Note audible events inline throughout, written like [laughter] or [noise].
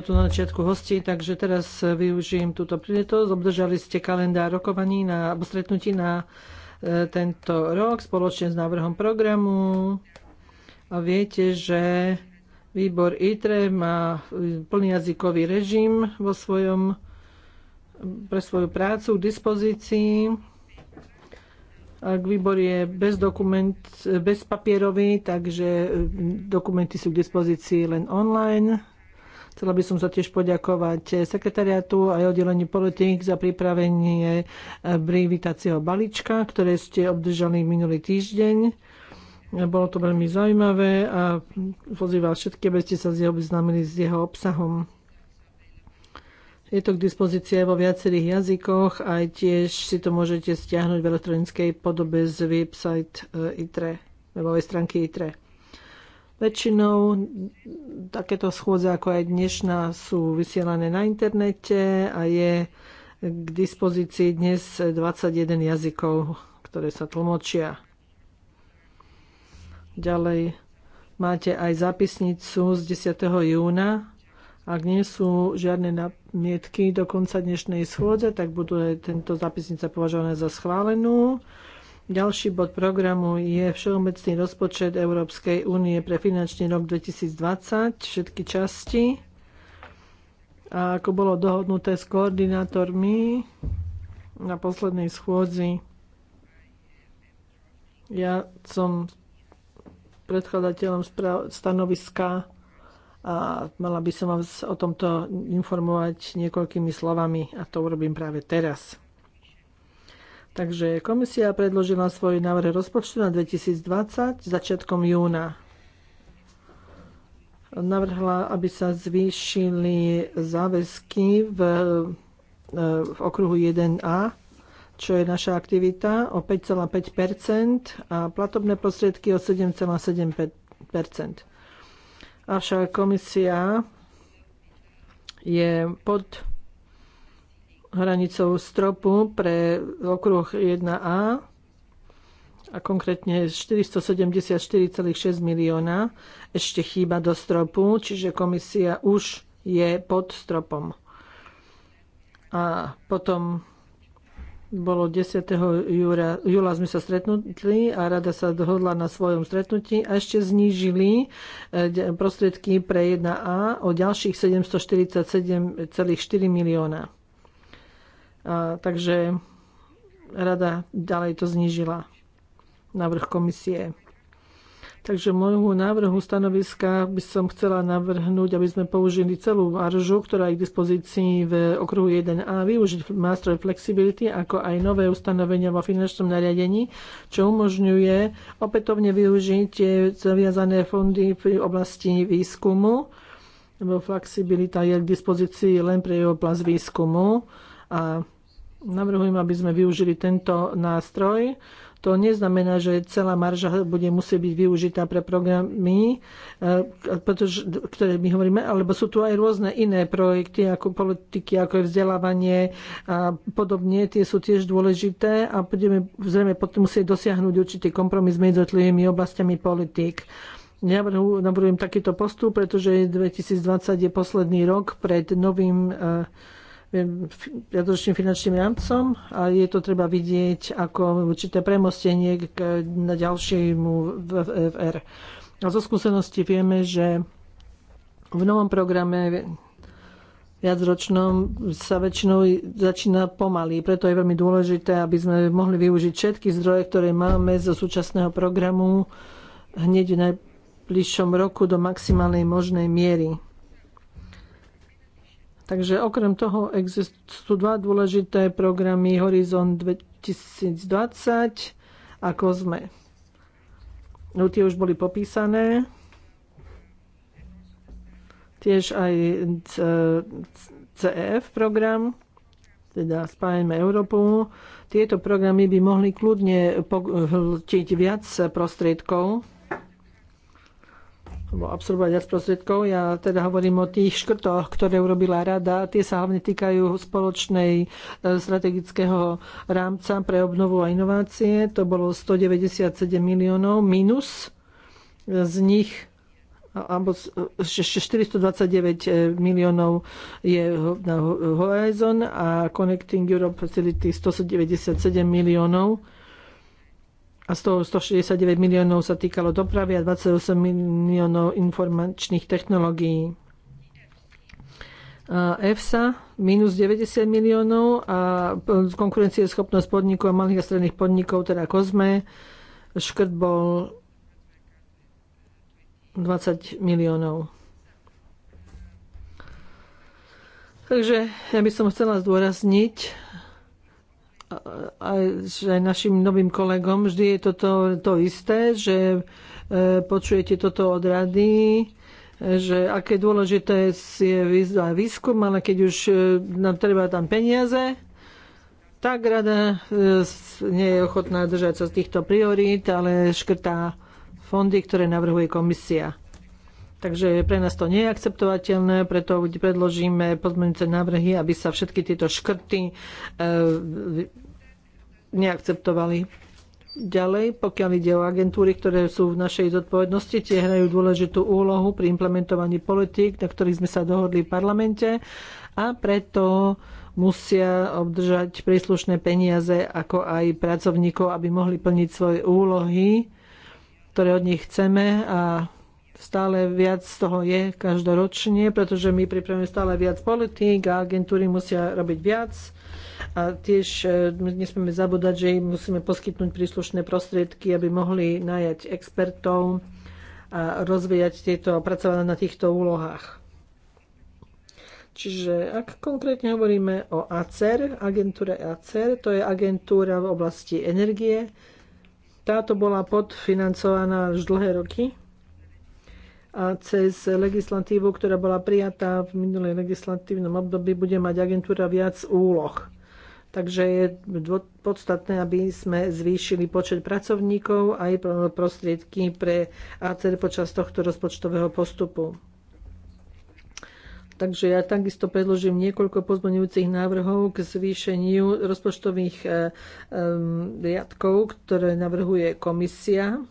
tu na začiatku hostí, takže teraz využijem túto príležitosť. Obdržali ste kalendár rokovaní na stretnutí na e, tento rok spoločne s návrhom programu. A viete, že výbor ITRE má e, plný jazykový režim vo svojom, pre svoju prácu k dispozícii. Ak výbor je bez, dokument, e, bez papierový, takže e, dokumenty sú k dispozícii len online. Chcela by som sa tiež poďakovať sekretariatu aj oddeleniu politik za pripravenie eh, privítacieho balíčka, ktoré ste obdržali minulý týždeň. Bolo to veľmi zaujímavé a pozýval všetky, aby ste sa z jeho obznámili s jeho obsahom. Je to k dispozícii aj vo viacerých jazykoch, aj tiež si to môžete stiahnuť v elektronickej podobe z website eh, ITRE, webovej stránky ITRE. Väčšinou takéto schôdze ako aj dnešná sú vysielané na internete a je k dispozícii dnes 21 jazykov, ktoré sa tlmočia. Ďalej máte aj zápisnicu z 10. júna. Ak nie sú žiadne námietky do konca dnešnej schôdze, tak bude tento zápisnica považovaná za schválenú. Ďalší bod programu je Všeobecný rozpočet Európskej únie pre finančný rok 2020, všetky časti. A ako bolo dohodnuté s koordinátormi na poslednej schôdzi, ja som predkladateľom stanoviska a mala by som vás o tomto informovať niekoľkými slovami a to urobím práve teraz. Takže komisia predložila svoj návrh rozpočtu na 2020 začiatkom júna navrhla, aby sa zvýšili záväzky v, e, v okruhu 1A, čo je naša aktivita, o 5,5 a platobné prostriedky o 7,7 Avšak komisia je pod hranicou stropu pre okruh 1A a konkrétne 474,6 milióna ešte chýba do stropu, čiže komisia už je pod stropom. A potom bolo 10. Júra, júla sme sa stretnutli a rada sa dohodla na svojom stretnutí a ešte znížili e, prostriedky pre 1A o ďalších 747,4 milióna. A, takže rada ďalej to znižila návrh komisie. Takže môjmu návrhu stanoviska by som chcela navrhnúť, aby sme použili celú maržu, ktorá je k dispozícii v okruhu 1a, využiť nástroj flexibility, ako aj nové ustanovenia vo finančnom nariadení, čo umožňuje opätovne využiť zaviazané fondy v oblasti výskumu, lebo flexibilita je k dispozícii len pre oblasť výskumu a navrhujem, aby sme využili tento nástroj. To neznamená, že celá marža bude musieť byť využitá pre programy, e, pretože, ktoré my hovoríme, alebo sú tu aj rôzne iné projekty, ako politiky, ako je vzdelávanie a podobne. Tie sú tiež dôležité a budeme zrejme potom musieť dosiahnuť určitý kompromis medzi jednotlivými oblastiami politik. Ja Navrhujem takýto postup, pretože 2020 je posledný rok pred novým uh, Eh, viadočným finančným rámcom a je to treba vidieť ako určité premostenie k, na ďalšiemu VFR. A zo skúsenosti vieme, že v novom programe viacročnom sa väčšinou začína pomaly. Preto je veľmi dôležité, aby sme mohli využiť všetky zdroje, ktoré máme zo súčasného programu hneď v najbližšom roku do maximálnej možnej miery. Takže okrem toho existujú dva dôležité programy Horizon 2020 a Kozme. No, tie už boli popísané. Tiež aj CEF program, teda Spájeme Európu. Tieto programy by mohli kľudne pohltiť viac prostriedkov absorbovať viac prostriedkov. Ja teda hovorím o tých škrtoch, ktoré urobila rada. Tie sa hlavne týkajú spoločnej e, strategického rámca pre obnovu a inovácie. To bolo 197 miliónov minus. E, z nich alebo 429 e, miliónov je na Horizon a Connecting Europe Facility 197 miliónov a z toho 169 miliónov sa týkalo dopravy a 28 miliónov informačných technológií. EFSA minus 90 miliónov a schopnosť podnikov a malých a stredných podnikov, teda Kozme, škrt bol 20 miliónov. Takže ja by som chcela zdôrazniť, aj našim novým kolegom vždy je toto to isté, že e, počujete toto od rady, že aké dôležité je výskum, ale keď už e, nám treba tam peniaze, tak rada e, nie je ochotná držať sa z týchto priorít, ale škrtá fondy, ktoré navrhuje komisia. Takže pre nás to nie je akceptovateľné, preto predložíme pozmeňujúce návrhy, aby sa všetky tieto škrty neakceptovali. Ďalej, pokiaľ ide o agentúry, ktoré sú v našej zodpovednosti, tie hrajú dôležitú úlohu pri implementovaní politík, na ktorých sme sa dohodli v parlamente a preto musia obdržať príslušné peniaze, ako aj pracovníkov, aby mohli plniť svoje úlohy, ktoré od nich chceme a stále viac z toho je každoročne, pretože my pripravujeme stále viac politík a agentúry musia robiť viac a tiež e, nesmieme zabúdať, že im musíme poskytnúť príslušné prostriedky, aby mohli najať expertov a rozvíjať tieto a pracovať na týchto úlohách. Čiže ak konkrétne hovoríme o ACER, agentúre ACER, to je agentúra v oblasti energie. Táto bola podfinancovaná už dlhé roky a cez legislatívu, ktorá bola prijatá v minulej legislatívnom období, bude mať agentúra viac úloh. Takže je podstatné, aby sme zvýšili počet pracovníkov aj prostriedky pre ACR počas tohto rozpočtového postupu. Takže ja takisto predložím niekoľko pozmeňujúcich návrhov k zvýšeniu rozpočtových eh, riadkov, ktoré navrhuje komisia.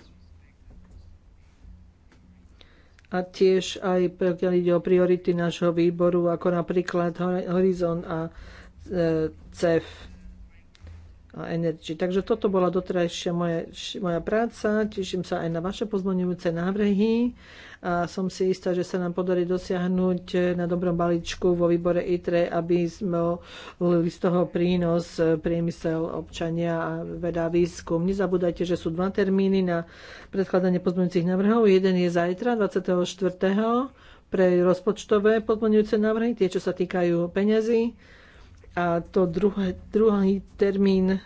A tiež aj pokiaľ ide o priority nášho výboru, ako napríklad Horizon a CEF a Energy. Takže toto bola doterajšia moja, moja práca. Teším sa aj na vaše pozvoňujúce návrhy a som si istá, že sa nám podarí dosiahnuť na dobrom balíčku vo výbore ITRE, aby sme z toho prínos eh, priemysel občania a veda výskum. Nezabúdajte, že sú dva termíny na predkladanie pozvoňujúcich návrhov. Jeden je zajtra, 24 pre rozpočtové pozvoňujúce návrhy, tie, čo sa týkajú peňazí a to druhé, druhý termín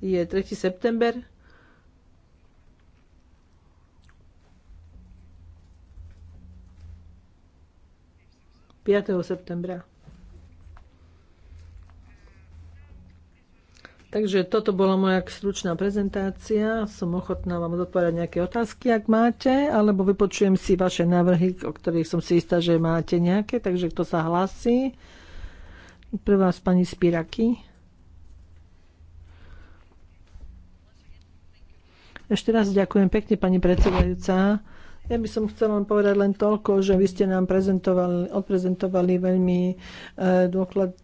je 3. september. Пятого сентября. Takže toto bola moja stručná prezentácia. Som ochotná vám zodpovedať nejaké otázky, ak máte, alebo vypočujem si vaše návrhy, o ktorých som si istá, že máte nejaké. Takže kto sa hlási? Prvá vás pani Spiraky. Ešte raz ďakujem pekne, pani predsedajúca. Ja by som chcela povedať len toľko, že vy ste nám prezentovali, odprezentovali veľmi e, dôklad,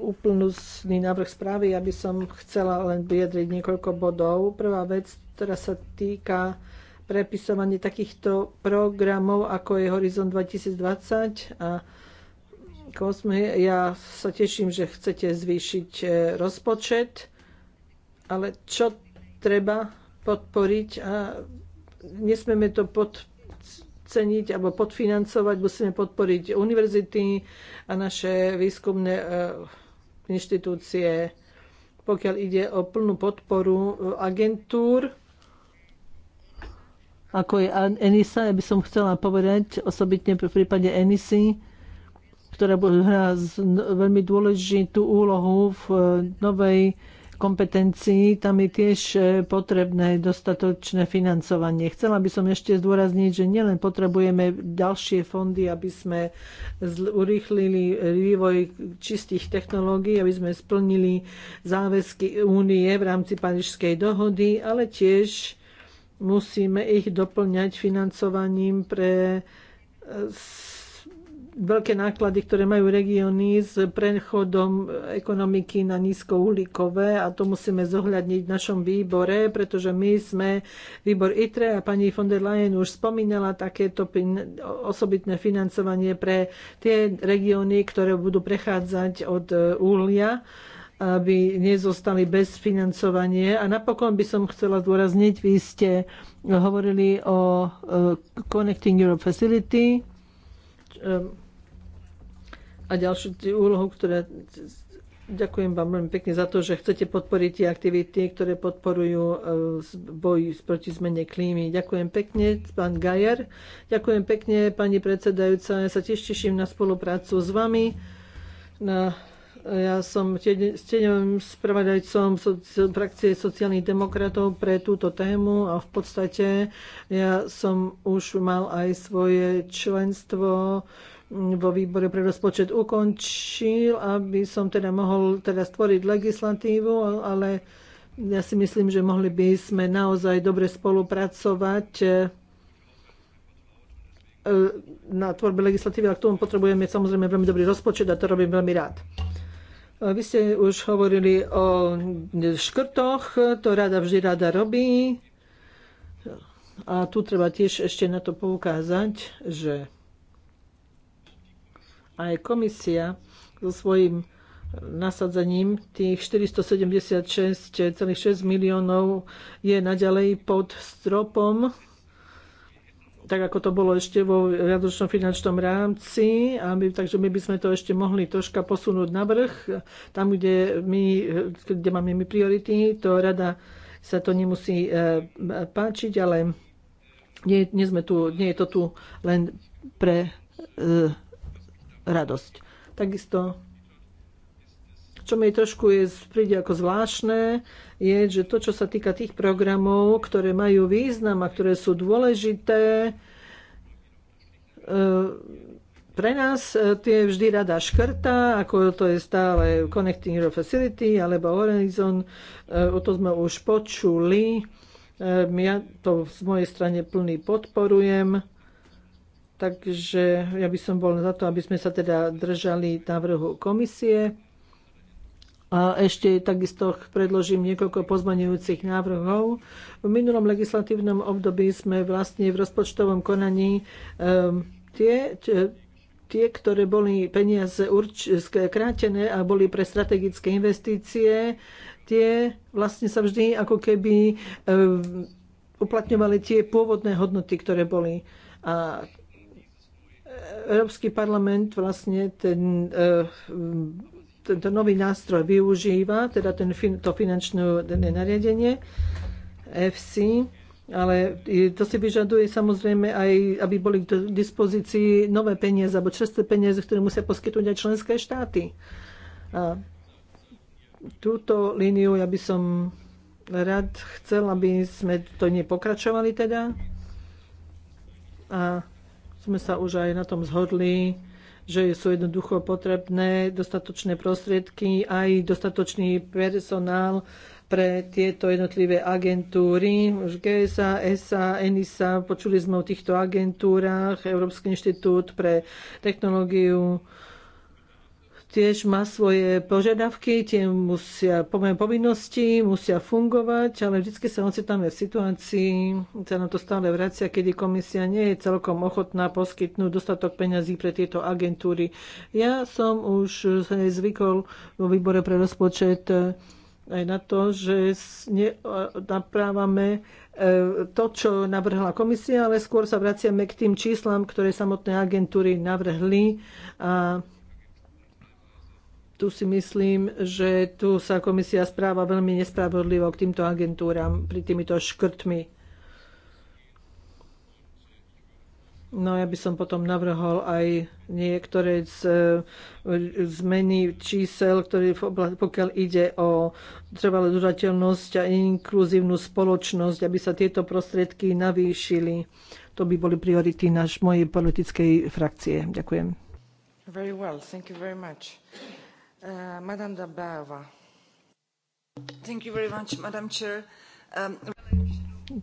úplnostný návrh správy. Ja by som chcela len vyjadriť niekoľko bodov. Prvá vec, ktorá sa týka prepisovanie takýchto programov, ako je Horizon 2020 a Kosme. Ja sa teším, že chcete zvýšiť e, rozpočet, ale čo treba podporiť a nesmieme to podceniť alebo podfinancovať, musíme podporiť univerzity a naše výskumné e, inštitúcie, pokiaľ ide o plnú podporu e, agentúr, ako je Enisa, ja by som chcela povedať, osobitne v prípade Enisy, ktorá hrá veľmi dôležitú úlohu v e, novej kompetencií, tam je tiež e, potrebné dostatočné financovanie. Chcela by som ešte zdôrazniť, že nielen potrebujeme ďalšie fondy, aby sme urýchlili vývoj čistých technológií, aby sme splnili záväzky únie v rámci Parížskej dohody, ale tiež musíme ich doplňať financovaním pre e, veľké náklady, ktoré majú regióny s prechodom ekonomiky na nízkouhlíkové a to musíme zohľadniť v našom výbore, pretože my sme výbor ITRE a pani von der Leyen už spomínala takéto osobitné financovanie pre tie regióny, ktoré budú prechádzať od e, uhlia aby nezostali bez financovania. A napokon by som chcela zdôrazniť, vy ste hovorili o e, Connecting Europe Facility, um, a ďalšiu úlohu, ktoré Ďakujem vám veľmi pekne za to, že chcete podporiť tie aktivity, ktoré podporujú e, boj proti zmene klímy. Ďakujem pekne, pán Gajer. Ďakujem pekne, pani predsedajúca. Ja sa tiež teším na spoluprácu s vami. Na, ja som steňovým spravodajcom frakcie sociálnych demokratov pre túto tému a v podstate ja som už mal aj svoje členstvo vo výbore pre rozpočet ukončil, aby som teda mohol teda stvoriť legislatívu, ale ja si myslím, že mohli by sme naozaj dobre spolupracovať e, na tvorbe legislatívy, a k tomu potrebujeme samozrejme veľmi dobrý rozpočet a to robím veľmi rád. E, vy ste už hovorili o škrtoch, to rada vždy rada robí. A tu treba tiež ešte na to poukázať, že aj komisia so svojím e, nasadzením tých 476,6 miliónov je naďalej pod stropom, tak ako to bolo ešte vo viadočnom finančnom rámci, a my, takže my by sme to ešte mohli troška posunúť na vrch, tam, kde, my, kde máme my priority, to rada sa to nemusí e, páčiť, ale nie, nie, sme tu, nie je to tu len pre e, radosť. Takisto čo mi trošku je, príde ako zvláštne, je, že to, čo sa týka tých programov, ktoré majú význam a ktoré sú dôležité, e, pre nás e, tie vždy rada škrta, ako to je stále Connecting Euro Facility alebo Horizon, e, o to sme už počuli. Ja to z mojej strane plný podporujem Takže ja by som bol za to, aby sme sa teda držali návrhu komisie. A ešte takisto predložím niekoľko pozmaňujúcich návrhov. V minulom legislatívnom období sme vlastne v rozpočtovom konaní um, tie, tie, ktoré boli peniaze urč- krátené a boli pre strategické investície, tie vlastne sa vždy ako keby ehm, uplatňovali tie pôvodné hodnoty, ktoré boli. A Európsky parlament vlastne ten, e, tento nový nástroj využíva, teda ten, to finančné nariadenie FC, ale to si vyžaduje samozrejme aj, aby boli k dispozícii nové peniaze alebo čerstvé peniaze, ktoré musia poskytnúť aj členské štáty. A túto líniu ja by som rád chcel, aby sme to nepokračovali teda. A sme sa už aj na tom zhodli, že sú jednoducho potrebné dostatočné prostriedky, aj dostatočný personál pre tieto jednotlivé agentúry. Už GSA, ESA, ENISA, počuli sme o týchto agentúrach, Európsky inštitút pre technológiu, tiež má svoje požiadavky, tie musia, poviem, povinnosti, musia fungovať, ale vždy sa ocitáme v situácii, sa nám to stále vracia, kedy komisia nie je celkom ochotná poskytnúť dostatok peňazí pre tieto agentúry. Ja som už sa zvykol vo výbore pre rozpočet eh, aj na to, že eh, naprávame eh, to, čo navrhla komisia, ale skôr sa vraciame k tým číslam, ktoré samotné agentúry navrhli a tu si myslím, že tu sa komisia správa veľmi nespravodlivo k týmto agentúram pri týmito škrtmi. No ja by som potom navrhol aj niektoré z, e, zmeny čísel, ktoré pokiaľ ide o trvalú udržateľnosť a inkluzívnu spoločnosť, aby sa tieto prostriedky navýšili. To by boli priority naš, mojej politickej frakcie. Ďakujem. Very well. Thank you very much. Eh, um,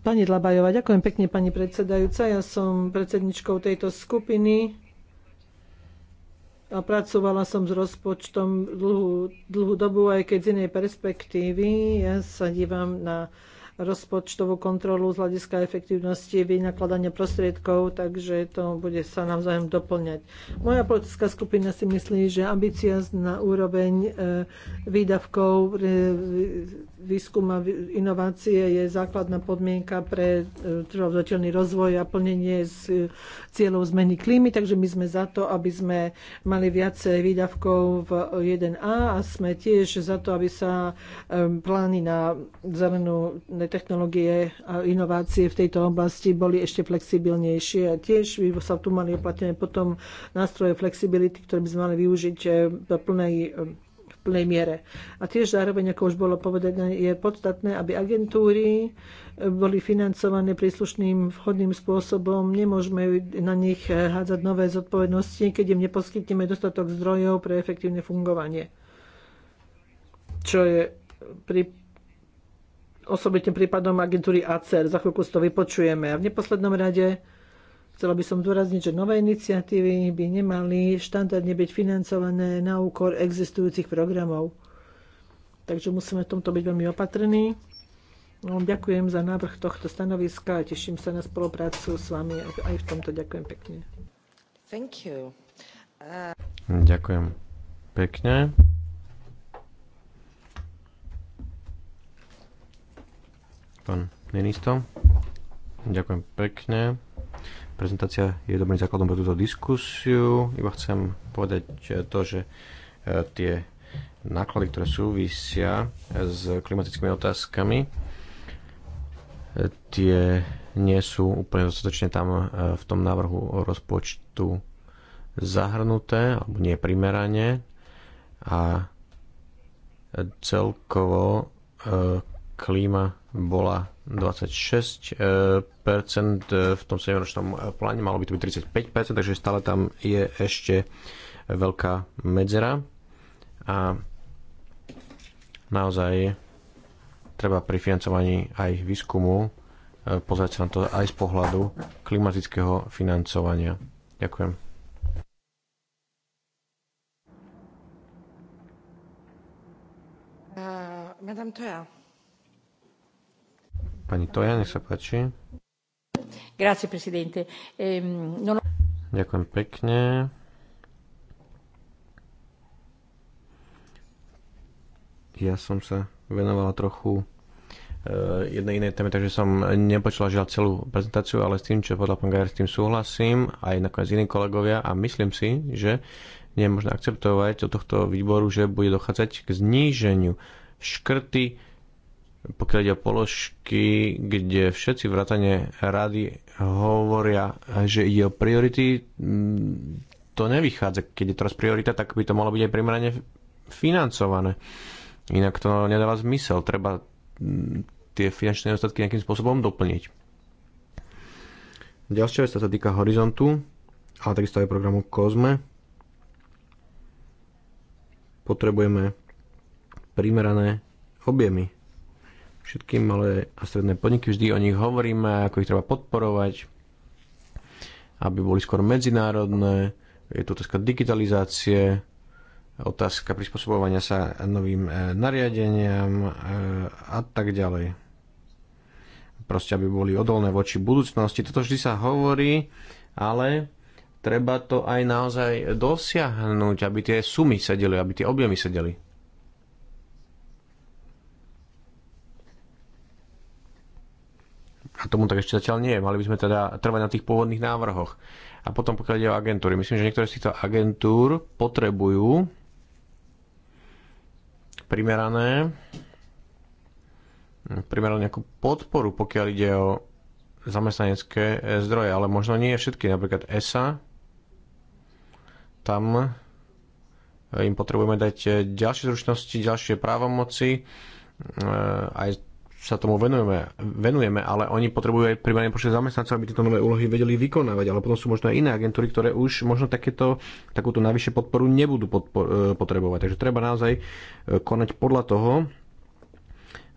pani Dlabajová, ďakujem pekne, pani predsedajúca. Ja som predsedničkou tejto skupiny a pracovala som s rozpočtom dlhú, dlhú dobu, aj keď z inej perspektívy. Ja sa dívam na rozpočtovú kontrolu z hľadiska efektívnosti vynakladania prostriedkov, takže to bude sa navzájom doplňať. Moja politická skupina si myslí, že ambiciozná úroveň e, výdavkov e, výskum a inovácie je základná podmienka pre e, trvalodateľný rozvoj a plnenie z e, cieľov zmeny klímy, takže my sme za to, aby sme mali viacej výdavkov v 1A a sme tiež za to, aby sa e, plány na zelenú technológie a inovácie v tejto oblasti boli ešte flexibilnejšie. A tiež sa tu mali uplatnené potom nástroje flexibility, ktoré by sme mali využiť plnej plnej miere. A tiež zároveň, ako už bolo povedané, je podstatné, aby agentúry boli financované príslušným vhodným spôsobom. Nemôžeme na nich eh, hádzať nové zodpovednosti, keď im neposkytneme dostatok zdrojov pre efektívne fungovanie. Čo je pri osobitným prípadom agentúry ACER. Za chvíľku si to vypočujeme. A v neposlednom rade Chcela by som dôrazniť, že nové iniciatívy by nemali štandardne byť financované na úkor existujúcich programov. Takže musíme v tomto byť veľmi opatrní. No, ďakujem za návrh tohto stanoviska a teším sa na spoluprácu s vami aj v tomto. Ďakujem pekne. Thank you. Uh... Ďakujem pekne. Pán minister, ďakujem pekne prezentácia je dobrým základom pre túto diskusiu. Iba chcem povedať eh, to, že eh, tie náklady, ktoré súvisia eh, s klimatickými otázkami, tie nie sú úplne dostatočne tam v tom návrhu rozpočtu zahrnuté, alebo nie primerane. A celkovo klíma bola 26% e, e, v tom 7-ročnom e, pláne, malo by to byť 35%, takže stále tam je ešte veľká medzera a naozaj treba pri financovaní aj výskumu pozrieť sa na to aj z pohľadu klimatického financovania. Ďakujem. Madame Toja. Pani Toja, nech sa páči. Grazie, presidente. Ehm, non... Ďakujem pekne. Ja som sa venovala trochu eh, jednej inej téme, takže som nepočula žiaľ celú prezentáciu, ale s tým, čo povedal pán Gajer, s tým súhlasím, aj nakoniec iní kolegovia a myslím si, že nie je možné akceptovať od tohto výboru, že bude dochádzať k zníženiu škrty pokiaľ ide o položky, kde všetci vrátane rady hovoria, že ide o priority, mm, to nevychádza. Keď je teraz priorita, tak by to malo byť aj primerane financované. Inak to nedáva zmysel. Treba mm, tie finančné ostatky nejakým spôsobom doplniť. Ďalšia vec sa týka Horizontu, ale takisto aj programu COSME. Potrebujeme primerané objemy všetky malé a stredné podniky, vždy o nich hovoríme, ako ich treba podporovať, aby boli skôr medzinárodné, je tu otázka digitalizácie, otázka prispôsobovania sa novým e, nariadeniam e, a tak ďalej. Proste, aby boli odolné voči budúcnosti. Toto vždy sa hovorí, ale treba to aj naozaj dosiahnuť, aby tie sumy sedeli, aby tie objemy sedeli. A tomu tak ešte zatiaľ nie. Mali by sme teda trvať na tých pôvodných návrhoch. A potom pokiaľ ide o agentúry. Myslím, že niektoré z týchto agentúr potrebujú primerané hm, primerané nejakú podporu, pokiaľ ide o zamestnanecké e, zdroje, ale možno nie všetky. Napríklad ESA, tam e, im potrebujeme dať e, ďalšie zručnosti, ďalšie právomoci, hm, aj sa tomu venujeme, venujeme, ale oni potrebujú aj primárne počet zamestnancov, aby tieto nové úlohy vedeli vykonávať, ale potom sú možno aj iné agentúry, ktoré už možno takéto, takúto najvyššie podporu nebudú podpor, e, potrebovať. Takže treba naozaj e, konať podľa toho,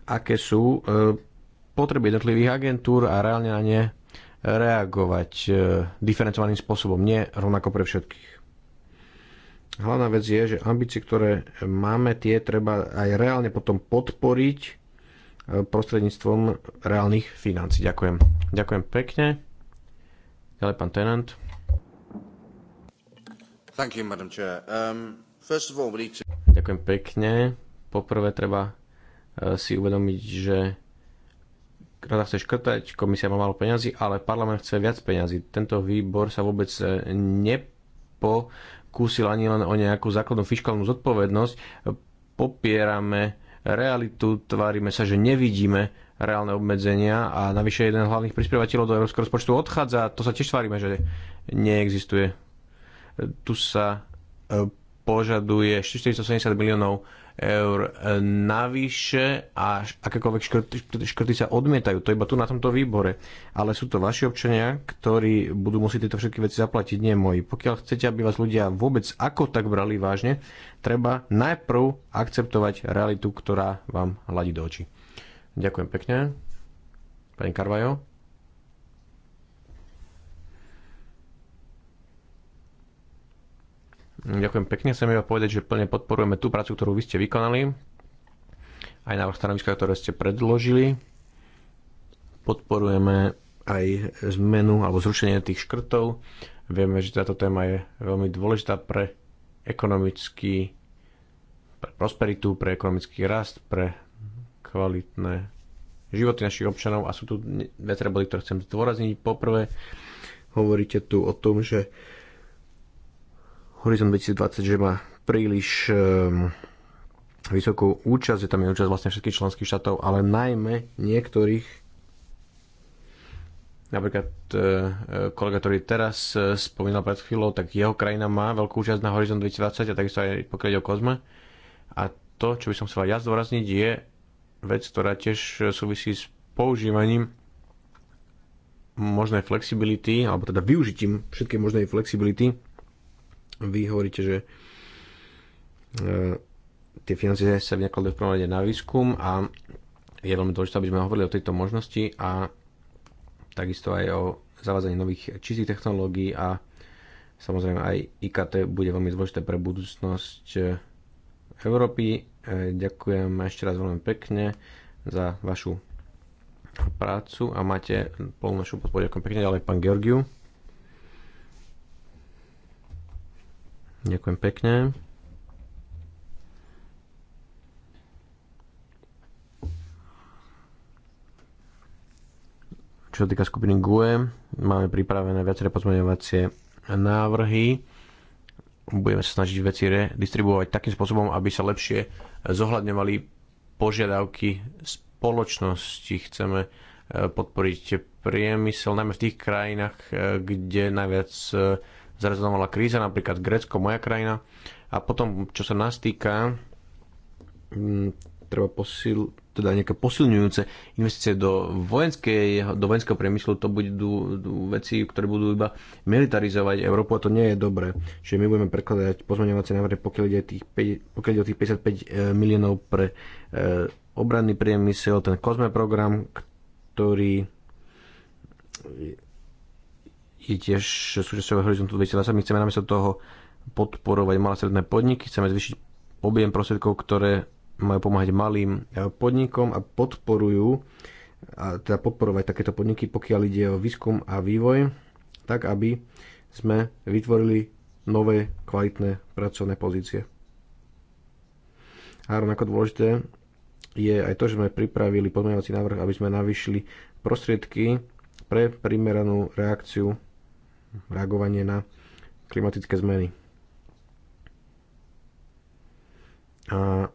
aké sú e, potreby jednotlivých agentúr a reálne na ne reagovať diferencovaným spôsobom, nie rovnako pre všetkých. Hlavná vec je, že ambície, ktoré máme, tie treba aj reálne potom podporiť prostredníctvom reálnych financí. Ďakujem. Ďakujem pekne. Ďalej pán Tenant. Thank you, Madam Chair. Um, first of all, we need to... Ďakujem pekne. Poprvé treba e, si uvedomiť, že rada chce škrtať, komisia má malo peňazí, ale parlament chce viac peňazí. Tento výbor sa vôbec e, nepokúsil ani len o nejakú základnú fiskálnu zodpovednosť. Popierame realitu, tvárime sa, že nevidíme reálne obmedzenia a navyše jeden z hlavných prispievateľov do európskeho rozpočtu odchádza, to sa tiež tvárime, že neexistuje. Tu sa e, požaduje 470 miliónov eur e, navyše a akékoľvek škrty, škrty sa odmietajú. To iba tu na tomto výbore. Ale sú to vaši občania, ktorí budú musieť tieto všetky veci zaplatiť, nie moji. Pokiaľ chcete, aby vás ľudia vôbec ako tak brali vážne, treba najprv akceptovať realitu, ktorá vám hladí do očí. Ďakujem pekne. Pani Karvajo. Ďakujem pekne, chcem iba povedať, že plne podporujeme tú prácu, ktorú vy ste vykonali, aj návrh stanoviska, ktoré ste predložili. Podporujeme aj zmenu alebo zrušenie tých škrtov. Vieme, že táto téma je veľmi dôležitá pre ekonomický, pre prosperitu, pre ekonomický rast, pre kvalitné životy našich občanov a sú tu viaceré body, ktoré chcem zdôrazniť. Poprvé, hovoríte tu o tom, že Horizon 2020, že má príliš ehm, vysokú účasť, že tam je účasť vlastne všetkých členských štátov, ale najmä niektorých, napríklad eh, eh, kolega, ktorý teraz eh, spomínal pred chvíľou, tak jeho krajina má veľkú účasť na Horizon 2020 a takisto aj pokiaľ ide o Kozme. A to, čo by som chcel ja zdôrazniť, je vec, ktorá tiež súvisí s používaním možnej flexibility, alebo teda využitím všetkej možnej flexibility vy hovoríte, že e, tie financie sa vynakladajú v prvom rade na výskum a je veľmi dôležité, aby sme hovorili o tejto možnosti a takisto aj o zavádzaní nových čistých technológií a samozrejme aj IKT bude veľmi dôležité pre budúcnosť e, Európy. E, ďakujem ešte raz veľmi pekne za vašu prácu a máte plnú našu podporu. Ďakujem pekne ďalej, pán Georgiu. Ďakujem pekne. Čo sa týka skupiny GUE, máme pripravené viaceré pozmeňovacie návrhy. Budeme sa snažiť veci redistribuovať takým spôsobom, aby sa lepšie zohľadňovali požiadavky spoločnosti. Chceme e, podporiť priemysel, najmä v tých krajinách, e, kde najviac e, zrezonovala kríza, napríklad Grécko, moja krajina. A potom, čo sa nás týka, mm, treba posil, teda nejaké posilňujúce investície do vojenskej, do vojenského priemyslu, to budú veci, ktoré budú iba militarizovať Európu a to nie je dobré. Čiže my budeme prekladať pozmeňovacie návrhy, pokiaľ ide, tých, pokiaľ ide o tých 55 e, miliónov pre e, obranný priemysel, ten COSME program, ktorý je tiež súčasťou horizontu 2020. My chceme namiesto toho podporovať malé stredné podniky, chceme zvýšiť objem prostriedkov, ktoré majú pomáhať malým podnikom a podporujú a teda podporovať takéto podniky, pokiaľ ide o výskum a vývoj, tak aby sme vytvorili nové kvalitné pracovné pozície. A rovnako dôležité je aj to, že sme pripravili podmienovací návrh, aby sme navýšili prostriedky pre primeranú reakciu reagovanie na klimatické zmeny. A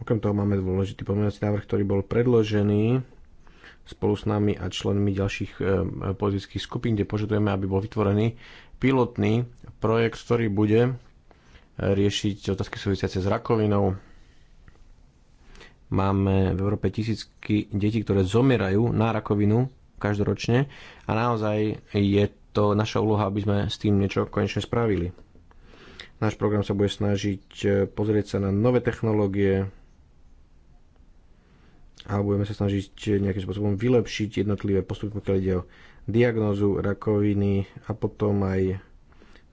okrem toho máme dôležitý pomenovací návrh, ktorý bol predložený spolu s nami a členmi ďalších eh, politických skupín, kde požadujeme, aby bol vytvorený pilotný projekt, ktorý bude eh, riešiť otázky súvisiace s rakovinou. Máme v Európe tisícky detí, ktoré zomierajú na rakovinu každoročne a naozaj je to naša úloha, aby sme s tým niečo konečne spravili. Náš program sa bude snažiť e, pozrieť sa na nové technológie a budeme sa snažiť e, nejakým spôsobom vylepšiť jednotlivé postupy, pokiaľ ide o diagnózu rakoviny a potom aj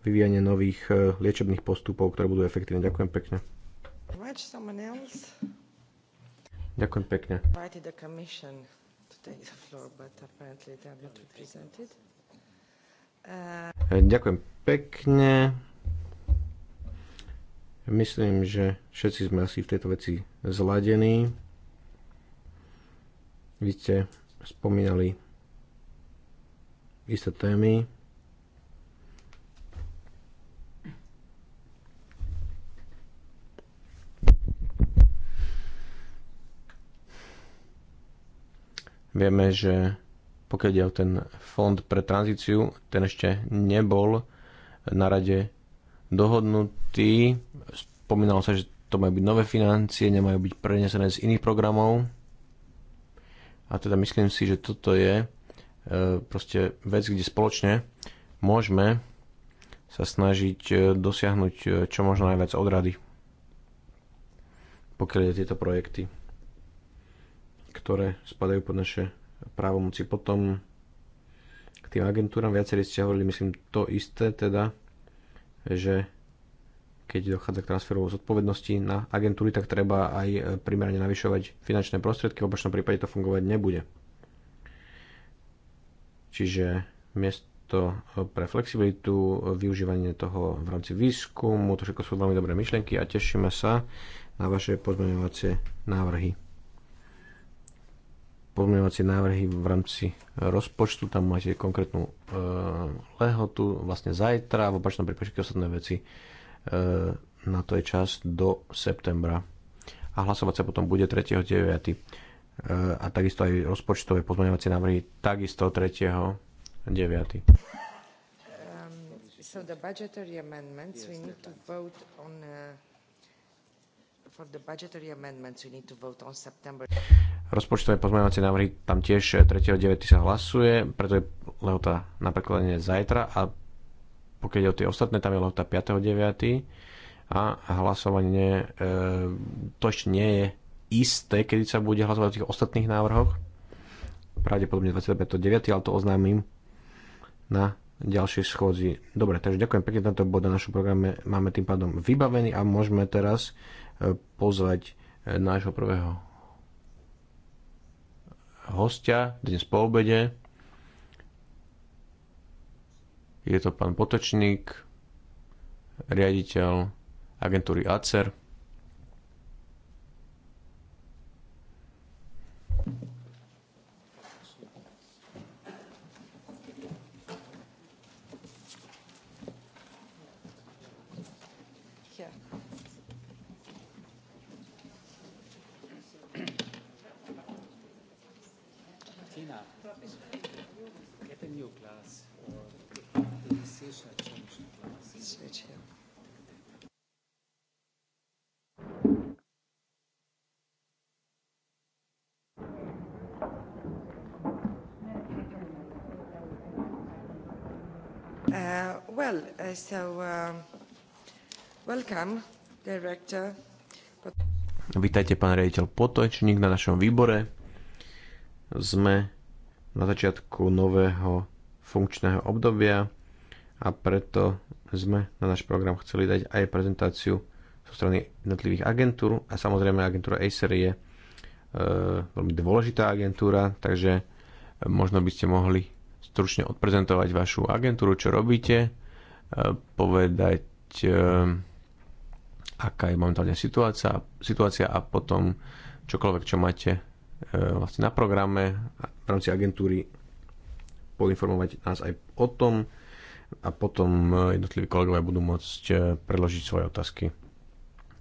vyvíjanie nových e, liečebných postupov, ktoré budú efektívne. Ďakujem pekne. Ďakujem pekne. Eh, ďakujem pekne. Myslím, že všetci sme asi v tejto veci zladení. Vy ste spomínali isté témy, Vieme, že pokiaľ ide o ten fond pre tranzíciu, ten ešte nebol na rade dohodnutý. Spomínalo sa, že to majú byť nové financie, nemajú byť prenesené z iných programov. A teda myslím si, že toto je e, proste vec, kde spoločne môžeme sa snažiť e, dosiahnuť e, čo možno najviac odrady, pokiaľ je tieto projekty ktoré spadajú pod naše právomoci. Potom k tým agentúram viacerí ste hovorili, myslím, to isté, teda, že keď dochádza k transferu zodpovednosti na agentúry, tak treba aj primerane navyšovať finančné prostriedky, v opačnom prípade to fungovať nebude. Čiže miesto pre flexibilitu, využívanie toho v rámci výskumu, to všetko sú veľmi dobré myšlienky a tešíme sa na vaše pozmeňovacie návrhy pozmeňovacie návrhy v rámci e, rozpočtu, tam máte konkrétnu e, lehotu vlastne zajtra, v opačnom prípade všetky ostatné veci e, na to je čas do septembra. A hlasovať sa potom bude 3.9. E, a takisto aj rozpočtové pozmeňovacie návrhy takisto 3.9. Um, so the budgetary amendments we need to vote on uh, for the budgetary amendments we need to vote on September Rozpočtové pozmeňovacie návrhy tam tiež 3.9. E, sa hlasuje, preto je lehota na prekladanie zajtra a pokiaľ ide o tie ostatné, tam je lehota 5.9. a hlasovanie e, to ešte nie je isté, kedy sa bude hlasovať o tých ostatných návrhoch. Pravdepodobne 25.9., ale to oznámim na ďalšej schodzi. Dobre, takže ďakujem pekne, tento bod na našom programe máme tým pádom vybavený a môžeme teraz e, pozvať e, nášho prvého hostia dnes po obede. Je to pán Potočník, riaditeľ agentúry ACER. Well, uh, so, uh, welcome, director. Vítajte, pán riaditeľ Potočník, na našom výbore. Sme na začiatku nového funkčného obdobia a preto sme na náš program chceli dať aj prezentáciu zo strany jednotlivých agentúr a samozrejme agentúra Acer je e, veľmi dôležitá agentúra, takže možno by ste mohli stručne odprezentovať vašu agentúru, čo robíte povedať, eh, aká je momentálne situácia, situácia a potom čokoľvek, čo máte eh, vlastne na programe v rámci agentúry poinformovať nás aj o tom a potom eh, jednotliví kolegovia budú môcť predložiť svoje otázky.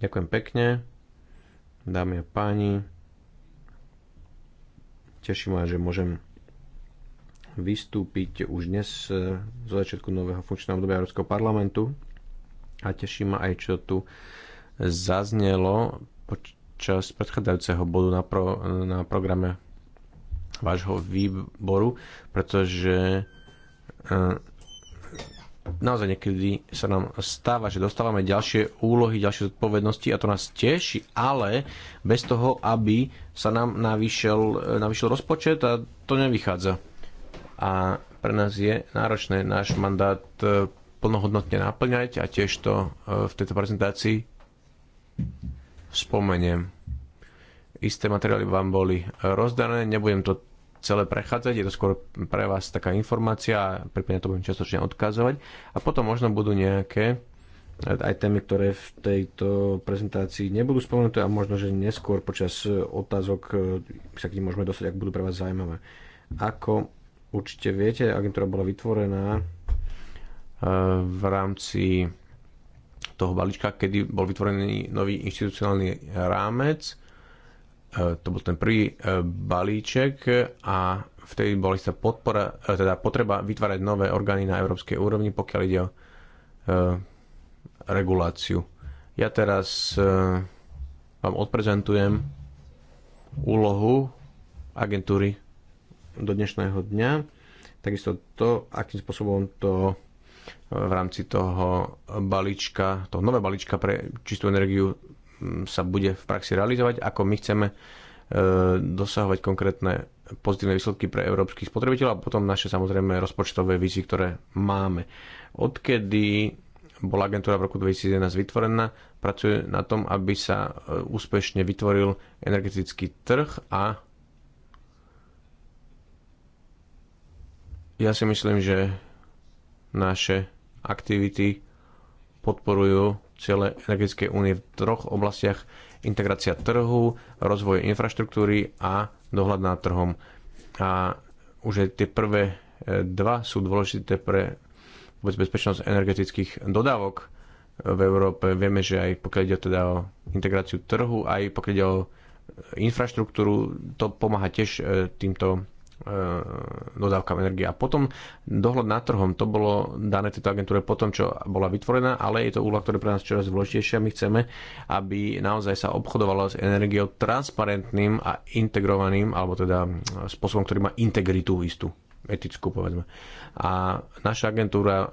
Ďakujem pekne, dámy a páni. Teším ma, že môžem vystúpiť už dnes e, zo začiatku nového funkčného obdobia Európskeho parlamentu a teší ma aj, čo tu zaznelo počas predchádzajúceho bodu na, pro, na programe vášho výboru, pretože e, naozaj niekedy sa nám stáva, že dostávame ďalšie úlohy, ďalšie zodpovednosti a to nás teší, ale bez toho, aby sa nám navýšil, e, navýšil rozpočet a to nevychádza a pre nás je náročné náš mandát e, plnohodnotne naplňať a tiež to e, v tejto prezentácii spomeniem. Isté materiály vám boli rozdané, nebudem to celé prechádzať, je to skôr pre vás taká informácia a prípadne to budem častočne odkazovať. A potom možno budú nejaké e, aj témy, ktoré v tejto prezentácii nebudú spomenuté a možno, že neskôr počas otázok sa k nim môžeme dostať, ak budú pre vás zaujímavé. Ako určite viete, agentúra bola vytvorená eh, v rámci toho balíčka, kedy bol vytvorený nový inštitucionálny rámec. Eh, to bol ten prvý eh, balíček a vtedy bola istá podpora, teda potreba vytvárať nové orgány na európskej úrovni, pokiaľ ide o reguláciu. Ja teraz vám odprezentujem úlohu agentúry do dnešného dňa. Takisto to, akým spôsobom to e, v rámci toho balíčka, toho nového balíčka pre čistú energiu sa bude v praxi realizovať, ako my chceme e, dosahovať konkrétne pozitívne výsledky pre európskych spotrebiteľov a potom naše samozrejme rozpočtové výzvy, ktoré máme. Odkedy bola agentúra v roku 2011 vytvorená, pracuje na tom, aby sa e, úspešne vytvoril energetický trh a Ja si myslím, že naše aktivity podporujú ciele energetickej únie v troch oblastiach. Integrácia trhu, rozvoj infraštruktúry a dohľad nad trhom. A už aj tie prvé e, dva sú dôležité pre bezpečnosť energetických dodávok v Európe. Vieme, že aj pokiaľ ide teda o integráciu trhu, aj pokiaľ ide o infraštruktúru, to pomáha tiež e, týmto E, dodávkam energie. A potom dohľad nad trhom, to bolo dané tejto agentúre potom, čo bola vytvorená, ale je to úloha, ktorá pre nás čoraz dôležitejšia. My chceme, aby naozaj sa obchodovalo s energiou transparentným a integrovaným, alebo teda spôsobom, ktorý má integritu istú, etickú povedzme. A naša agentúra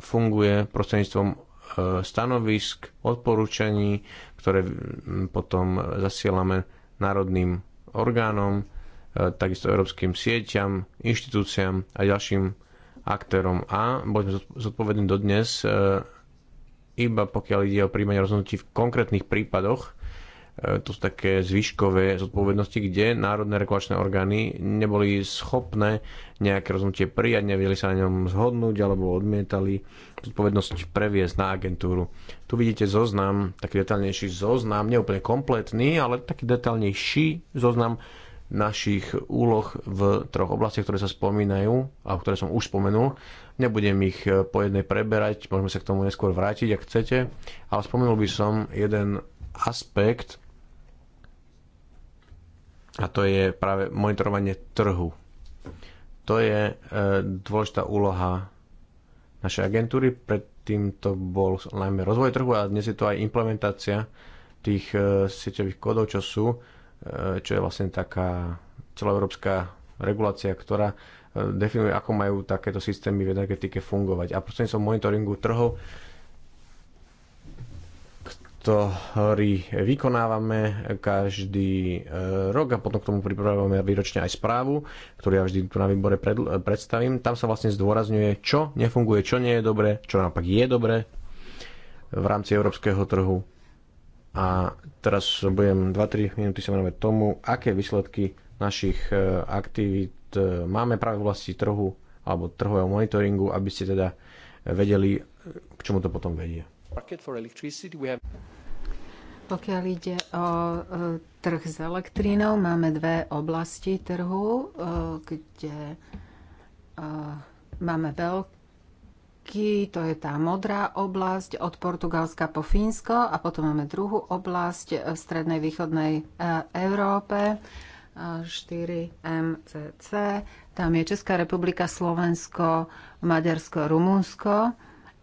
funguje prostredníctvom e, stanovisk, odporúčaní, ktoré potom zasielame národným orgánom, e, takisto európskym sieťam, inštitúciám a ďalším aktérom. A boli sme zodpovední dodnes e, iba pokiaľ ide o príjmanie rozhodnutí v konkrétnych prípadoch E, to sú také zvyškové zodpovednosti, kde národné regulačné orgány neboli schopné nejaké rozhodnutie prijať, nevedeli sa na ňom zhodnúť alebo odmietali zodpovednosť previesť na agentúru. Tu vidíte zoznam, taký detaľnejší zoznam, neúplne kompletný, ale taký detaľnejší zoznam našich úloh v troch oblastiach, ktoré sa spomínajú a ktoré som už spomenul. Nebudem ich e, po jednej preberať, môžeme sa k tomu neskôr vrátiť, ak chcete, ale spomenul by som jeden aspekt, a to je práve monitorovanie trhu. To je e, dôležitá úloha našej agentúry, predtým to bol najmä rozvoj trhu a dnes je to aj implementácia tých e, sieťových kódov, čo sú, e, čo je vlastne taká celoeurópska regulácia, ktorá e, definuje, ako majú takéto systémy v energetike fungovať. A prostredníctvom monitoringu trhov ktorý vykonávame každý e, rok a potom k tomu pripravujeme výročne aj správu, ktorú ja vždy tu na výbore predstavím. Tam sa vlastne zdôrazňuje, čo nefunguje, čo nie je dobre, čo naopak je dobre v rámci európskeho trhu. A teraz budem 2-3 minúty sa venovať tomu, aké výsledky našich e, aktivít e, máme práve v oblasti trhu alebo trhového monitoringu, aby ste teda vedeli, k čomu to potom vedie. Pokiaľ ide o e, trh s elektrínou, máme dve oblasti trhu, e, kde e, máme veľký, to je tá modrá oblasť od Portugalska po Fínsko a potom máme druhú oblasť v strednej východnej Európe, 4MCC. Tam je Česká republika, Slovensko, Maďarsko, Rumunsko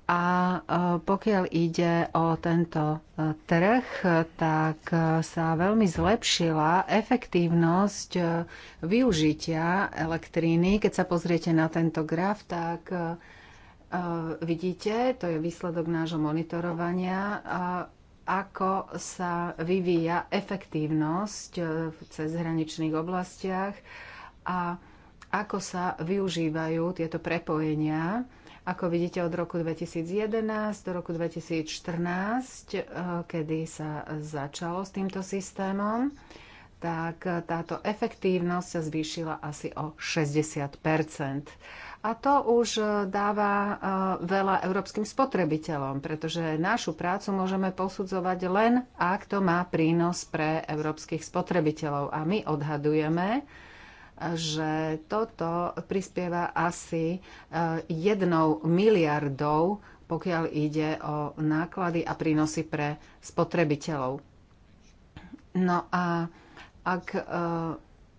a e, pokiaľ ide o tento e, trh, tak e, sa veľmi zlepšila efektívnosť využitia elektríny. Keď sa pozriete na tento graf, tak vidíte, to je výsledok nášho monitorovania, ako sa vyvíja efektívnosť v cezhraničných oblastiach a ako sa využívajú tieto prepojenia ako vidíte, od roku 2011 do roku 2014, eh, kedy sa začalo s týmto systémom, tak táto efektívnosť sa zvýšila asi o 60 A to už eh, dáva eh, veľa európskym spotrebiteľom, pretože našu prácu môžeme posudzovať len, ak to má prínos pre európskych spotrebiteľov. A my odhadujeme, že toto prispieva asi e, jednou miliardou, pokiaľ ide o náklady a prínosy pre spotrebiteľov. No a ak e,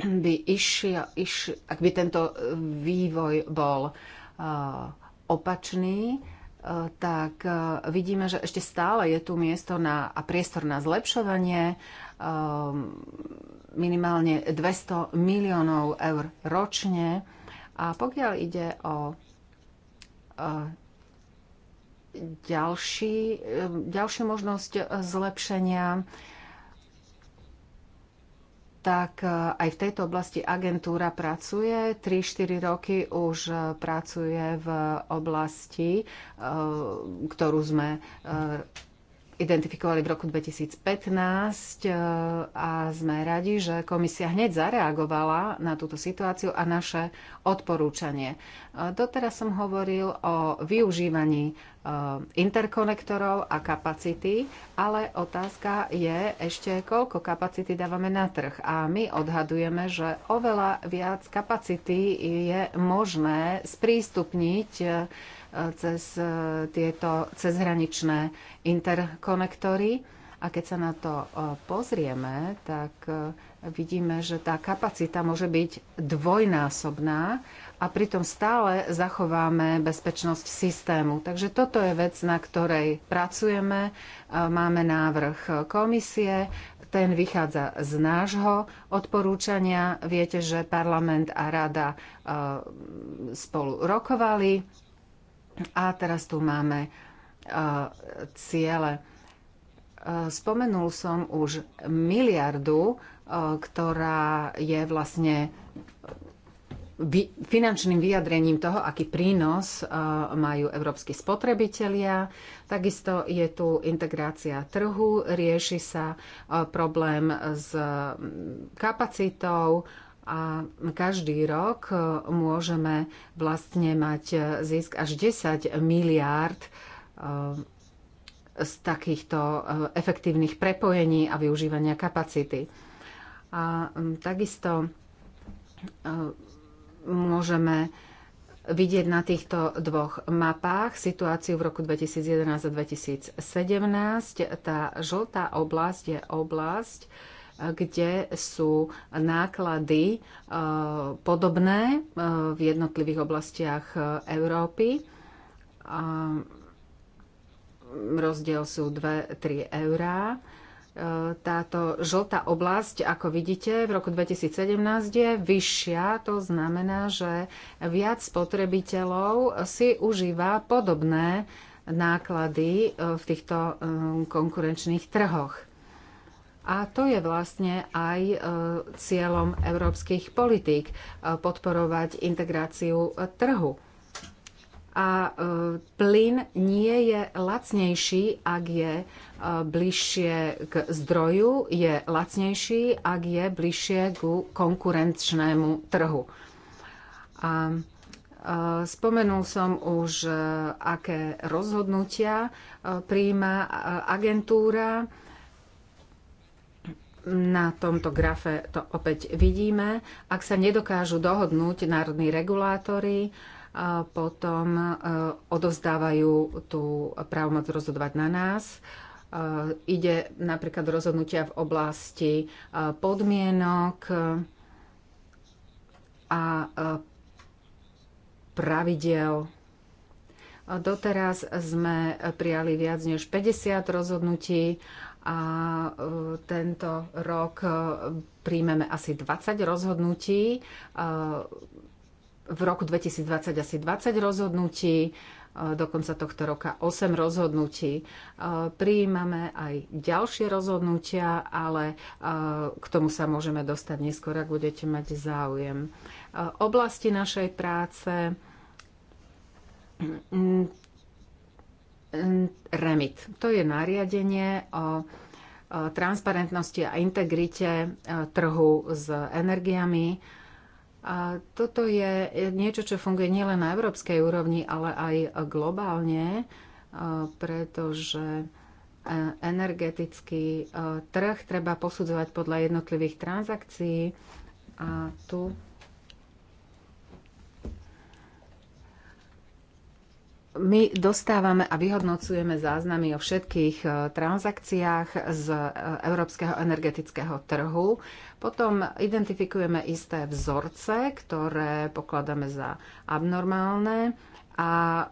by, išiel, iš, ak by tento vývoj bol e, opačný, tak vidíme, že ešte stále je tu miesto na, a priestor na zlepšovanie minimálne 200 miliónov eur ročne. A pokiaľ ide o e, ďalší, e, ďalšiu možnosť zlepšenia, tak e, aj v tejto oblasti agentúra pracuje. 3-4 roky už pracuje v oblasti, ktorú sme identifikovali v roku 2015 e, a sme radi, že komisia hneď zareagovala na túto situáciu a naše odporúčanie. E, doteraz som hovoril o využívaní e, interkonektorov a kapacity, ale otázka je ešte, koľko kapacity dávame na trh. A my odhadujeme, že oveľa viac kapacity je možné sprístupniť cez e, tieto cezhraničné interkonektory. A keď sa na to e, pozrieme, tak e, vidíme, že tá kapacita môže byť dvojnásobná a pritom stále zachováme bezpečnosť systému. Takže toto je vec, na ktorej pracujeme. Máme návrh komisie, ten vychádza z nášho odporúčania. Viete, že parlament a rada spolu rokovali a teraz tu máme e, ciele. E, spomenul som už miliardu, e, ktorá je vlastne finančným vyjadrením toho, aký prínos majú európsky spotrebitelia. Takisto je tu integrácia trhu, rieši sa problém s kapacitou, a každý rok e, môžeme vlastne mať e, zisk až 10 miliárd e, z takýchto efektívnych prepojení a využívania kapacity. A takisto môžeme vidieť na týchto dvoch mapách situáciu v roku 2011 a 2017. Tá žltá oblasť je oblasť, kde sú náklady eh, podobné eh, v jednotlivých oblastiach eh, Európy. Rozdiel sú 2-3 eurá táto žltá oblasť, ako vidíte, v roku 2017 je vyššia. To znamená, že viac spotrebiteľov si užíva podobné náklady v týchto konkurenčných trhoch. A to je vlastne aj e, cieľom európskych politík e, podporovať integráciu trhu. A e, plyn nie je lacnejší, ak je bližšie k zdroju, je lacnejší, ak je bližšie k konkurenčnému trhu. A Spomenul som už, aké rozhodnutia príjma agentúra na tomto grafe to opäť vidíme. Ak sa nedokážu dohodnúť národní regulátory, e, potom e, odovzdávajú tú právomoc rozhodovať na nás. E, ide napríklad rozhodnutia v oblasti podmienok a pravidel. Doteraz sme prijali viac než 50 rozhodnutí a e, tento rok e, príjmeme asi 20 rozhodnutí, e, v roku 2020 asi 20 rozhodnutí, do konca tohto roka 8 rozhodnutí. Prijímame aj ďalšie rozhodnutia, ale k tomu sa môžeme dostať neskôr, ak budete mať záujem. Oblasti našej práce REMIT. To je nariadenie o transparentnosti a integrite e, trhu s energiami. A toto je niečo, čo funguje nielen na európskej úrovni, ale aj globálne, e, pretože e, energetický trh treba posudzovať podľa jednotlivých transakcií a tu my dostávame a vyhodnocujeme záznamy o všetkých e, transakciách z e, európskeho energetického trhu. Potom identifikujeme isté vzorce, ktoré pokladáme za abnormálne a e,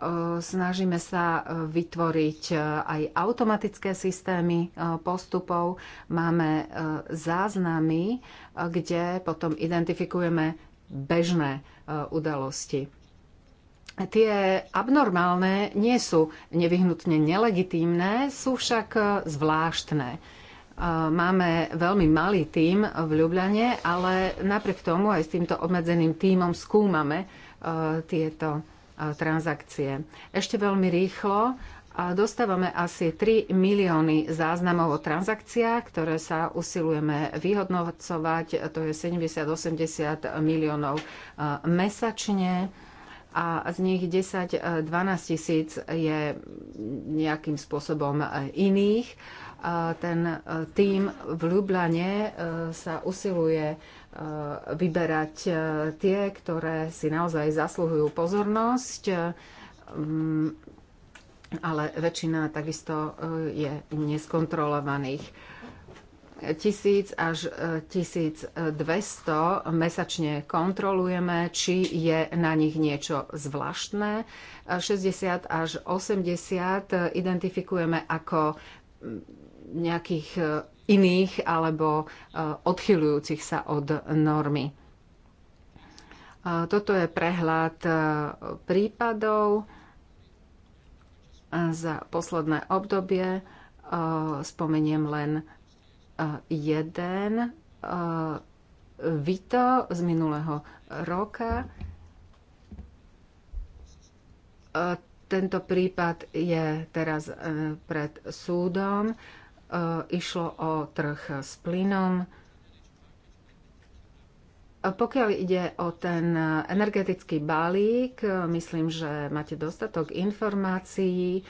snažíme sa vytvoriť aj automatické systémy postupov. Máme záznamy, kde potom identifikujeme bežné udalosti tie abnormálne nie sú nevyhnutne nelegitímne, sú však e, zvláštne. E, máme veľmi malý tím v Ljubljane, ale napriek tomu aj s týmto obmedzeným tímom skúmame e, tieto transakcie. Ešte veľmi rýchlo dostávame asi 3 milióny záznamov o transakciách, ktoré sa usilujeme vyhodnocovať. To je 70-80 miliónov mesačne a z nich 10-12 e, tisíc je nejakým spôsobom e, iných. E, ten tým v Ljubljane sa usiluje vyberať tie, ktoré si naozaj zasluhujú pozornosť, ale väčšina takisto je neskontrolovaných. 1000 až 1200 e, mesačne kontrolujeme, či je na nich niečo zvláštne. 60 e, až 80 identifikujeme ako nejakých e, iných alebo odchylujúcich sa od normy. Toto je prehľad prípadov za posledné obdobie. Spomeniem len jeden eh, Vito z minulého roka. Eh, tento prípad je teraz eh, pred súdom. Išlo o trh s plynom. Pokiaľ ide o ten energetický balík, myslím, že máte dostatok informácií. Uh,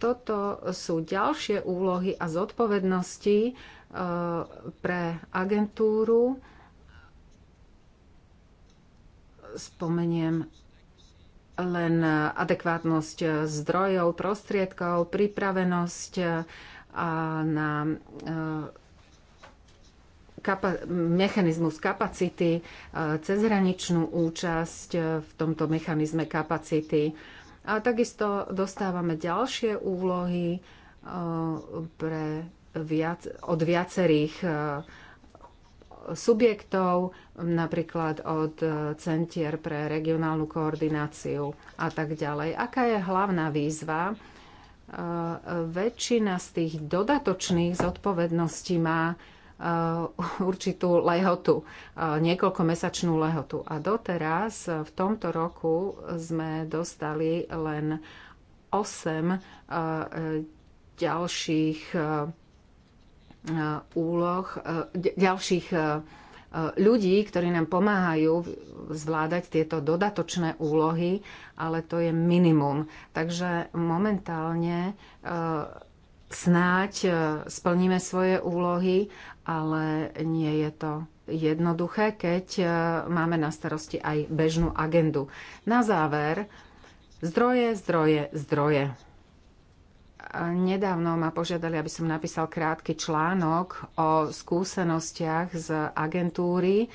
toto sú ďalšie úlohy a zodpovednosti eh, pre agentúru. Spomeniem len adekvátnosť zdrojov, prostriedkov, pripravenosť eh, a na eh, kapa- mechanizmus kapacity, cezhraničnú účasť v tomto mechanizme kapacity a takisto dostávame ďalšie úlohy eh, pre viac, od viacerých eh, subjektov, napríklad od eh, centier pre regionálnu koordináciu a tak ďalej. Aká je hlavná výzva? Väčšina z tých dodatočných zodpovedností má Eh, určitú lehotu, eh, niekoľkomesačnú lehotu. A doteraz eh, v tomto roku sme dostali len 8 ďalších úloh, ďalších ľudí, ktorí nám pomáhajú zvládať tieto dodatočné úlohy, ale to je minimum. Takže momentálne snáď splníme svoje úlohy ale nie je to jednoduché, keď e, máme na starosti aj bežnú agendu. Na záver, zdroje, zdroje, zdroje. Nedávno ma požiadali, aby som napísal krátky článok o skúsenostiach z agentúry. E,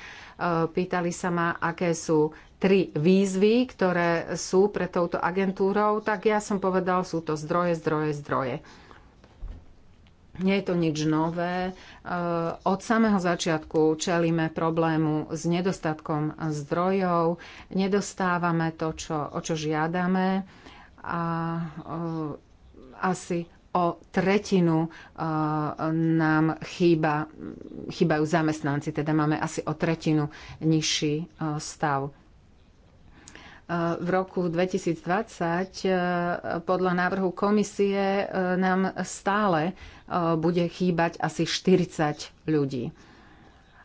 pýtali sa ma, aké sú tri výzvy, ktoré sú pre touto agentúrou, tak ja som povedal, sú to zdroje, zdroje, zdroje. Nie je to nič nové. E, od samého začiatku čelíme problému s nedostatkom zdrojov, nedostávame to, čo, o čo žiadame a e, asi o tretinu e, nám chýba, chýbajú zamestnanci, teda máme asi o tretinu nižší stav v roku 2020 e, podľa návrhu komisie e, nám stále e, bude chýbať asi 40 ľudí.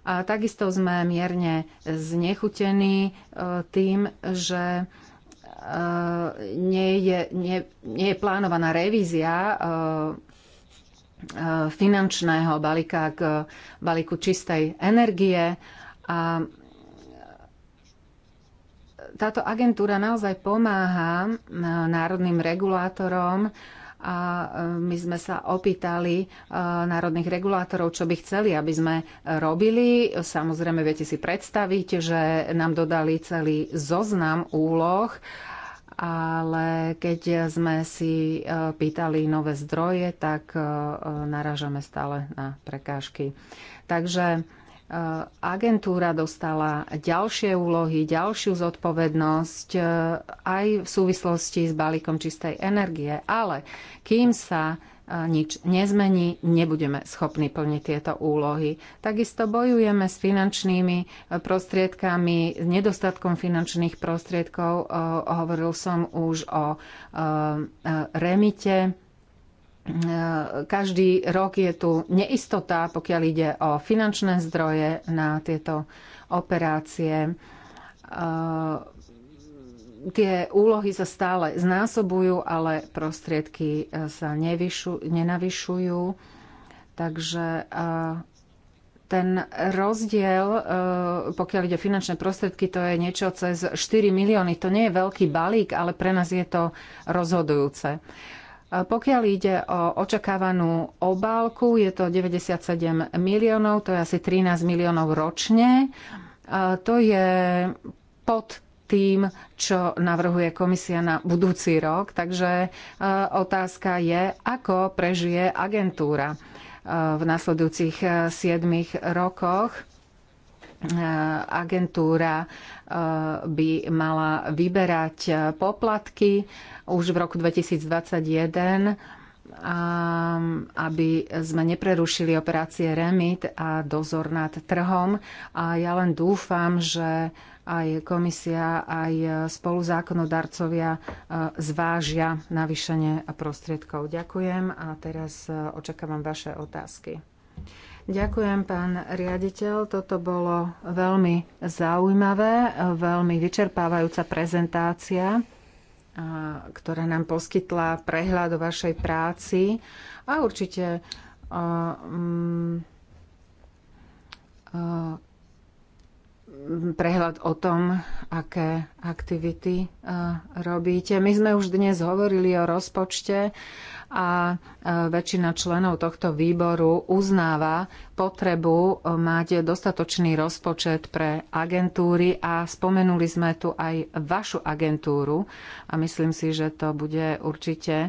A takisto sme mierne znechutení tým, že nie je, nie, nie je plánovaná revízia finančného balíka k balíku čistej energie a táto agentúra naozaj pomáha národným regulátorom a e, my sme sa opýtali e, národných regulátorov, čo by chceli, aby sme robili. Samozrejme, viete si predstaviť, že nám dodali celý zoznam úloh, ale keď sme si e, pýtali nové zdroje, tak naražame stále na prekážky. Takže Eh, agentúra dostala ďalšie úlohy, ďalšiu zodpovednosť eh, aj v súvislosti s balíkom čistej energie. Ale kým sa eh, nič nezmení, nebudeme schopní plniť tieto úlohy. Takisto bojujeme s finančnými prostriedkami, s nedostatkom finančných prostriedkov. Hovoril som už o remite Ehm, každý rok je tu neistota, pokiaľ ide o finančné zdroje na tieto operácie. Ehm, tie úlohy sa stále znásobujú, ale prostriedky eh, sa nevyšu, nenavyšujú. Takže eh, ten rozdiel, eh, pokiaľ ide o finančné prostriedky, to je niečo cez 4 milióny. To nie je veľký balík, ale pre nás je to rozhodujúce. Pokiaľ ide o očakávanú obálku, je to 97 miliónov, to je asi 13 miliónov ročne. To je pod tým, čo navrhuje komisia na budúci rok. Takže e, otázka je, ako prežije agentúra e, v nasledujúcich 7 e, rokoch Eh, agentúra eh, by mala vyberať eh, poplatky už v roku 2021 ehm, aby sme neprerušili operácie REMIT a dozor nad trhom. A ja len dúfam, že aj komisia, aj spoluzákonodarcovia zvážia navýšenie prostriedkov. Ďakujem a teraz očakávam vaše otázky. Ďakujem, pán riaditeľ. Toto bolo veľmi zaujímavé, veľmi vyčerpávajúca prezentácia, ktorá nám poskytla prehľad o vašej práci a určite mm, mm, prehľad o tom, aké aktivity robíte. My sme už dnes hovorili o rozpočte a e, väčšina členov tohto výboru uznáva potrebu e, mať dostatočný rozpočet pre agentúry a spomenuli sme tu aj vašu agentúru a myslím si, že to bude určite e,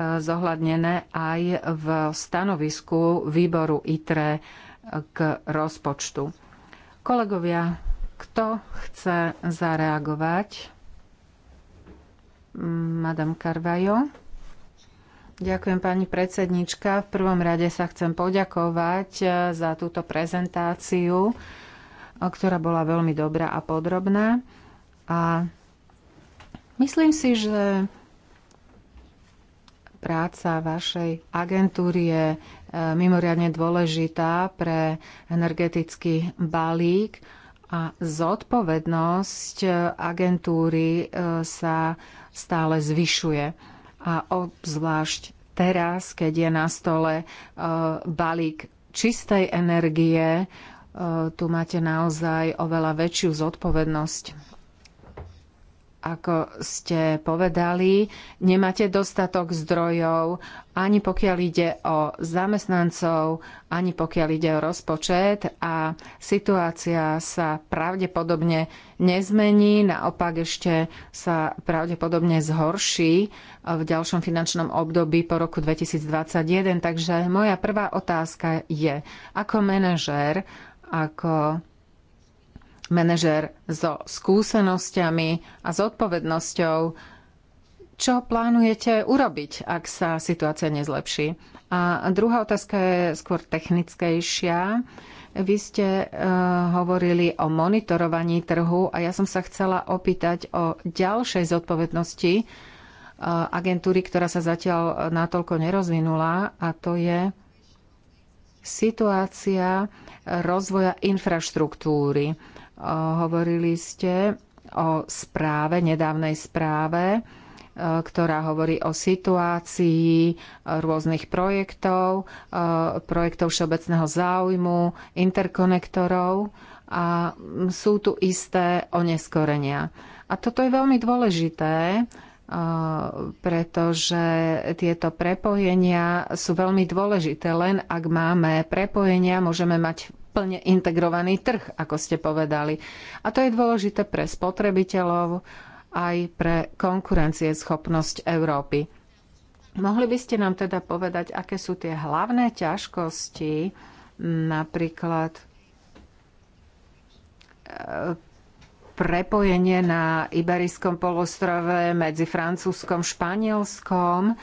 zohľadnené aj v stanovisku výboru ITRE k rozpočtu. Kolegovia, kto chce zareagovať? Madame Carvajo. Ďakujem pani predsednička. V prvom rade sa chcem poďakovať eh, za túto prezentáciu, eh, ktorá bola veľmi dobrá a podrobná. A myslím si, že práca vašej agentúry je eh, mimoriadne dôležitá pre energetický balík a zodpovednosť agentúry sa stále zvyšuje a obzvlášť teraz, keď je na stole e, balík čistej energie, e, tu máte naozaj oveľa väčšiu zodpovednosť. Ako ste povedali, nemáte dostatok zdrojov, ani pokiaľ ide o zamestnancov, ani pokiaľ ide o rozpočet a situácia sa pravdepodobne nezmení, naopak ešte sa pravdepodobne zhorší v ďalšom finančnom období po roku 2021. Takže moja prvá otázka je, ako manažér, ako manažer so skúsenosťami a zodpovednosťou, čo plánujete urobiť, ak sa situácia nezlepší? A druhá otázka je skôr technickejšia. Vy ste uh, hovorili o monitorovaní trhu a ja som sa chcela opýtať o ďalšej zodpovednosti uh, agentúry, ktorá sa zatiaľ natoľko nerozvinula a to je situácia rozvoja infraštruktúry. Hovorili ste o správe, nedávnej správe, ktorá hovorí o situácii rôznych projektov, projektov všeobecného záujmu, interkonektorov a sú tu isté oneskorenia. A toto je veľmi dôležité, pretože tieto prepojenia sú veľmi dôležité. Len ak máme prepojenia, môžeme mať plne integrovaný trh, ako ste povedali. A to je dôležité pre spotrebiteľov, aj pre konkurencieschopnosť Európy. Mohli by ste nám teda povedať, aké sú tie hlavné ťažkosti, napríklad e, prepojenie na Iberijskom polostrove medzi Francúzskom, a Španielskom. E,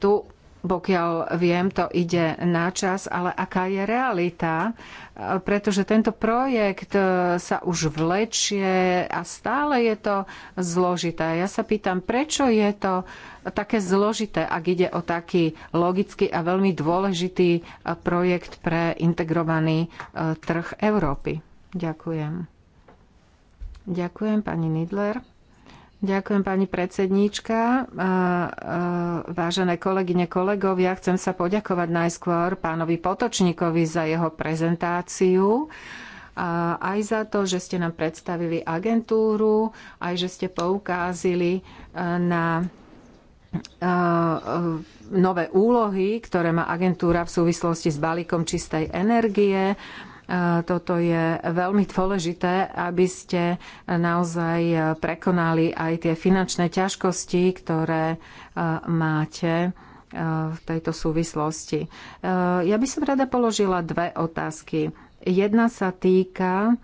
tu pokiaľ viem, to ide na čas, ale aká je realita? Pretože tento projekt e, sa už vlečie a stále je to zložité. Ja sa pýtam, prečo je to také zložité, ak ide o taký logický a veľmi dôležitý e, projekt pre integrovaný e, trh Európy? Ďakujem. Ďakujem, pani Nidler. Ďakujem pani predsedníčka. Vážené kolegyne, kolegovia, chcem sa poďakovať najskôr pánovi Potočníkovi za jeho prezentáciu a aj za to, že ste nám predstavili agentúru, aj že ste poukázili e, na e, e, nové úlohy, ktoré má agentúra v súvislosti s balíkom čistej energie toto je veľmi dôležité, aby ste naozaj prekonali aj tie finančné ťažkosti, ktoré e, máte e, v tejto súvislosti. E, ja by som rada položila dve otázky. Jedna sa týka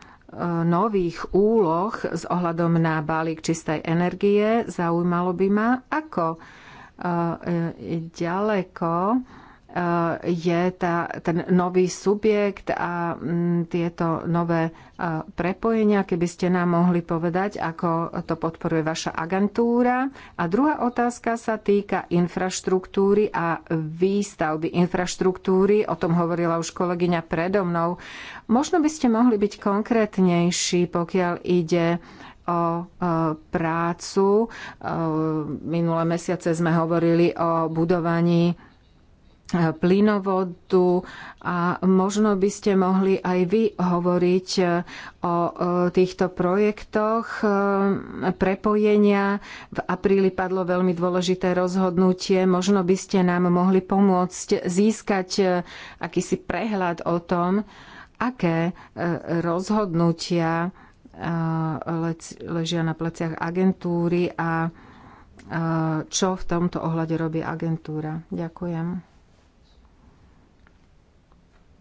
nových úloh s ohľadom na balík čistej energie. Zaujímalo by ma, ako ďaleko Eh, je tá, ten nový subjekt a mm, tieto nové eh, prepojenia, keby ste nám mohli povedať, ako to podporuje vaša agentúra. A druhá otázka sa týka infraštruktúry a výstavby infraštruktúry. O tom hovorila už kolegyňa predo mnou. Možno by ste mohli byť konkrétnejší, pokiaľ ide o eh, prácu. Minulé mesiace sme hovorili o budovaní plynovodu a možno by ste mohli aj vy hovoriť e, o e, týchto projektoch e, prepojenia. V apríli padlo veľmi dôležité rozhodnutie. Možno by ste nám mohli pomôcť získať akýsi prehľad o tom, aké rozhodnutia ležia na pleciach agentúry a čo v tomto ohľade robí agentúra. Ďakujem.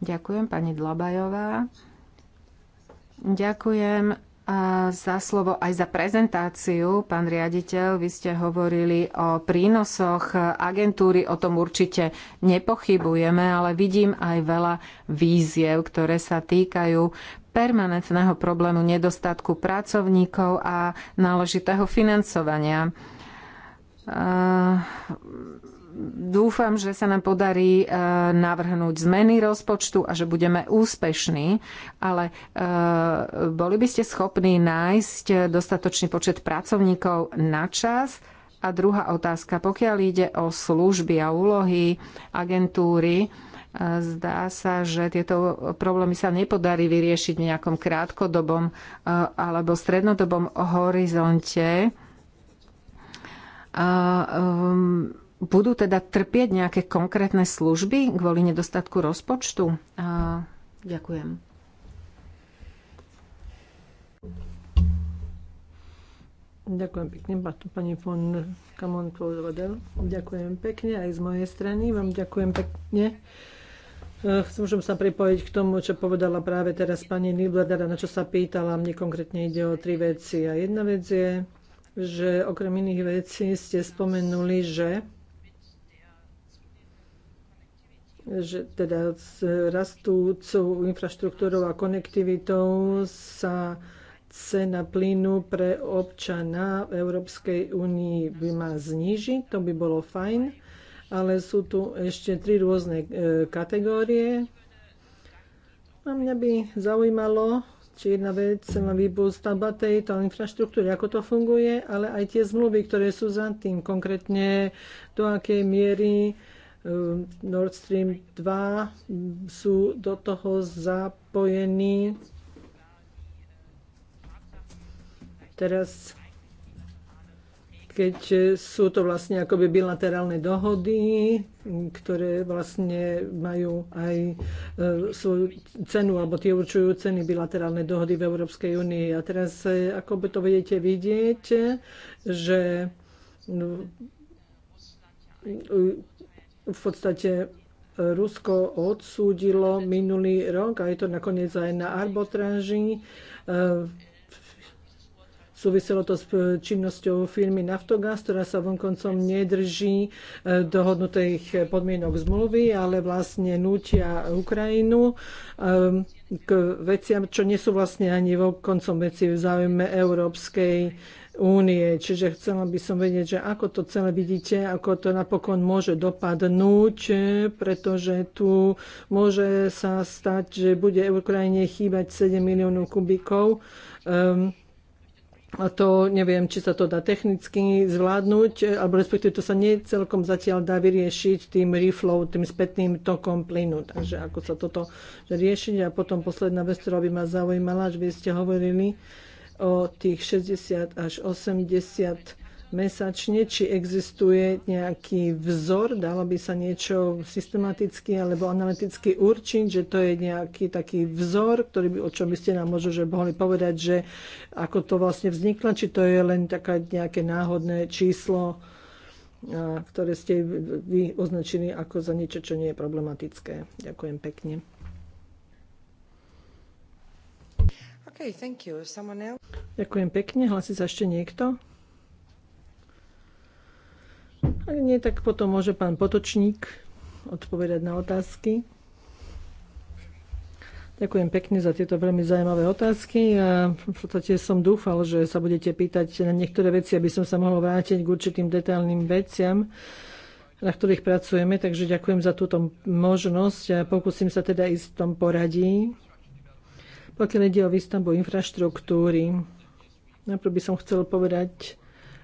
Ďakujem, pani Dlabajová. Ďakujem za slovo aj za prezentáciu. Pán riaditeľ, vy ste hovorili o prínosoch agentúry, o tom určite nepochybujeme, ale vidím aj veľa víziev, ktoré sa týkajú permanentného problému nedostatku pracovníkov a náležitého financovania dúfam, že sa nám podarí e, navrhnúť zmeny rozpočtu a že budeme úspešní, ale e, boli by ste schopní nájsť dostatočný počet pracovníkov na čas? A druhá otázka, pokiaľ ide o služby a úlohy agentúry, e, Zdá sa, že tieto problémy sa nepodarí vyriešiť v nejakom krátkodobom alebo strednodobom horizonte. A, um, budú teda trpieť nejaké konkrétne služby kvôli nedostatku rozpočtu? A, ďakujem. Ďakujem pekne, pani von Kamon Ďakujem pekne aj z mojej strany. Vám ďakujem pekne. E, môžem sa pripojiť k tomu, čo povedala práve teraz pani Nibler, na čo sa pýtala. Mne konkrétne ide o tri veci. A jedna vec je, že okrem iných vecí ste spomenuli, že že teda s rastúcou infraštruktúrou a konektivitou sa cena plynu pre občana v Európskej únii by ma znížiť, to by bolo fajn, ale sú tu ešte tri rôzne e, kategórie. A mňa by zaujímalo, či jedna vec má byť stavba tejto infraštruktúry, ako to funguje, ale aj tie zmluvy, ktoré sú za tým, konkrétne do akej miery Ehm, Nord Stream 2 sú do toho zapojení. Teraz keď sú to vlastne akoby bilaterálne dohody, ktoré vlastne majú aj e, svoju cenu, alebo tie určujú ceny bilaterálne dohody v Európskej únii. A teraz, e, ako by to vedete vidieť, že no, v podstate e, Rusko odsúdilo minulý rok a je to nakoniec aj na arbotráži. E, súviselo to s činnosťou firmy Naftogaz, ktorá sa vonkoncom nedrží e, dohodnutých podmienok zmluvy, ale vlastne nútia Ukrajinu k veciam, čo nie sú vlastne ani vonkoncom veci v záujme Európskej únie. Čiže chcela by som vedieť, že ako to celé vidíte, ako to napokon môže dopadnúť, pretože tu môže sa stať, že bude Ukrajine chýbať 7 miliónov kubíkov. Um, ehm, a to neviem, či sa to dá technicky zvládnuť, alebo respektíve to sa nie celkom zatiaľ dá vyriešiť tým reflow, tým spätným tokom plynu. Takže ako sa toto riešiť. A potom posledná vec, ktorá by ma zaujímala, že by ste hovorili, o tých 60 až 80 mesačne, či existuje nejaký vzor, dalo by sa niečo systematicky alebo analyticky určiť, že to je nejaký taký vzor, ktorý by, o čom by ste nám možno že mohli povedať, že ako to vlastne vzniklo, či to je len také nejaké náhodné číslo, ktoré ste vy označili ako za niečo, čo nie je problematické. Ďakujem pekne. Ďakujem pekne. Hlasí sa ešte niekto? Ak nie, tak potom môže pán Potočník odpovedať na otázky. Ďakujem pekne za tieto veľmi zaujímavé otázky. Ja v podstate som dúfal, že sa budete pýtať na niektoré veci, aby som sa mohol vrátiť k určitým detailným veciam, na ktorých pracujeme. Takže ďakujem za túto možnosť. a pokúsim sa teda ísť v tom poradí pokiaľ ide o výstavbu infraštruktúry. Najprv by som chcel povedať,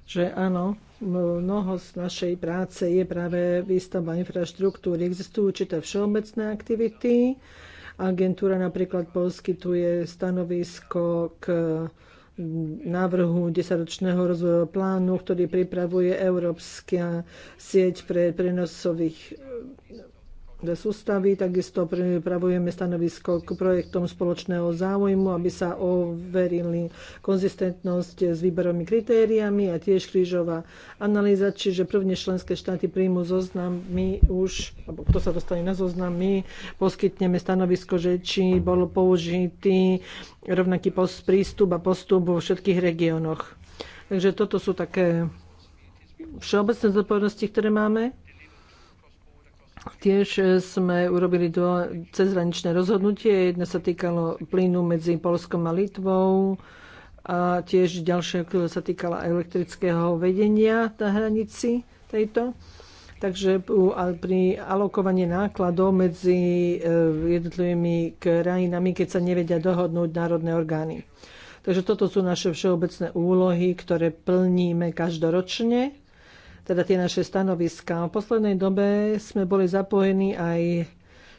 že áno, mnoho z našej práce je práve výstavba infraštruktúry. Existujú určité všeobecné aktivity. Agentúra napríklad poskytuje stanovisko k návrhu 10-ročného rozvojového plánu, ktorý pripravuje Európska sieť pre prenosových sústavy. Takisto pripravujeme stanovisko k projektom spoločného záujmu, aby sa overili konzistentnosť s výberovými kritériami a tiež krížová analýza, čiže prvne členské štáty príjmu zoznam, my už, alebo kto sa dostane na zoznam, my poskytneme stanovisko, že či bol použitý rovnaký prístup a postup vo všetkých regiónoch. Takže toto sú také všeobecné zodpovednosti, ktoré máme Tiež e, sme urobili dvo- cezhraničné rozhodnutie. Jedno sa týkalo plynu medzi Polskom a Litvou a tiež ďalšie sa týkala elektrického vedenia na hranici tejto. Takže pri alokovaní nákladov medzi e, jednotlivými krajinami, keď sa nevedia dohodnúť národné orgány. Takže toto sú naše všeobecné úlohy, ktoré plníme každoročne teda tie naše stanoviská. V poslednej dobe sme boli zapojení aj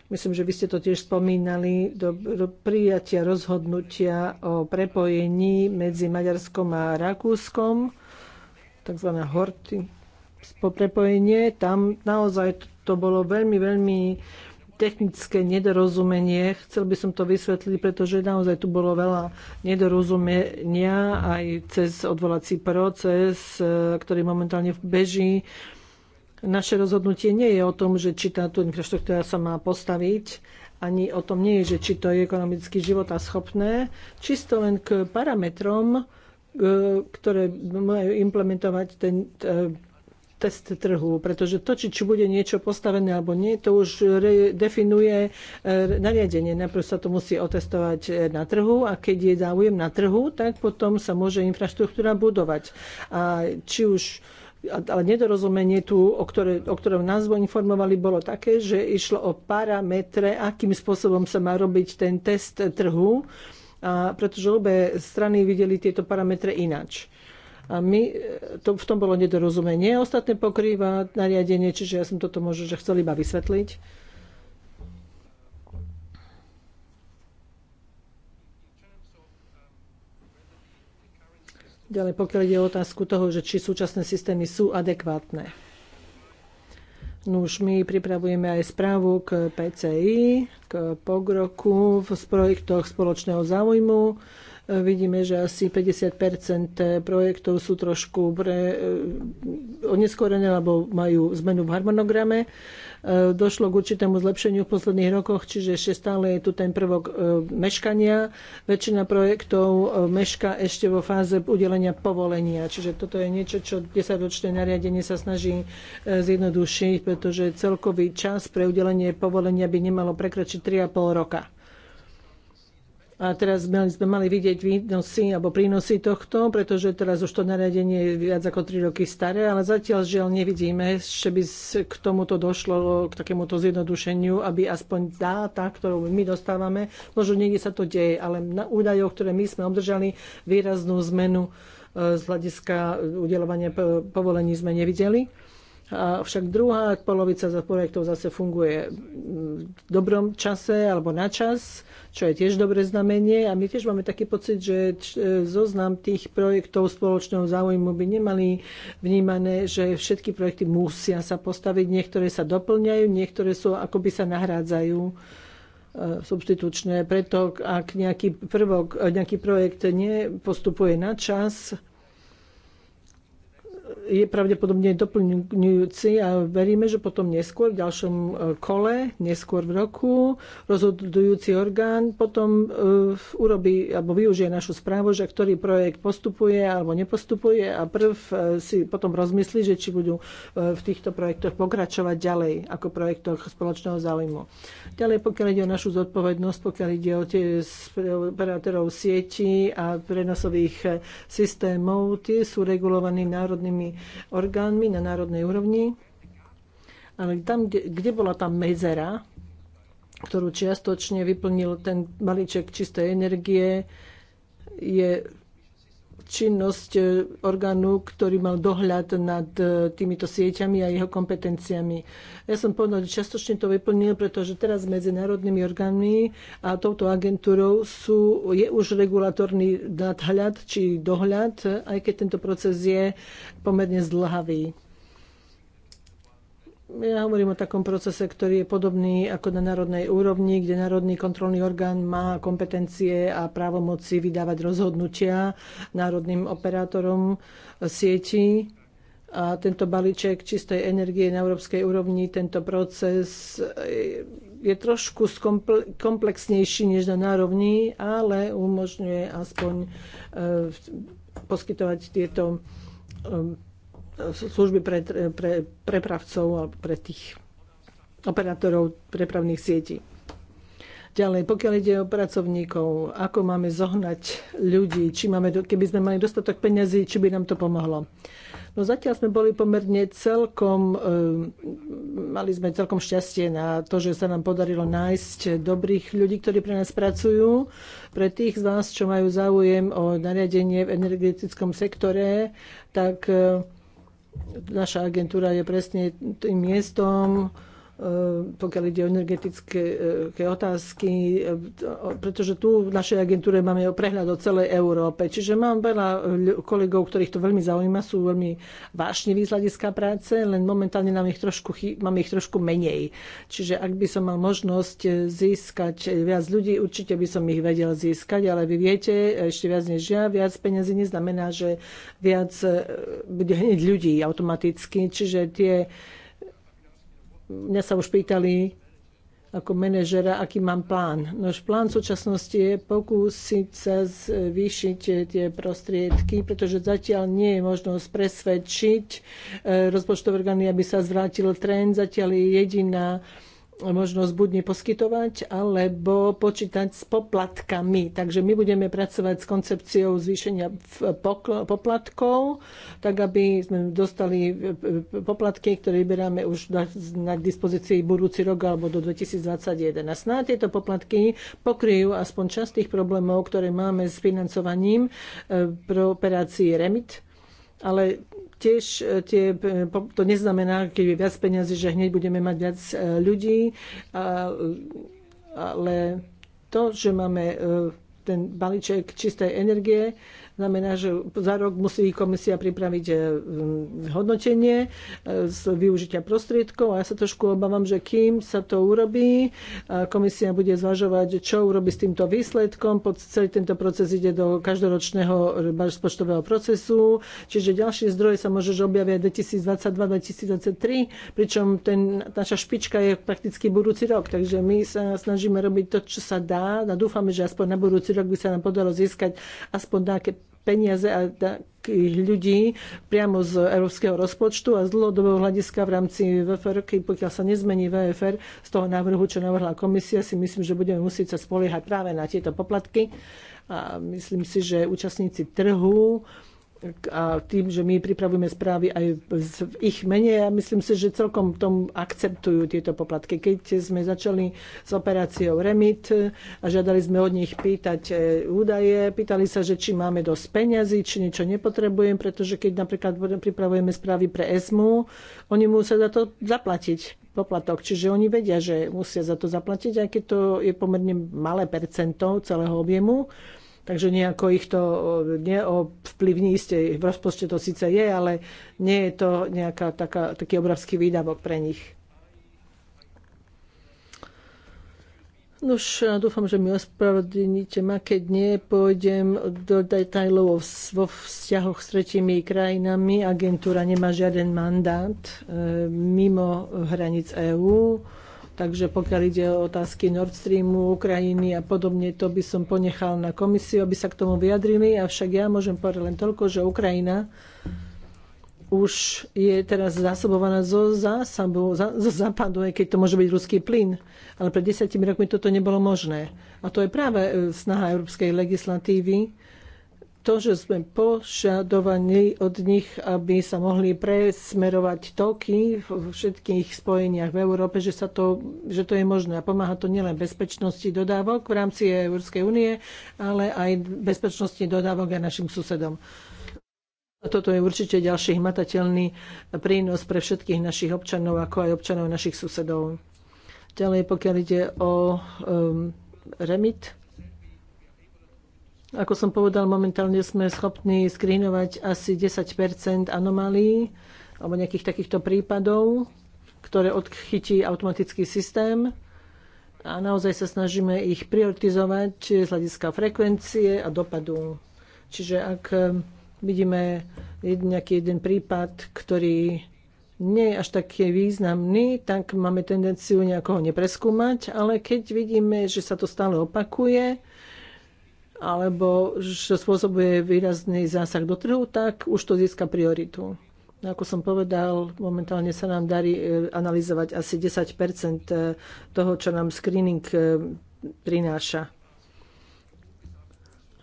Myslím, že vy ste to tiež spomínali, do, do prijatia rozhodnutia o prepojení medzi Maďarskom a Rakúskom, tzv. horty, prepojenie. Tam naozaj to bolo veľmi, veľmi technické nedorozumenie. Chcel by som to vysvetliť, pretože naozaj tu bolo veľa nedorozumenia aj cez odvolací proces, e, ktorý momentálne beží. Naše rozhodnutie nie je o tom, že či táto infraštruktúra sa má postaviť, ani o tom nie je, že či to je ekonomicky života schopné, čisto len k parametrom, e, ktoré majú implementovať ten e, test trhu, pretože to, či, či bude niečo postavené alebo nie, to už definuje e, nariadenie. Najprv sa to musí otestovať e, na trhu a keď je záujem na trhu, tak potom sa môže infraštruktúra budovať. A či už ale nedorozumenie tu, o, ktoré, o ktorom nás informovali, bolo také, že išlo o parametre, akým spôsobom sa má robiť ten test trhu, a pretože obe strany videli tieto parametre inač. A my, e, to, v tom bolo nedorozumenie. Ostatné pokrýva nariadenie, čiže ja som toto možno, že chcel iba vysvetliť. Ďalej, pokiaľ ide o otázku toho, že či súčasné systémy sú adekvátne. No už my pripravujeme aj správu k PCI, k pokroku v projektoch spoločného záujmu vidíme, že asi 50 projektov sú trošku pre, eh, oneskorené alebo majú zmenu v harmonograme. Eh, došlo k určitému zlepšeniu v posledných rokoch, čiže ešte stále je tu ten prvok eh, meškania. Väčšina projektov meška ešte vo fáze udelenia povolenia, čiže toto je niečo, čo 10-ročné nariadenie sa snaží zjednodušiť, pretože celkový čas pre udelenie povolenia by nemalo prekročiť 3,5 roka. A teraz mali, sme mali vidieť výnosy alebo prínosy tohto, pretože teraz už to nariadenie je viac ako 3 roky staré, ale zatiaľ žiaľ nevidíme, že by k tomuto došlo, k takémuto zjednodušeniu, aby aspoň dáta, ktorú my dostávame, možno niekde sa to deje, ale na údajoch, ktoré my sme obdržali, výraznú zmenu e, z hľadiska udelovania povolení sme nevideli. A však druhá polovica za projektov zase funguje v dobrom čase alebo na čas, čo je tiež dobré znamenie. A my tiež máme taký pocit, že e, zoznam tých projektov spoločného záujmu by nemali vnímané, že všetky projekty musia sa postaviť. Niektoré sa doplňajú, niektoré sú akoby sa nahrádzajú e, substitučné. Preto ak nejaký, prvok, e, nejaký projekt nepostupuje na čas, je pravdepodobne doplňujúci a veríme, že potom neskôr v ďalšom e, kole, neskôr v roku, rozhodujúci orgán potom e, urobí alebo využije našu správu, že ktorý projekt postupuje alebo nepostupuje a prv e, si potom rozmyslí, že či budú v týchto projektoch pokračovať ďalej ako projektoch spoločného záujmu. Ďalej, pokiaľ ide o našu zodpovednosť, pokiaľ ide o tie operátorov sieti a prenosových systémov, tie sú regulovaní národnými príslušnými orgánmi na národnej úrovni. Ale tam, kde, kde bola tá medzera, ktorú čiastočne vyplnil ten balíček čistej energie, je činnosť e, orgánu, ktorý mal dohľad nad e, týmito sieťami a jeho kompetenciami. Ja som povedal, že častočne to vyplnil, pretože teraz medzi národnými orgánmi a touto agentúrou sú, je už regulatorný nadhľad či dohľad, aj keď tento proces je pomerne zdlhavý ja hovorím o takom procese, ktorý je podobný ako na národnej úrovni, kde národný kontrolný orgán má kompetencie a právomoci vydávať rozhodnutia národným operátorom sieti. A tento balíček čistej energie na európskej úrovni, tento proces je trošku komplexnejší než na nárovni, ale umožňuje aspoň eh, poskytovať tieto eh, služby pre, pre prepravcov alebo pre tých operátorov prepravných sietí. Ďalej, pokiaľ ide o pracovníkov, ako máme zohnať ľudí, či máme, keby sme mali dostatok peňazí, či by nám to pomohlo. No zatiaľ sme boli pomerne celkom, eh, mali sme celkom šťastie na to, že sa nám podarilo nájsť dobrých ľudí, ktorí pre nás pracujú. Pre tých z vás, čo majú záujem o nariadenie v energetickom sektore, tak eh, naša agentúra je presne tým miestom, E, pokiaľ ide o energetické e, otázky, e, pretože tu v našej agentúre máme prehľad o celej Európe. Čiže mám veľa kolegov, ktorých to veľmi zaujíma, sú veľmi vášne z hľadiska práce, len momentálne nám ich trošku, mám ich trošku menej. Čiže ak by som mal možnosť získať viac ľudí, určite by som ich vedel získať, ale vy viete, ešte viac než ja, viac peniazy neznamená, že viac bude hneď ľudí automaticky. Čiže tie mňa sa už pýtali ako manažera, aký mám plán. Nož plán v súčasnosti je pokúsiť sa zvýšiť tie prostriedky, pretože zatiaľ nie je možnosť presvedčiť eh, rozpočtové orgány, aby sa zvrátil trend. Zatiaľ je jediná možnosť buď neposkytovať, alebo počítať s poplatkami. Takže my budeme pracovať s koncepciou zvýšenia poplatkov, tak aby sme dostali e, e, poplatky, ktoré vyberáme už na, dispozícii budúci rok alebo do 2021. A snáď tieto poplatky pokryjú aspoň časť tých problémov, ktoré máme s financovaním e, pro operácii REMIT, ale tiež e, tie, e, to neznamená, keď je viac peniazy, že hneď budeme mať viac e, ľudí, ale to, že máme ten balíček čistej energie, Znamená, že za rok musí komisia pripraviť eh, mm, hodnotenie eh, z využitia prostriedkov a ja sa trošku obávam, že kým sa to urobí, komisia bude zvažovať, čo urobi s týmto výsledkom. Pod celý tento proces ide do každoročného eh, rozpočtového procesu, čiže ďalší zdroj sa môže objavia 2022-2023, pričom ten, naša špička je prakticky budúci rok, takže my sa snažíme robiť to, čo sa dá a dúfame, že aspoň na budúci rok by sa nám podalo získať aspoň nejaké peniaze a takých ľudí priamo z európskeho rozpočtu a z dlhodobého hľadiska v rámci VFR, pokiaľ sa nezmení VFR z toho návrhu, čo navrhla komisia, si myslím, že budeme musieť sa spoliehať práve na tieto poplatky. A myslím si, že účastníci trhu a tým, že my pripravujeme správy aj v ich mene, ja myslím si, že celkom tom akceptujú tieto poplatky. Keď sme začali s operáciou Remit e, a žiadali sme od nich pýtať e, údaje, pýtali sa, že či máme dosť peňazí, či niečo nepotrebujem, pretože keď napríklad pripravujeme správy pre ESMU, oni musia za to zaplatiť poplatok. Čiže oni vedia, že musia za to zaplatiť, aj keď to je pomerne malé percento celého objemu takže nejako ich to e, neovplyvní. Isté, v rozpočte to síce je, ale nie je to nejaká taká, taký obrovský výdavok pre nich. Už dúfam, že mi ospravedlníte ma, keď nie pôjdem do detailov vo vzťahoch s tretimi krajinami. Agentúra nemá žiaden mandát e, mimo hranic EÚ. Takže pokiaľ ide o otázky Nord Streamu, Ukrajiny a podobne, to by som ponechal na komisiu, aby sa k tomu vyjadrili. Avšak ja môžem povedať len toľko, že Ukrajina už je teraz zásobovaná zo, zásobu, za, zo západu, aj keď to môže byť ruský plyn. Ale pred desiatimi rokmi toto nebolo možné. A to je práve e, snaha európskej legislatívy, to, že sme požadovaní od nich, aby sa mohli presmerovať toky v všetkých spojeniach v Európe, že, sa to, že to je možné. A pomáha to nielen bezpečnosti dodávok v rámci Európskej únie, ale aj bezpečnosti dodávok aj našim susedom. Toto je určite ďalší hmatateľný prínos pre všetkých našich občanov, ako aj občanov našich susedov. Ďalej, pokiaľ ide o um, remit, ako som povedal, momentálne sme schopní skrínovať asi 10 anomálií alebo nejakých takýchto prípadov, ktoré odchytí automatický systém. A naozaj sa snažíme ich prioritizovať z hľadiska frekvencie a dopadu. Čiže ak e, vidíme nejaký jeden prípad, ktorý nie je až taký významný, tak máme tendenciu nejakoho nepreskúmať, ale keď vidíme, že sa to stále opakuje, alebo že spôsobuje výrazný zásah do trhu, tak už to získa prioritu. Ako som povedal, momentálne sa nám darí e, analyzovať asi 10 e, toho, čo nám screening e, prináša.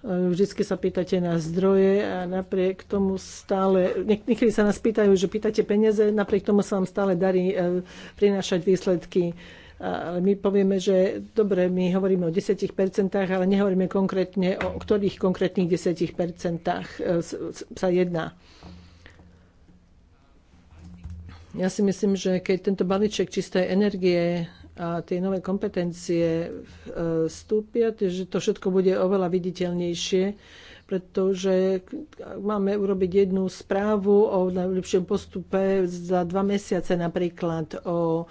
Vždycky sa pýtate na zdroje a napriek tomu stále, niekedy sa nás pýtajú, že pýtate peniaze, napriek tomu sa nám stále darí prinášať výsledky. Ale my povieme, že dobre, my hovoríme o 10%, ale nehovoríme konkrétne o ktorých konkrétnych 10% e, sa jedná. Ja si myslím, že keď tento balíček čistej energie a tie nové kompetencie e, vstúpia, že to všetko bude oveľa viditeľnejšie pretože máme urobiť jednu správu o najlepšom postupe za dva mesiace napríklad o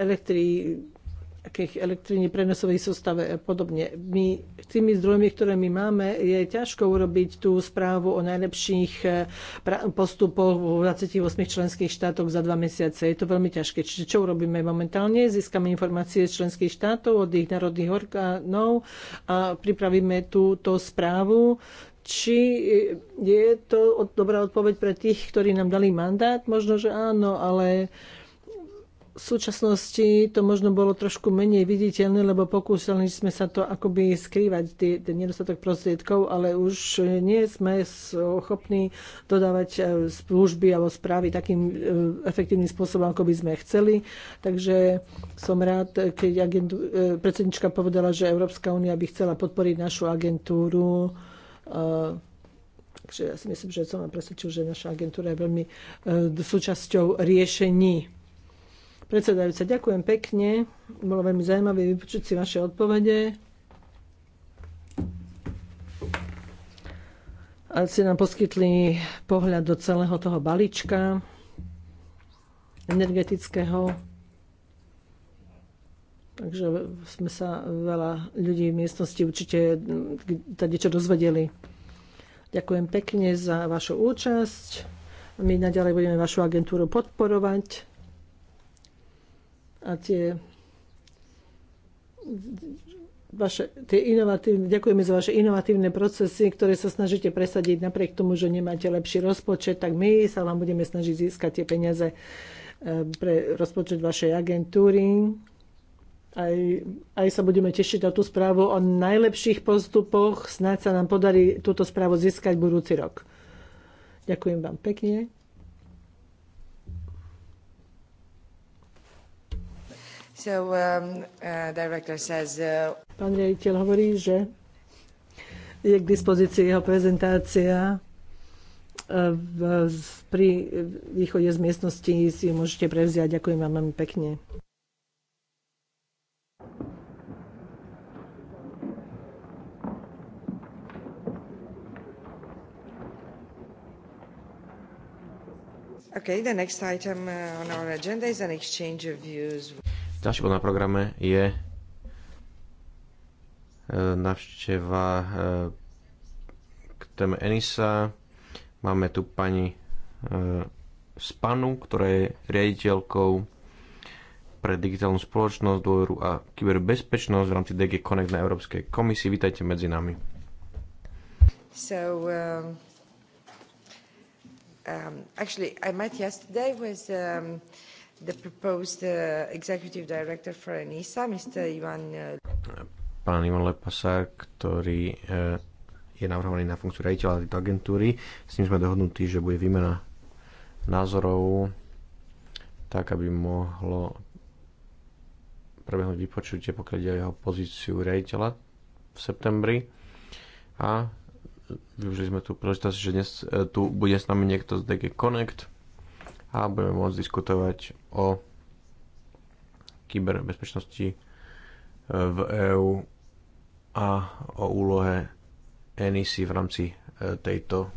elektrii nejakých elektriny, prenosových sústave a podobne. My, tými zdrojmi, ktoré my máme, je ťažko urobiť tú správu o najlepších eh, postupoch v 28 členských štátoch za dva mesiace. Je to veľmi ťažké. Čiže čo urobíme momentálne? Získame informácie z členských štátov, od ich národných orgánov a pripravíme túto správu, či eh, je to dobrá odpoveď pre tých, ktorí nám dali mandát? Možno, že áno, ale v súčasnosti to možno bolo trošku menej viditeľné, lebo pokúsili sme sa to akoby skrývať, ten nedostatok prostriedkov, ale už nie sme schopní dodávať e, služby alebo správy takým e, efektívnym spôsobom, ako by sme chceli. Takže som rád, keď agentu, e, predsednička povedala, že Európska únia by chcela podporiť našu agentúru. Takže ja si myslím, že som vám presvedčil, že naša agentúra je veľmi súčasťou riešení Predsedajúca, ďakujem pekne. Bolo veľmi zaujímavé vypočuť si vaše odpovede. A ste nám poskytli pohľad do celého toho balíčka energetického. Takže sme sa veľa ľudí v miestnosti určite tady čo dozvedeli. Ďakujem pekne za vašu účasť. My naďalej budeme vašu agentúru podporovať a tie vaše, tie inovatívne, ďakujeme za vaše inovatívne procesy, ktoré sa snažíte presadiť napriek tomu, že nemáte lepší rozpočet, tak my sa vám budeme snažiť získať tie peniaze e, pre rozpočet vašej agentúry. Aj, aj sa budeme tešiť na tú správu o najlepších postupoch. Snáď sa nám podarí túto správu získať budúci rok. Ďakujem vám pekne. So, um, uh, says, uh... Pán riaditeľ hovorí, že je k dispozícii jeho prezentácia uh, v, pri východe z miestnosti si ju môžete prevziať. Ďakujem vám veľmi pekne. Okay, the next item uh, on our agenda is an exchange of views. Ďalší bod na programe je e, navšteva e, k téme Enisa. Máme tu pani e, Spanu, ktorá je riaditeľkou pre digitálnu spoločnosť, dôveru a kyberbezpečnosť v rámci DG Connect na Európskej komisii. Vítajte medzi nami. So, um, um, actually, I met yesterday with um, Uh, Ivan... Uh, Pán Ivan Lepasa, ktorý uh, je navrhovaný na funkciu rejiteľa tejto agentúry. S ním sme dohodnutí, že bude výmena názorov tak, aby mohlo prebehnúť vypočutie, pokiaľ ide o jeho pozíciu rejiteľa v septembri. A využili sme tu príležitosť, že dnes eh, tu bude s nami niekto z DG Connect, a budeme môcť diskutovať o kyberbezpečnosti eh, v EÚ a o úlohe NEC v rámci eh, tejto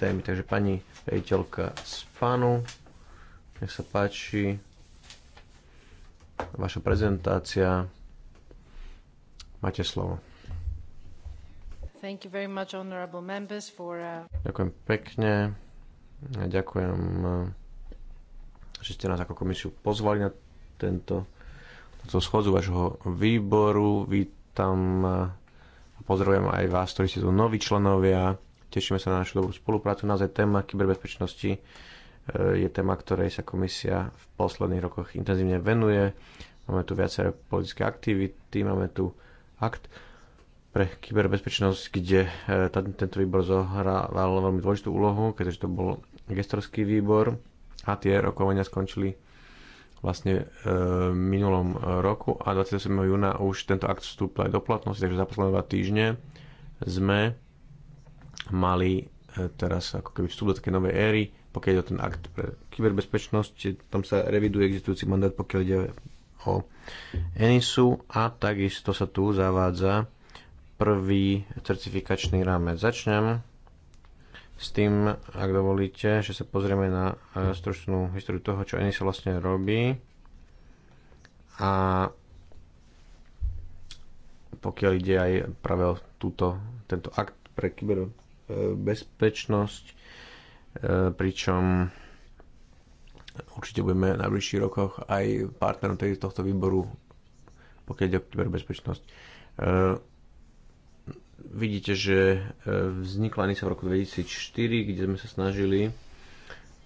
témy. Takže pani rejiteľka z Spanu, nech sa páči, vaša prezentácia, máte slovo. Thank you very much, honorable members, for... Uh... Ďakujem pekne. Ďakujem že ste nás ako komisiu pozvali na tento, tento schodzu vašho výboru. Vítam a pozdravujem aj vás, ktorí ste tu noví členovia. Tešíme sa na našu dobrú spoluprácu. Naozaj téma kyberbezpečnosti e, je téma, ktorej sa komisia v posledných rokoch intenzívne venuje. Máme tu viaceré politické aktivity, máme tu akt pre kyberbezpečnosť, kde e, tento výbor zohrával veľmi dôležitú úlohu, keďže to bol gestorský výbor a tie rokovania skončili vlastne e, minulom roku a 27. júna už tento akt vstúpil aj do platnosti, takže za posledné dva týždne sme mali e, teraz ako keby vstup do také novej éry, pokiaľ ide o ten akt pre kyberbezpečnosť, tam sa reviduje existujúci mandát, pokiaľ ide o ENISu a takisto sa tu zavádza prvý certifikačný rámec. Začnem s tým, ak dovolíte, že sa pozrieme na e, stručnú históriu toho, čo ENISA vlastne robí. A pokiaľ ide aj práve o túto, tento akt pre kyberbezpečnosť, e, e, pričom určite budeme na bližších rokoch aj partnerom tohto výboru, pokiaľ ide o kyberbezpečnosť vidíte, že e, vznikla NISA v roku 2004, kde sme sa snažili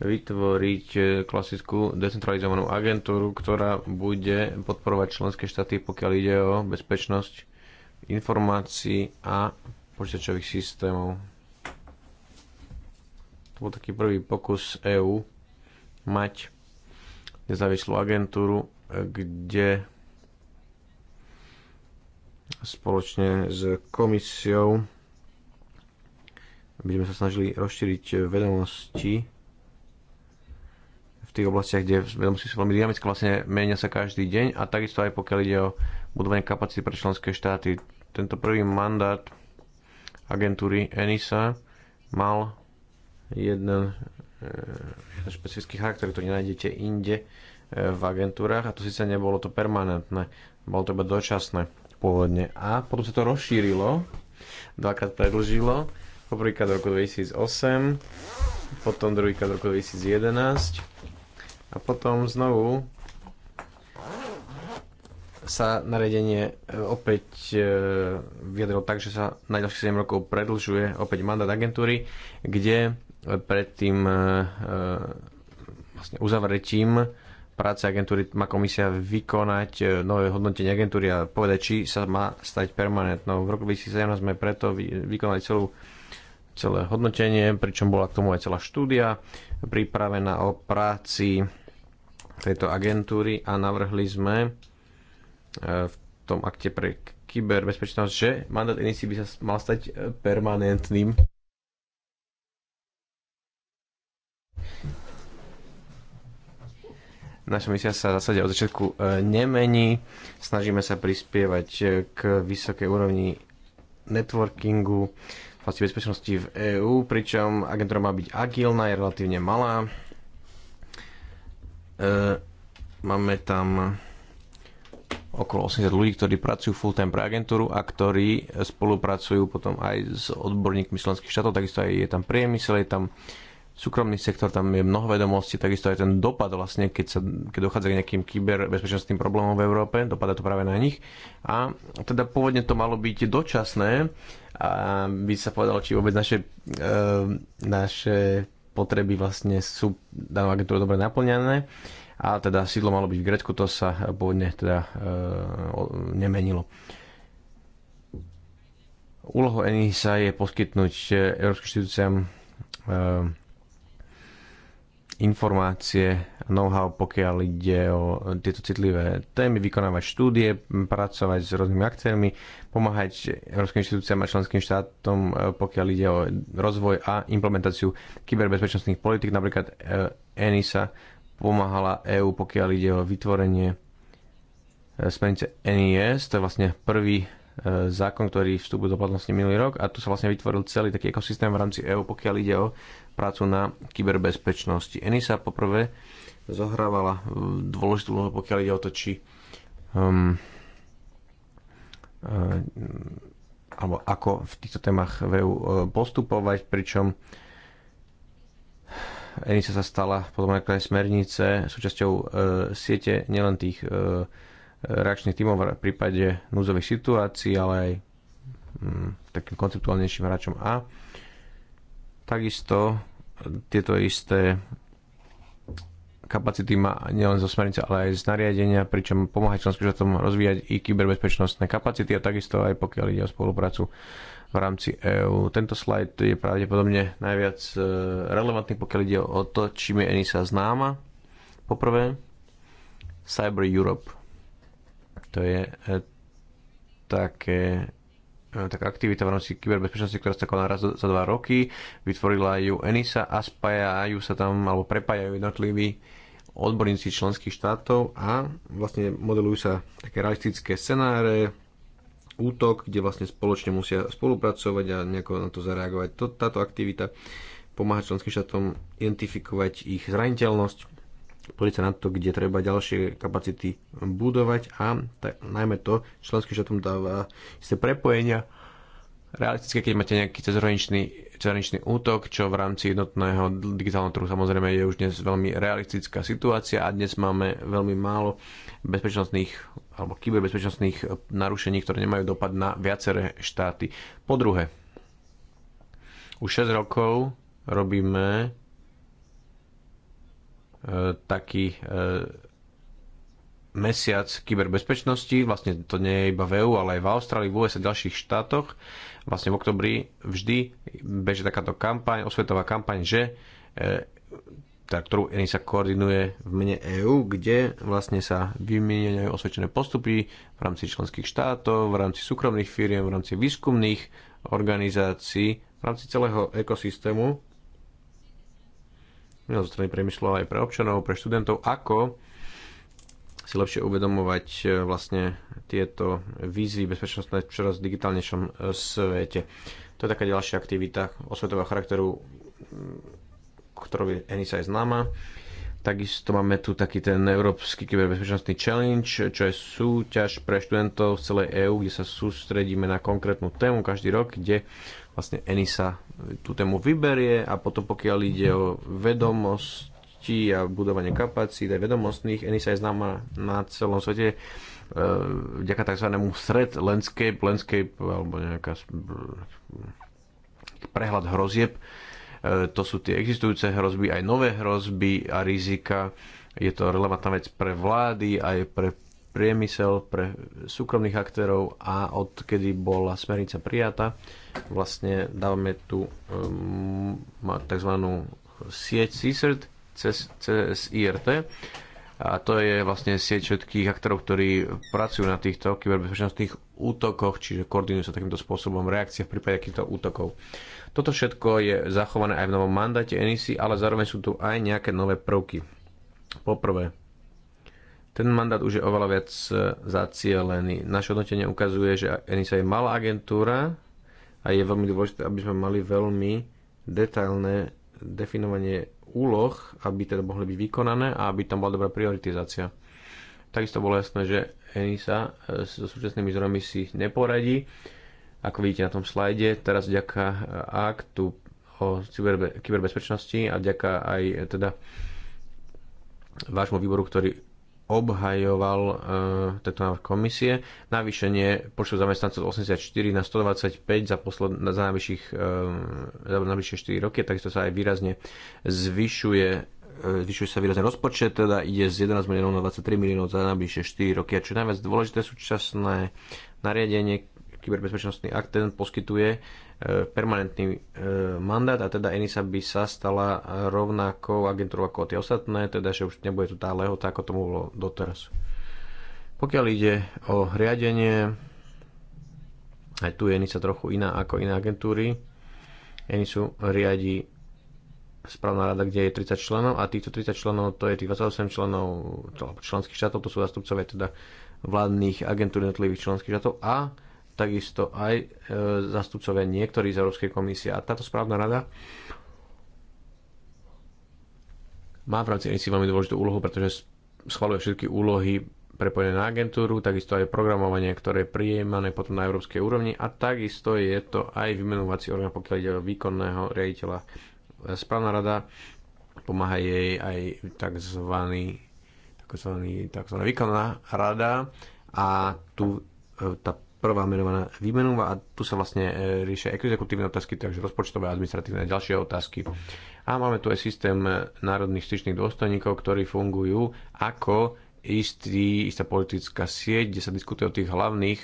vytvoriť e, klasickú decentralizovanú agentúru, ktorá bude podporovať členské štáty, pokiaľ ide o bezpečnosť informácií a počítačových systémov. To bol taký prvý pokus EÚ mať nezávislú agentúru, e, kde spoločne s komisiou by sme sa snažili rozšíriť vedomosti v tých oblastiach, kde vedomosti sú veľmi dynamické, vlastne menia sa každý deň a takisto aj pokiaľ ide o budovanie kapacity pre členské štáty. Tento prvý mandát agentúry ENISA mal jeden, eh, jeden špecifický charakter, ktorý nájdete inde eh, v agentúrach a to síce nebolo to permanentné, bolo to iba dočasné pôvodne. A potom sa to rozšírilo, dvakrát predlžilo, poprvýkrát v roku 2008, potom druhýkrát v roku 2011 a potom znovu sa naredenie e, opäť e, vyjadrilo tak, že sa na ďalších 7 rokov predlžuje opäť mandát agentúry, kde pred tým e, vlastne uzavretím práce agentúry má komisia vykonať e, nové hodnotenie agentúry a povedať, či sa má stať permanentnou. V roku 2017 sme preto vykonali celú celé hodnotenie, pričom bola k tomu aj celá štúdia pripravená o práci tejto agentúry a navrhli sme e, v tom akte pre kyberbezpečnosť, že mandát NIC by sa mal stať e, permanentným. Naša misia sa v zásade od začiatku e, nemení. Snažíme sa prispievať e, k vysokej úrovni networkingu v vlastnej bezpečnosti v EÚ, pričom agentúra má byť agilná, je relatívne malá. E, máme tam okolo 80 ľudí, ktorí pracujú full-time pre agentúru a ktorí spolupracujú potom aj s odborníkmi členských štátov, takisto aj je tam priemysel, je tam uh, súkromný sektor, tam je mnoho vedomostí, takisto aj ten dopad vlastne, keď, sa, keď dochádza k nejakým kyberbezpečnostným problémom v Európe, dopadá to práve na nich. A teda pôvodne to malo byť dočasné a by sa povedalo, či vôbec naše, e, naše potreby vlastne sú danou agentúrou dobre naplňané a teda sídlo malo byť v Grécku, to sa pôvodne teda e, nemenilo. Úlohou ENISA je poskytnúť eh, európskym inštitúciám informácie, know-how, pokiaľ ide o tieto citlivé témy, vykonávať štúdie, pracovať s rôznymi akciami, pomáhať európskym inštitúciám a členským štátom, e, pokiaľ ide o rozvoj a implementáciu kyberbezpečnostných politik. Napríklad e, ENISA pomáhala EÚ, pokiaľ ide o vytvorenie e, smernice NIS, to je vlastne prvý E, zákon, ktorý vstúpil do platnosti minulý rok a tu sa vlastne vytvoril celý taký ekosystém v rámci EÚ, pokiaľ ide o prácu na kyberbezpečnosti. ENISA poprvé zohrávala e, dôležitú úlohu, pokiaľ ide o to, či um, uh, alebo ako v týchto témach v EU postupovať, pričom ENISA sa stala podľa mňa smernice súčasťou uh, siete nielen tých uh, reakčných tímov v prípade núzových situácií, ale aj mm, takým konceptuálnejším hráčom A. Takisto tieto isté kapacity má nielen zo smernice, ale aj z nariadenia, pričom pomáha členským štátom rozvíjať i kyberbezpečnostné kapacity a takisto aj pokiaľ ide o spoluprácu v rámci EÚ. Tento slajd je pravdepodobne najviac e, relevantný, pokiaľ ide o to, čím je ENISA známa. Poprvé, Cyber Europe to je e, také e, taká aktivita v rámci kyberbezpečnosti, ktorá sa koná raz za dva roky. Vytvorila ju ENISA a spájajú sa tam, alebo prepájajú jednotliví odborníci členských štátov a vlastne modelujú sa také realistické scenáre, útok, kde vlastne spoločne musia spolupracovať a nejako na to zareagovať. Táto aktivita pomáha členským štátom identifikovať ich zraniteľnosť pozrieť sa na to, kde treba ďalšie kapacity budovať a tak, najmä to členským štátom dáva isté prepojenia realistické, keď máte nejaký cezhraničný, cezhraničný útok, čo v rámci jednotného digitálneho trhu samozrejme je už dnes veľmi realistická situácia a dnes máme veľmi málo bezpečnostných alebo kyberbezpečnostných narušení, ktoré nemajú dopad na viaceré štáty. Po druhé, už 6 rokov robíme E, taký e, mesiac kyberbezpečnosti, vlastne to nie je iba v EU, ale aj v Austrálii, v USA a ďalších štátoch. Vlastne v oktobri vždy beží takáto kampaň, osvetová kampaň, že e, tá, ktorú sa koordinuje v mene EÚ, kde vlastne sa vymieňajú osvedčené postupy v rámci členských štátov, v rámci súkromných firiem, v rámci výskumných organizácií, v rámci celého ekosystému zo strany priemyslu, ale aj pre občanov, pre študentov, ako si lepšie uvedomovať e, vlastne tieto výzvy bezpečnostné v čoraz digitálnejšom e, svete. To je taká ďalšia aktivita osvetového charakteru, mm, ktorou ENISA je známa. Takisto máme tu taký ten Európsky kyberbezpečnostný challenge, čo je súťaž pre študentov z celej EÚ, kde sa sústredíme na konkrétnu tému každý rok, kde vlastne ENISA tú tému vyberie a potom pokiaľ ide o vedomosti a budovanie kapacít aj vedomostných, ENISA je známa na celom svete eh, vďaka tzv. Threat Landscape, Landscape alebo nejaká prehľad hrozieb. Eh, to sú tie existujúce hrozby, aj nové hrozby a rizika. Je to relevantná vec pre vlády, aj pre priemysel, pre súkromných aktérov a odkedy bola smernica prijatá, vlastne dávame tu um, ehm, tzv. sieť CSIRT cez, cez IRT a to je vlastne sieť všetkých aktérov, ktorí pracujú na týchto kyberbezpečnostných útokoch, čiže koordinujú sa takýmto spôsobom reakcie v prípade takýchto útokov. Toto všetko je zachované aj v novom mandáte NIC, ale zároveň sú tu aj nejaké nové prvky. Poprvé, ten mandát už je oveľa viac e, zacielený. Naše hodnotenie ukazuje, že ENISA je malá agentúra a je veľmi dôležité, aby sme mali veľmi detailné definovanie úloh, aby teda mohli byť vykonané a aby tam bola dobrá prioritizácia. Takisto bolo jasné, že ENISA e, so súčasnými zdrojmi si neporadí. Ako vidíte na tom slajde, teraz vďaka e, aktu o kyberbezpečnosti a vďaka aj teda vášmu výboru, ktorý obhajoval uh, tento návrh komisie. Navýšenie počtu zamestnancov z 84 na 125 za, posled, za, najbližších, uh, za najbližšie 4 roky, takisto sa aj výrazne zvyšuje e, zvyšuje sa výrazne rozpočet, teda ide z 11 miliónov na 23 miliónov za najbližšie 4 roky. A čo najviac dôležité súčasné nariadenie kyberbezpečnostný akt, ten poskytuje e, permanentný e, mandát a teda ENISA by sa stala rovnakou agentúrou ako tie ostatné, teda že už nebude tu tá lehota, ako tomu bolo doteraz. Pokiaľ ide o riadenie, aj tu je ENISA trochu iná ako iné agentúry. ENISu riadi správna rada, kde je 30 členov a týchto 30 členov to je tých 28 členov členských štátov, to sú zastupcovia teda vládnych agentúr jednotlivých členských štátov a takisto aj e, zastupcovia niektorí z Európskej komisie. A táto správna rada má v rámci ENISI veľmi dôležitú úlohu, pretože schvaluje všetky úlohy prepojené na agentúru, takisto aj programovanie, ktoré je prijímané potom na európskej úrovni a takisto je to aj vymenovací orgán, pokiaľ ide o výkonného riaditeľa. E, správna rada pomáha jej aj tzv. tzv. tzv. výkonná rada a tu e, tá prvá menovaná výmenová a tu sa vlastne e, riešia exekutívne otázky, takže rozpočtové, administratívne a ďalšie otázky. A máme tu aj systém e, národných styčných dôstojníkov, ktorí fungujú ako istý, istá politická sieť, kde sa diskutuje o tých hlavných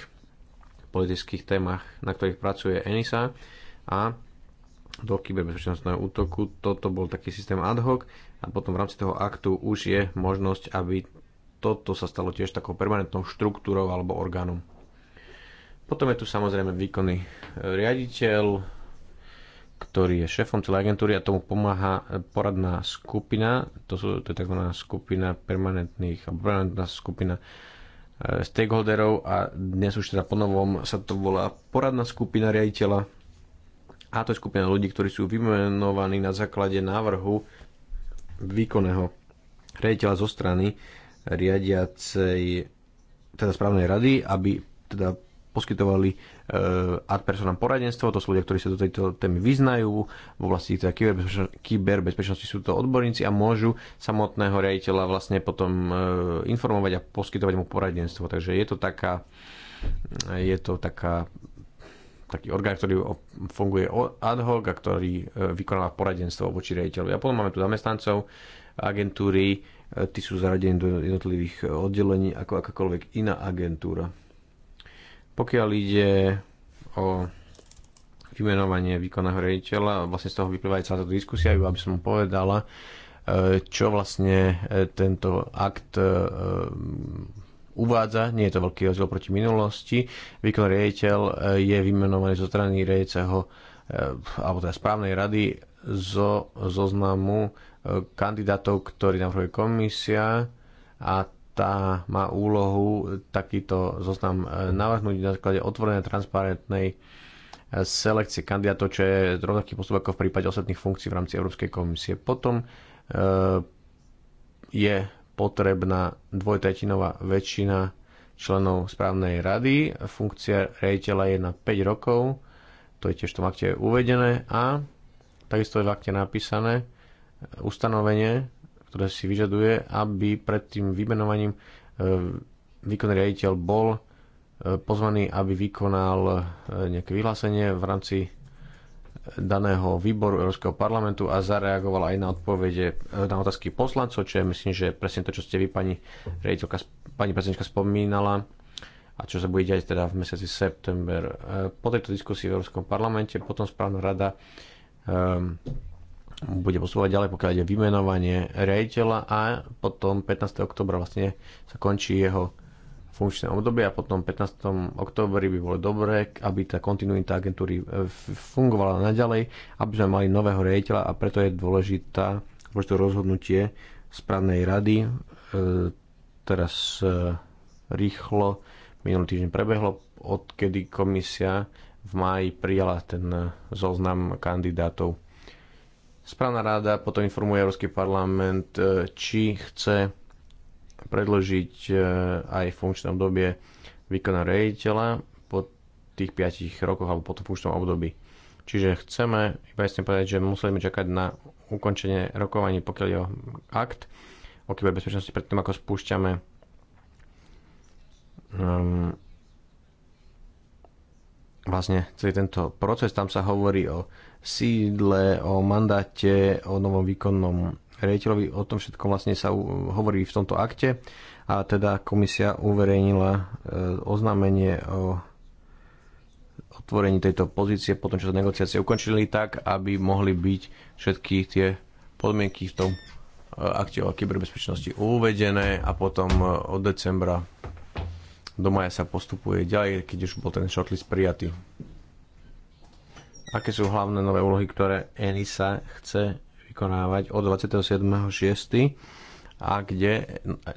politických témach, na ktorých pracuje ENISA a do kyberbezpečnostného útoku. Toto bol taký systém ad hoc a potom v rámci toho aktu už je možnosť, aby toto sa stalo tiež takou permanentnou štruktúrou alebo orgánom. Potom je tu samozrejme výkonný e, riaditeľ, ktorý je šéfom celej agentúry a tomu pomáha e, poradná skupina, to, sú, to je tzv. skupina permanentných, permanentná skupina e, stakeholderov a dnes už teda ponovom sa to volá poradná skupina riaditeľa a to je skupina ľudí, ktorí sú vymenovaní na základe návrhu výkonného riaditeľa zo strany riadiacej teda správnej rady, aby teda poskytovali e, ad personam poradenstvo, to sú ľudia, ktorí sa do tejto témy vyznajú, v oblasti teda kyberbezpečnosti, kyberbezpečnosti sú to odborníci a môžu samotného riaditeľa vlastne potom e, informovať a poskytovať mu poradenstvo. Takže je to taká, je to taká taký orgán, ktorý funguje ad hoc a ktorý e, vykonáva poradenstvo voči riaditeľovi. A potom máme tu zamestnancov agentúry, tí sú zaradení do jednotlivých oddelení ako akákoľvek iná agentúra. Pokiaľ ide o vymenovanie výkonného riaditeľa, vlastne z toho vyplýva aj celá táto diskusia, iba aby som mu povedala, e, čo vlastne e, tento akt e, uvádza, nie je to veľký rozdiel proti minulosti. Výkonný riaditeľ je vymenovaný zo strany riadiaceho alebo teda správnej rady zo zoznamu kandidátov, ktorý navrhuje komisia a tá má úlohu takýto zoznam e, navrhnúť na základe otvorenej transparentnej e, selekcie kandidátov, čo je rovnaký postup ako v prípade ostatných funkcií v rámci Európskej komisie. Potom e, je potrebná dvojtretinová väčšina členov správnej rady. Funkcia rejiteľa je na 5 rokov, to je tiež v tom akte uvedené a takisto je v akte napísané ustanovenie, ktoré si vyžaduje, aby pred tým vymenovaním e, výkonný riaditeľ bol e, pozvaný, aby vykonal e, nejaké vyhlásenie v rámci daného výboru Európskeho parlamentu a zareagoval aj na odpovede na otázky poslancov, čo je myslím, že presne to, čo ste vy, pani riaditeľka, pani predsednička spomínala a čo sa bude diať teda v mesiaci september. Po tejto diskusii v Európskom parlamente potom správna rada um, bude posúvať ďalej, pokiaľ ide vymenovanie rejiteľa a potom 15. oktobra vlastne sa končí jeho funkčné obdobie a potom 15. oktobri by bolo dobré, aby tá kontinuita agentúry e, fungovala naďalej, aby sme mali nového rejiteľa a preto je dôležitá, to rozhodnutie správnej rady. E, teraz e, rýchlo, minulý týždeň prebehlo, odkedy komisia v máji prijala ten e, zoznam kandidátov Správna rada potom informuje Európsky parlament, e, či chce predložiť e, aj funkčné obdobie výkona rejiteľa po tých 5 rokoch alebo po tom funkčnom období. Čiže chceme iba jasne povedať, že musíme čakať na ukončenie rokovaní, pokiaľ je o akt o kyberbezpečnosti predtým, ako spúšťame um, vlastne celý tento proces. Tam sa hovorí o sídle, o mandáte, o novom výkonnom riaditeľovi, o tom všetkom vlastne sa hovorí v tomto akte a teda komisia uverejnila e, oznámenie o otvorení tejto pozície potom, čo sa negociácie ukončili tak, aby mohli byť všetky tie podmienky v tom e, akte o kyberbezpečnosti uvedené a potom e, od decembra do maja sa postupuje ďalej, keď už bol ten shortlist prijatý aké sú hlavné nové úlohy, ktoré ENISA chce vykonávať od 27.6. a kde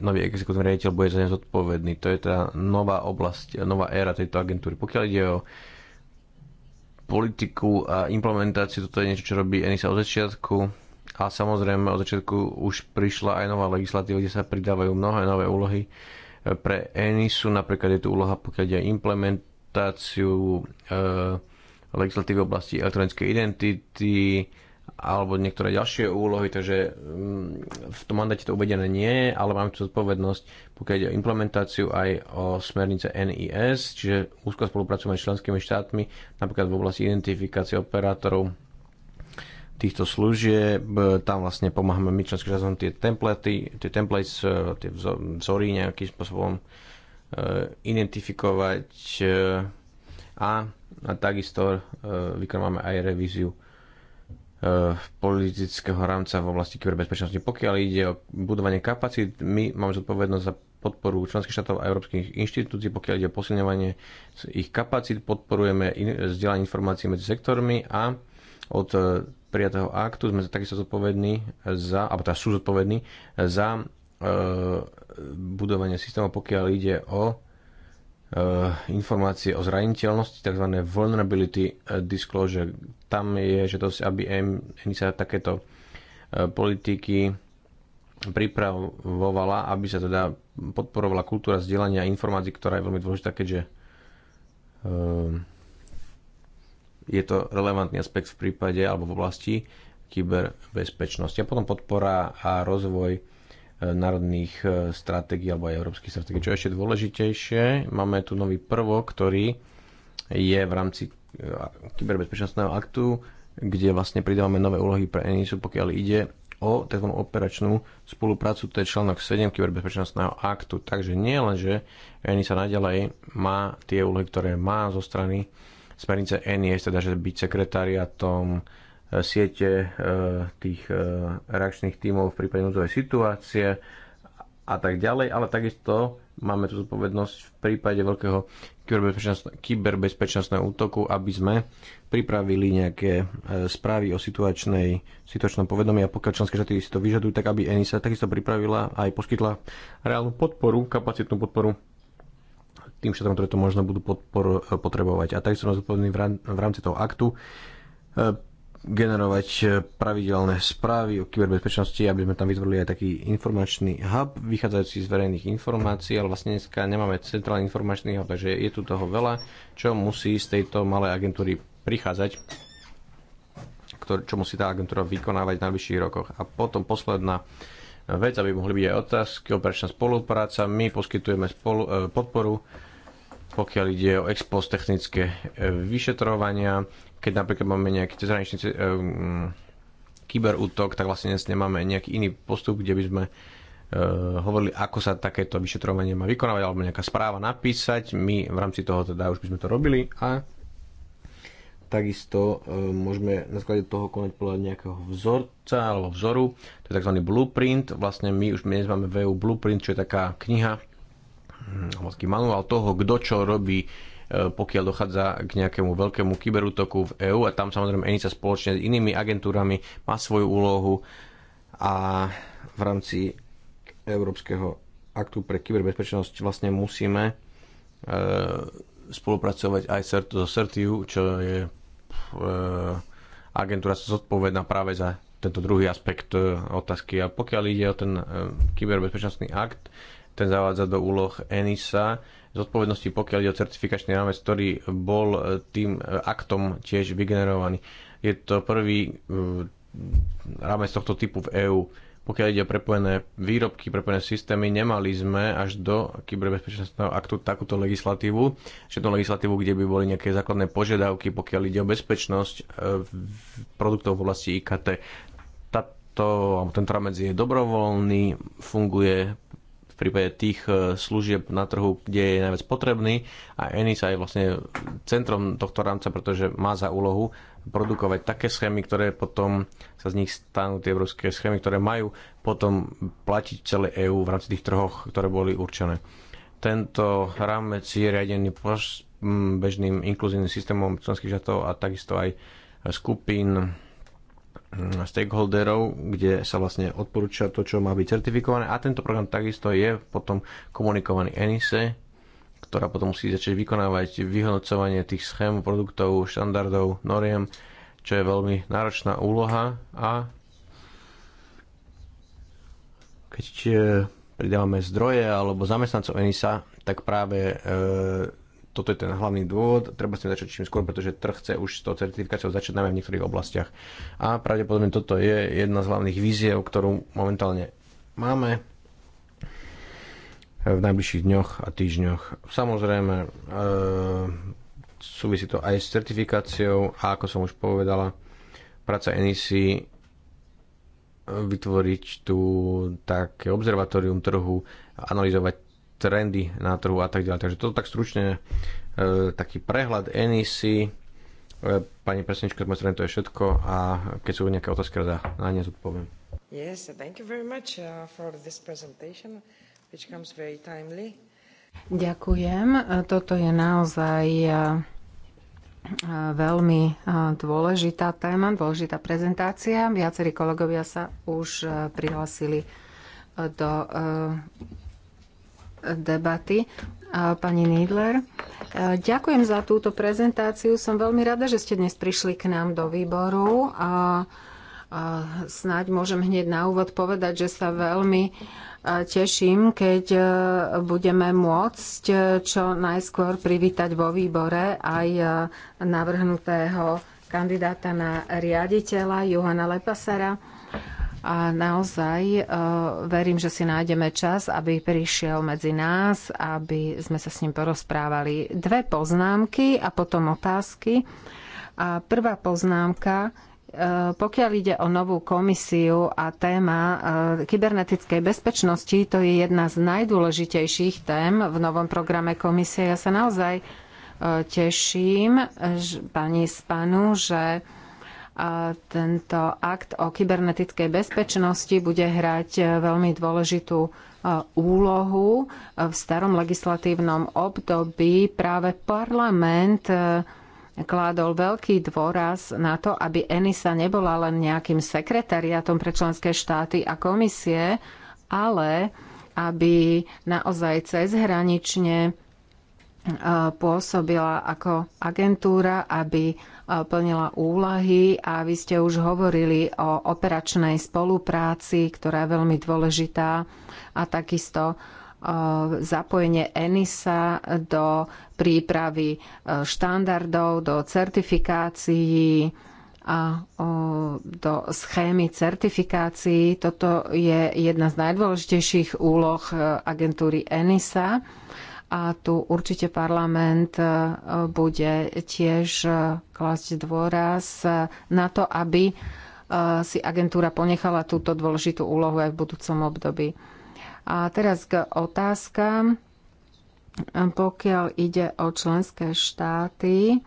nový exekutívny riaditeľ bude za ne zodpovedný. To je teda nová oblasť, nová éra tejto agentúry. Pokiaľ ide o politiku a implementáciu, toto je niečo, čo robí ENISA od začiatku. A samozrejme od začiatku už prišla aj nová legislatíva, kde sa pridávajú mnohé nové úlohy pre ENISu. Napríklad je tu úloha, pokiaľ ide implementáciu e, legislatívy v oblasti elektronickej identity alebo niektoré ďalšie úlohy, takže mm, v tom mandáte to uvedené nie, ale máme tu zodpovednosť, pokiaľ ide o implementáciu aj o smernice NIS, čiže úzko spolupracujeme s členskými štátmi, napríklad v oblasti identifikácie operátorov týchto služieb, tam vlastne pomáhame my členským štátom tie templaty, tie templates, e, tie vzory nejakým spôsobom e, identifikovať e, a a takisto e, vykonáme aj revíziu e, politického rámca v oblasti kyberbezpečnosti. Pokiaľ ide o budovanie kapacít, my máme zodpovednosť za podporu členských štátov a európskych inštitúcií, pokiaľ ide o posilňovanie ich kapacít, podporujeme in, vzdielanie informácií medzi sektormi a od e, prijatého aktu sme takisto zodpovední za, alebo teda sú zodpovední za e, budovanie systému, pokiaľ ide o Eh, informácie o zraniteľnosti, tzv. vulnerability eh, disclosure. Tam je si, aby sa takéto eh, politiky pripravovala, aby sa teda podporovala kultúra vzdelania informácií, ktorá je veľmi dôležitá, keďže je to relevantný aspekt v prípade alebo v oblasti kyberbezpečnosti. A potom podpora a rozvoj národných e, stratégií alebo aj európskych stratégií. Čo je ešte dôležitejšie, máme tu nový prvok, ktorý je v rámci e, kyberbezpečnostného aktu, kde vlastne pridávame nové úlohy pre ENISu, pokiaľ ide o tzv. operačnú spoluprácu, to je článok 7 kyberbezpečnostného aktu. Takže nie len, že ENISA naďalej má tie úlohy, ktoré má zo strany smernice ENIS, teda že byť sekretariatom, siete e, tých e, reakčných tímov v prípade núdzovej situácie a tak ďalej, ale takisto máme tu zodpovednosť v prípade veľkého kyberbezpečnostného, útoku, aby sme pripravili nejaké e, správy o situačnej, situačnom povedomí a pokiaľ členské štáty si to vyžadujú, tak aby ENISA takisto pripravila a aj poskytla reálnu podporu, kapacitnú podporu tým štátom, ktoré to možno budú potrebovať. A takisto sme zodpovední v rámci toho aktu generovať eh, pravidelné správy o kyberbezpečnosti, aby sme tam vytvorili aj taký informačný hub, vychádzajúci z verejných informácií, ale vlastne dneska nemáme centrálny informačný hub, takže je tu toho veľa, čo musí z tejto malej agentúry prichádzať, čo musí tá agentúra vykonávať v najbližších rokoch. A potom posledná vec, aby mohli byť aj otázky, operačná spolupráca. My poskytujeme spolu, eh, podporu pokiaľ ide o ex post technické e, vyšetrovania, keď napríklad máme nejaký cezhraničný e, kyberútok, tak vlastne dnes nemáme nejaký iný postup, kde by sme e, hovorili, ako sa takéto vyšetrovanie má vykonávať, alebo nejaká správa napísať. My v rámci toho teda už by sme to robili a takisto e, môžeme na základe toho konať podľa nejakého vzorca alebo vzoru, to je tzv. blueprint. Vlastne my už dnes máme VU blueprint, čo je taká kniha, taký manuál toho, kto čo robí, e, pokiaľ dochádza k nejakému veľkému kyberútoku v EÚ a tam samozrejme ENISA spoločne s inými agentúrami má svoju úlohu a v rámci Európskeho aktu pre kyberbezpečnosť vlastne musíme e, spolupracovať aj so CERTIU, čo je e, agentúra zodpovedná práve za tento druhý aspekt otázky. A pokiaľ ide o ten kyberbezpečnostný akt, ten zavádza do úloh ENISA zodpovednosti, pokiaľ ide o certifikačný rámec, ktorý bol e, tým e, aktom tiež vygenerovaný. Je to prvý e, rámec tohto typu v EÚ. Pokiaľ ide o prepojené výrobky, prepojené systémy, nemali sme až do kyberbezpečnostného aktu takúto legislatívu, to legislatívu, kde by boli nejaké základné požiadavky, pokiaľ ide o bezpečnosť produktov v oblasti IKT. Táto, tento rámec je dobrovoľný, funguje prípade tých e, služieb na trhu, kde je najviac potrebný a ENISA je vlastne centrom tohto rámca, pretože má za úlohu produkovať také schémy, ktoré potom sa z nich stanú tie európske schémy, ktoré majú potom platiť celé EÚ v rámci tých trhoch, ktoré boli určené. Tento rámec je riadený bežným inkluzívnym systémom členských štátov a takisto aj skupín Mm, stakeholderov, kde sa vlastne odporúča to, čo má byť certifikované a tento program takisto je potom komunikovaný ENISE, ktorá potom musí začať vykonávať vyhodnocovanie tých schém, produktov, štandardov, noriem, čo je veľmi náročná úloha a keď eh, pridávame zdroje alebo zamestnancov ENISA, tak práve e, toto je ten hlavný dôvod, treba s tým začať čím skôr, pretože trh chce už s tou certifikáciou začať najmä v niektorých oblastiach. A pravdepodobne toto je jedna z hlavných víziev, ktorú momentálne máme v najbližších dňoch a týždňoch. Samozrejme, e, súvisí to aj s certifikáciou a ako som už povedala, práca NEC vytvoriť tu také observatórium trhu, analyzovať trendy na trhu a tak ďalej. Takže toto tak stručne, e, taký prehľad NEC. E, pani presnička, z mojej strany to je všetko a keď sú nejaké otázky, rada na ne zodpoviem. Yes, thank you very much uh, for this presentation, which comes very timely. Ďakujem. E, toto je naozaj veľmi dôležitá téma, dôležitá prezentácia. Viacerí kolegovia sa už prihlasili do debaty. Pani Nídler, e, ďakujem za túto prezentáciu. Som veľmi rada, že ste dnes prišli k nám do výboru. A snáď môžem hneď na úvod povedať, že sa veľmi e, teším, keď e, budeme môcť čo najskôr privítať vo výbore aj navrhnutého kandidáta na riaditeľa Johana Lepasara a naozaj e, verím, že si nájdeme čas, aby prišiel medzi nás, aby sme sa s ním porozprávali. Dve poznámky a potom otázky. A prvá poznámka e, pokiaľ ide o novú komisiu a téma e, kybernetickej bezpečnosti, to je jedna z najdôležitejších tém v novom programe komisie. Ja sa naozaj teším, pani Spanu, že tento akt o kybernetickej bezpečnosti bude hrať e, veľmi dôležitú e, úlohu. E, v starom legislatívnom období práve parlament kládol veľký dôraz na to, aby ENISA nebola len nejakým sekretariatom pre členské štáty a komisie, ale aby naozaj cezhranične pôsobila ako agentúra, aby plnila úlahy a vy ste už hovorili o operačnej spolupráci, ktorá je veľmi dôležitá a takisto e, zapojenie ENISA do prípravy e, štandardov, do certifikácií, a do schémy certifikácií. Toto je jedna z najdôležitejších úloh e, agentúry ENISA a tu určite parlament e, bude tiež e, klásť dôraz e, na to, aby si agentúra ponechala túto dôležitú úlohu aj v budúcom období. A teraz k otázkam. Pokiaľ ide o členské štáty,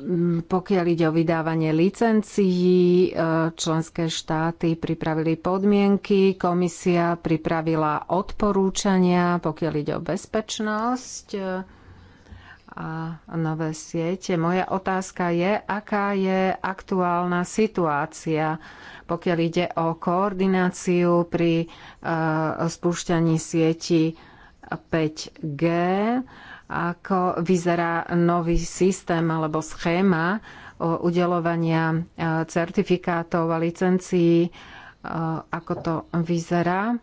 Mm, pokiaľ ide o vydávanie licencií, e, členské štáty pripravili podmienky, komisia pripravila odporúčania, pokiaľ ide o bezpečnosť e, a nové siete. Moja otázka je, aká je aktuálna situácia, pokiaľ ide o koordináciu pri e, spúšťaní sieti 5G ako vyzerá nový systém alebo schéma udelovania e, certifikátov a licencií, e, ako to vyzerá.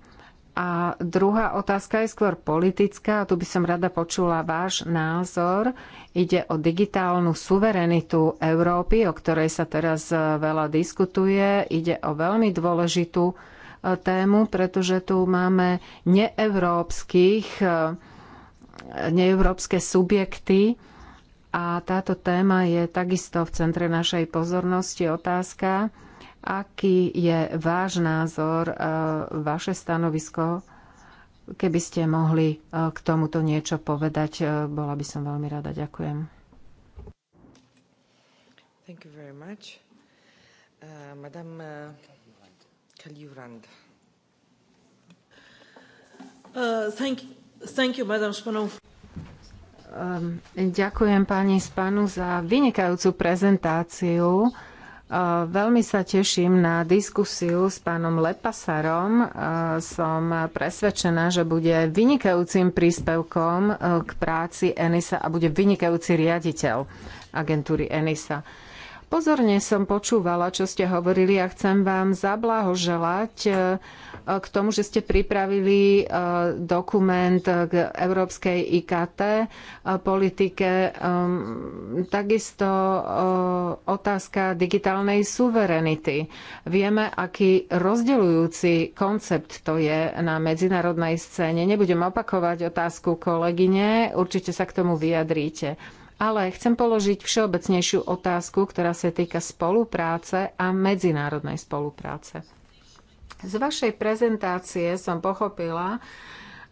A druhá otázka je skôr politická, a tu by som rada počula váš názor. Ide o digitálnu suverenitu Európy, o ktorej sa teraz e, veľa diskutuje. Ide o veľmi dôležitú tému, pretože tu máme neevropských neeurópske subjekty. A táto téma je takisto v centre našej pozornosti. Otázka, aký je váš názor, e, vaše stanovisko, keby ste mohli e, k tomuto niečo povedať. E, bola by som veľmi rada. Ďakujem. Thank you very much. Uh, uh, Kaliurand. Uh, thank you. Um, ďakujem pani Spanu za vynikajúcu prezentáciu. Uh, veľmi sa teším na diskusiu s pánom Lepasarom. Uh, som presvedčená, že bude vynikajúcim príspevkom uh, k práci ENISA a bude vynikajúci riaditeľ agentúry ENISA. Pozorne som počúvala, čo ste hovorili a chcem vám zablahoželať e, k tomu, že ste pripravili e, dokument k európskej IKT e, politike. Ehm, takisto otázka digitálnej suverenity. Vieme, aký rozdeľujúci koncept to je na medzinárodnej scéne. Nebudem opakovať otázku kolegyne, určite sa k tomu vyjadríte. Ale chcem položiť všeobecnejšiu otázku, ktorá sa týka spolupráce a medzinárodnej spolupráce. Z vašej prezentácie som pochopila,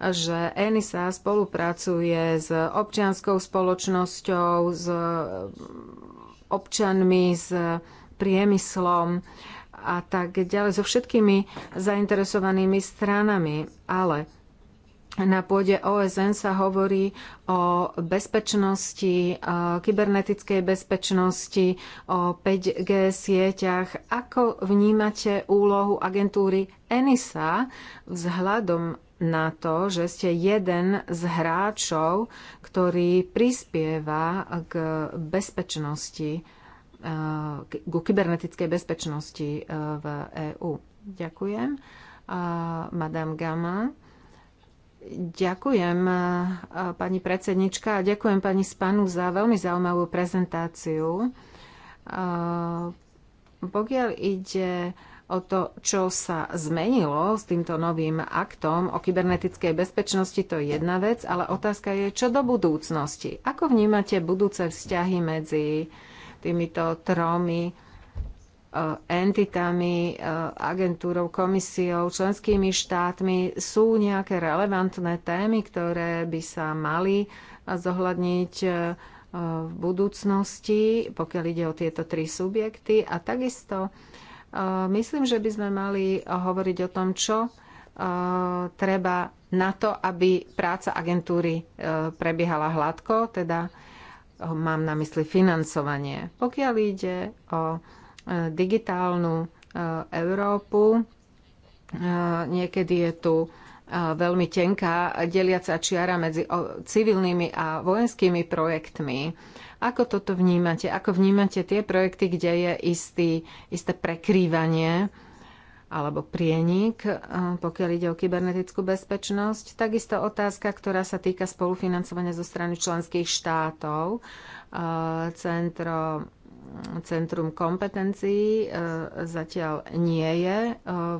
že ENISA spolupracuje s občianskou spoločnosťou, s občanmi, s priemyslom a tak ďalej, so všetkými zainteresovanými stranami. Ale na pôde OSN sa hovorí o bezpečnosti, o kybernetickej bezpečnosti, o 5G sieťach. Ako vnímate úlohu agentúry ENISA vzhľadom na to, že ste jeden z hráčov, ktorý prispieva k bezpečnosti, ku kybernetickej bezpečnosti v EÚ? Ďakujem. Madame Gama. Ďakujem, e, pani predsednička, a ďakujem pani Spanu za veľmi zaujímavú prezentáciu. E, pokiaľ ide o to, čo sa zmenilo s týmto novým aktom o kybernetickej bezpečnosti, to je jedna vec, ale otázka je, čo do budúcnosti. Ako vnímate budúce vzťahy medzi týmito tromi entitami, e, agentúrou, komisiou, členskými štátmi sú nejaké relevantné témy, ktoré by sa mali zohľadniť e, v budúcnosti, pokiaľ ide o tieto tri subjekty. A takisto e, myslím, že by sme mali hovoriť o tom, čo treba na to, aby práca agentúry prebiehala hladko, teda mám na mysli financovanie. Pokiaľ ide o digitálnu e, Európu. E, niekedy je tu e, veľmi tenká deliaca čiara medzi civilnými a vojenskými projektmi. Ako toto vnímate? Ako vnímate tie projekty, kde je istý, isté prekrývanie alebo prienik, pokiaľ ide o kybernetickú bezpečnosť. Takisto otázka, ktorá sa týka spolufinancovania zo strany členských štátov. Centro Centrum kompetencií e, zatiaľ nie je e,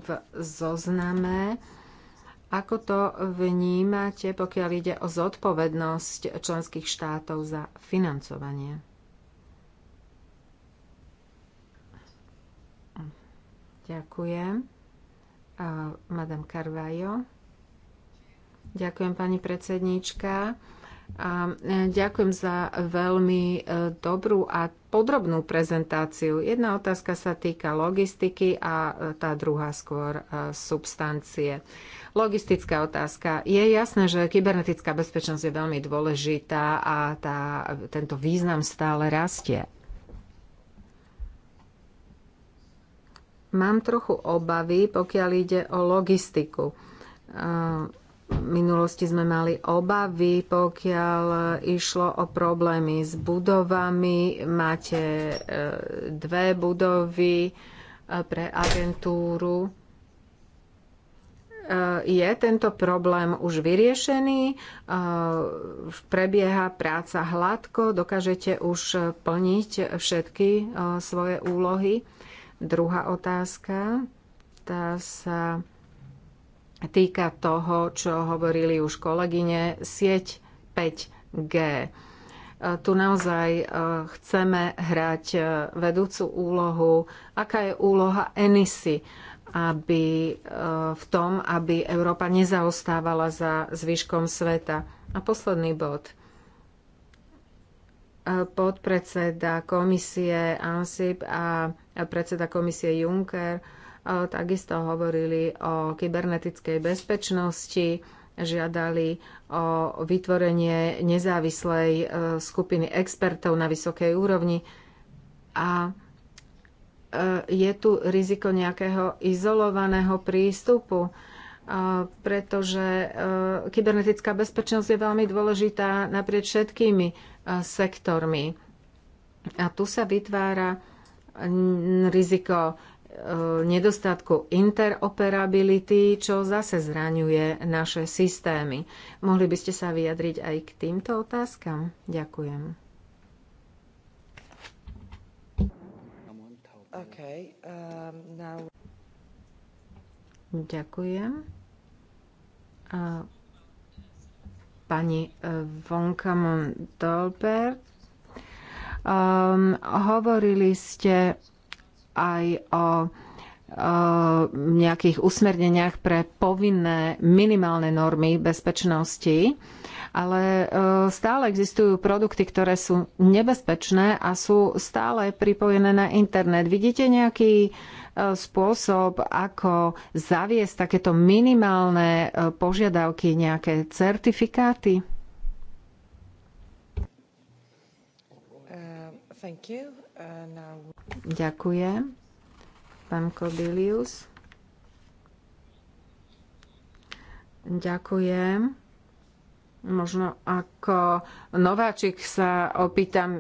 v zozname. Ako to vnímate, pokiaľ ide o zodpovednosť členských štátov za financovanie? Ďakujem. E, Madame Carvajo. Ďakujem, pani predsedníčka. A e, ďakujem za veľmi e, dobrú a podrobnú prezentáciu. Jedna otázka sa týka logistiky a e, tá druhá skôr substancie. Logistická otázka. Je jasné, že kybernetická bezpečnosť je veľmi dôležitá a tá, tento význam stále rastie. Mám trochu obavy, pokiaľ ide o logistiku minulosti sme mali obavy, pokiaľ išlo o problémy s budovami. Máte e, dve budovy e, pre agentúru. E, je tento problém už vyriešený? Prebieha práca hladko? Dokážete už plniť všetky svoje úlohy? Druhá otázka. Tá sa týka toho, čo hovorili už kolegyne, sieť 5G. E, tu naozaj e, chceme hrať e, vedúcu úlohu. Aká je úloha ENISY? aby, v tom, aby Európa nezaostávala za zvyškom sveta. A posledný bod. Podpredseda komisie ANSIP a predseda komisie Juncker Takisto hovorili o kybernetickej bezpečnosti, žiadali o vytvorenie nezávislej e, skupiny expertov na vysokej úrovni a e, je tu riziko nejakého izolovaného prístupu, e, pretože kybernetická bezpečnosť je veľmi dôležitá naprieč všetkými sektormi. A tu sa vytvára riziko nedostatku interoperability, čo zase zraňuje naše systémy. Mohli by ste sa vyjadriť aj k týmto otázkam? Ďakujem. Okay, um, now... Ďakujem. A pani e, Vonkamon dolper. um, hovorili ste aj o nejakých usmerneniach pre povinné minimálne normy bezpečnosti, ale e, stále existujú produkty, ktoré sú nebezpečné a sú stále pripojené na internet. Vidíte nejaký e, spôsob, ako zaviesť takéto minimálne e, požiadavky, nejaké certifikáty? Uh, Ďakujem. Pán Kobilius. Ďakujem. Možno ako nováčik sa opýtam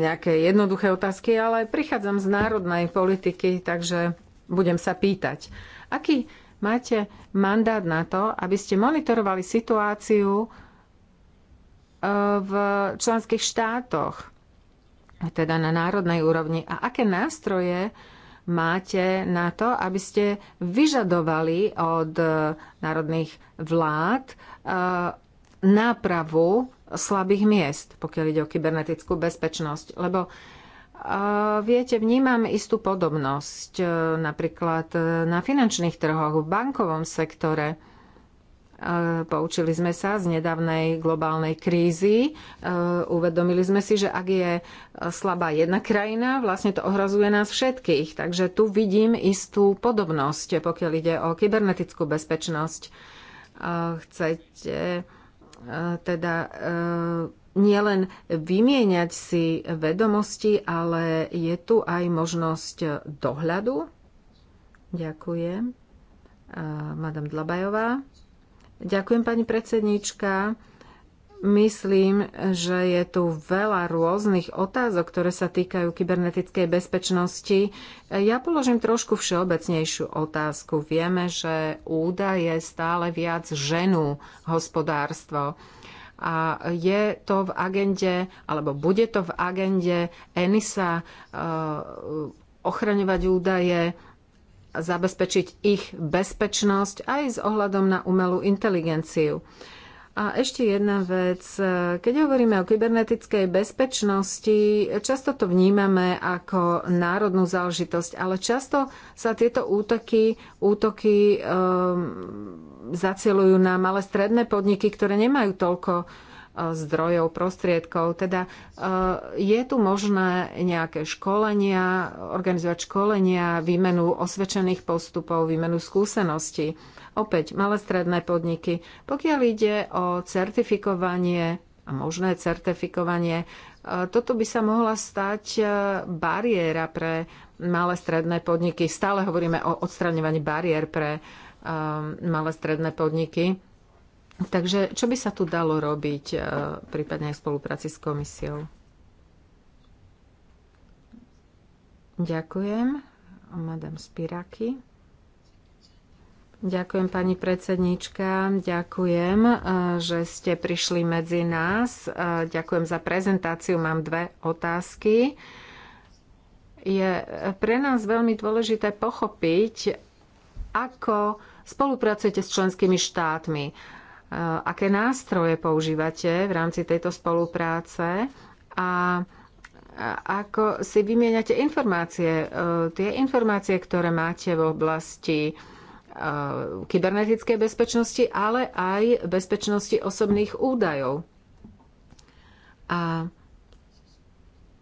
nejaké jednoduché otázky, ale prichádzam z národnej politiky, takže budem sa pýtať. Aký máte mandát na to, aby ste monitorovali situáciu e, v členských štátoch? teda na národnej úrovni a aké nástroje máte na to, aby ste vyžadovali od e, národných vlád e, nápravu slabých miest, pokiaľ ide o kybernetickú bezpečnosť. Lebo e, Viete, vnímam istú podobnosť napríklad na finančných trhoch, v bankovom sektore Poučili sme sa z nedávnej globálnej krízy. E, uvedomili sme si, že ak je slabá jedna krajina, vlastne to ohrozuje nás všetkých. Takže tu vidím istú podobnosť, pokiaľ ide o kybernetickú bezpečnosť. E, chcete e, teda nielen vymieňať si vedomosti, ale je tu aj možnosť dohľadu. Ďakujem. Madame Dlabajová. Ďakujem, pani predsednička. Myslím, že je tu veľa rôznych otázok, ktoré sa týkajú kybernetickej bezpečnosti. Ja položím trošku všeobecnejšiu otázku. Vieme, že údaje stále viac ženú hospodárstvo a je to v agende, alebo bude to v agende ENISA eh, ochraňovať údaje zabezpečiť ich bezpečnosť aj s ohľadom na umelú inteligenciu. A ešte jedna vec. Keď hovoríme o kybernetickej bezpečnosti, často to vnímame ako národnú záležitosť, ale často sa tieto útoky, útoky um, zacielujú na malé stredné podniky, ktoré nemajú toľko zdrojov, prostriedkov. Teda eh, je tu možné nejaké školenia, organizovať školenia, výmenu osvedčených postupov, výmenu skúseností. Opäť malé stredné podniky. Pokiaľ ide o certifikovanie a možné certifikovanie, eh, toto by sa mohla stať eh, bariéra pre malé stredné podniky. Stále hovoríme o odstraňovaní bariér pre malé stredné podniky Takže čo by sa tu dalo robiť, e, prípadne aj v spolupráci s komisiou? Ďakujem, madam Spiraky. Ďakujem, pani predsednička. Ďakujem, e, že ste prišli medzi nás. E, ďakujem za prezentáciu. Mám dve otázky. Je pre nás veľmi dôležité pochopiť, ako spolupracujete s členskými štátmi aké nástroje používate v rámci tejto spolupráce a ako si vymieňate informácie, e, tie informácie, ktoré máte v oblasti e, kybernetickej bezpečnosti, ale aj bezpečnosti osobných údajov. A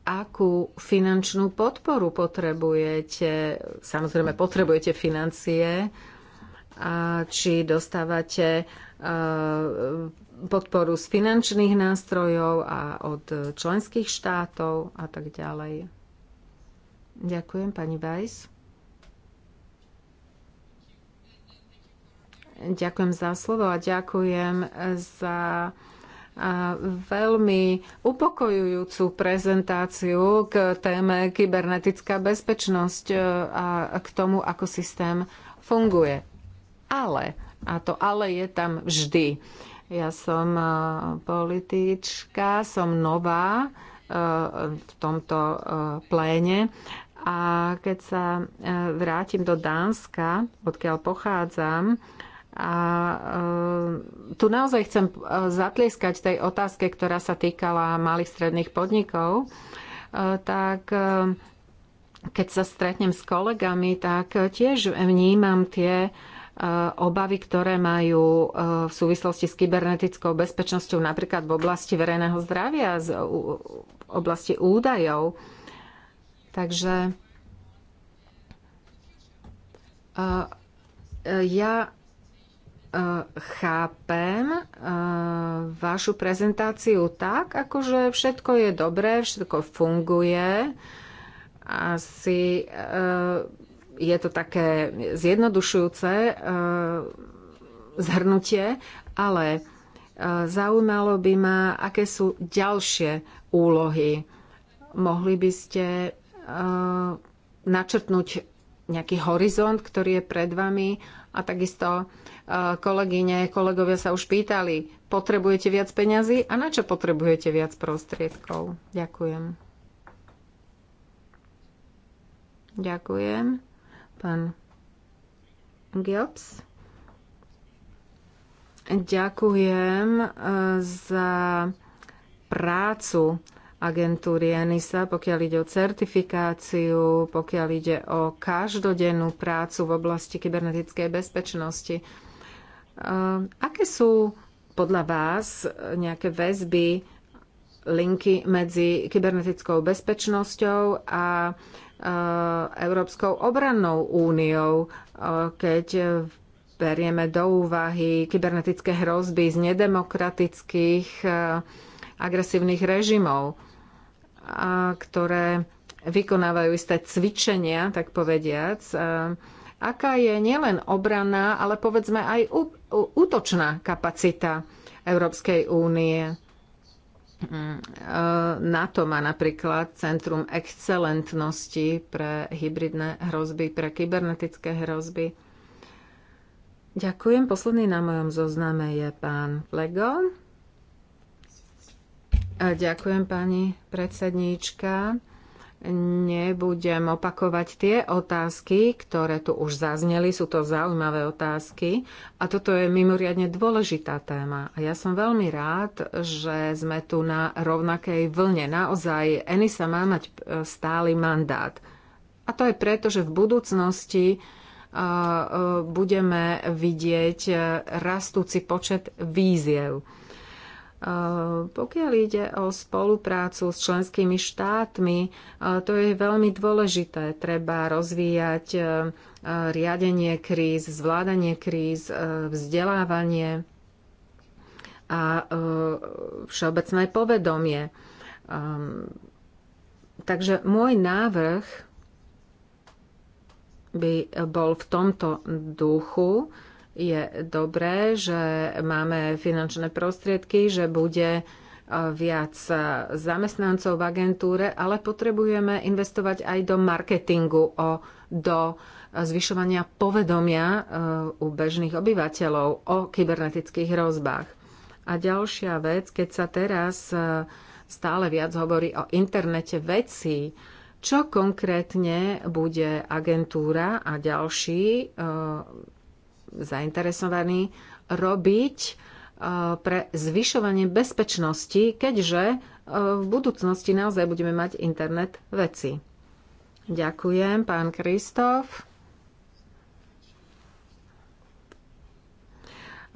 akú finančnú podporu potrebujete? Samozrejme, potrebujete financie, či dostávate e, podporu z finančných nástrojov a od členských štátov a tak ďalej. Ďakujem, pani Weiss. Ďakujem za slovo a ďakujem za veľmi upokojujúcu prezentáciu k téme kybernetická bezpečnosť e, a k tomu, ako systém funguje ale. A to ale je tam vždy. Ja som e, politička, som nová e, v tomto e, pléne a keď sa vrátim do Dánska, odkiaľ pochádzam, a tu naozaj chcem zatlieskať tej otázke, ktorá sa týkala malých stredných podnikov, tak keď sa stretnem s kolegami, tak tiež vnímam tie obavy, ktoré majú e, v súvislosti s kybernetickou bezpečnosťou napríklad v oblasti verejného zdravia, v oblasti údajov. Takže e, e, ja chápem vašu prezentáciu tak, akože všetko je dobré, všetko funguje. Asi je to také zjednodušujúce e, zhrnutie, ale e, zaujímalo by ma, aké sú ďalšie úlohy. Mohli by ste e, načrtnúť nejaký horizont, ktorý je pred vami a takisto kolegyne, kolegovia sa už pýtali, potrebujete viac peňazí a na čo potrebujete viac prostriedkov? Ďakujem. Ďakujem. Pán Giops. Ďakujem eh, za prácu agentúry ENISA, pokiaľ ide o certifikáciu, pokiaľ ide o každodennú prácu v oblasti kybernetickej bezpečnosti. Eh, aké sú podľa vás nejaké väzby, linky medzi kybernetickou bezpečnosťou a Eh, Európskou obrannou úniou, eh, keď berieme do úvahy kybernetické hrozby z nedemokratických eh, agresívnych režimov, ktoré vykonávajú isté cvičenia, tak povediac, aká je nielen obranná, ale povedzme aj útočná kapacita Európskej únie. Mm, e, na to má napríklad Centrum excelentnosti pre hybridné hrozby, pre kybernetické hrozby. Ďakujem. Posledný na mojom zozname je pán Lego. E, ďakujem, pani predsedníčka. Nebudem opakovať tie otázky, ktoré tu už zazneli, sú to zaujímavé otázky a toto je mimoriadne dôležitá téma. A ja som veľmi rád, že sme tu na rovnakej vlne. Naozaj Enisa má mať e, stály mandát. A to je preto, že v budúcnosti e, e, budeme vidieť rastúci počet víziev Eh, pokiaľ ide o spoluprácu s členskými štátmi, eh, to je veľmi dôležité. Treba rozvíjať eh, riadenie kríz, zvládanie kríz, vzdelávanie a všeobecné povedomie. Ehm, takže môj návrh by bol v tomto duchu je dobré, že máme finančné prostriedky, že bude e, viac e, zamestnancov v agentúre, ale potrebujeme investovať aj do marketingu, o, do e, zvyšovania povedomia u bežných obyvateľov o kybernetických hrozbách. A ďalšia vec, keď sa teraz stále viac hovorí o internete vecí, čo konkrétne bude agentúra a ďalší zainteresovaní robiť e, pre zvyšovanie bezpečnosti, keďže e, v budúcnosti naozaj budeme mať internet veci. Ďakujem, pán Kristof.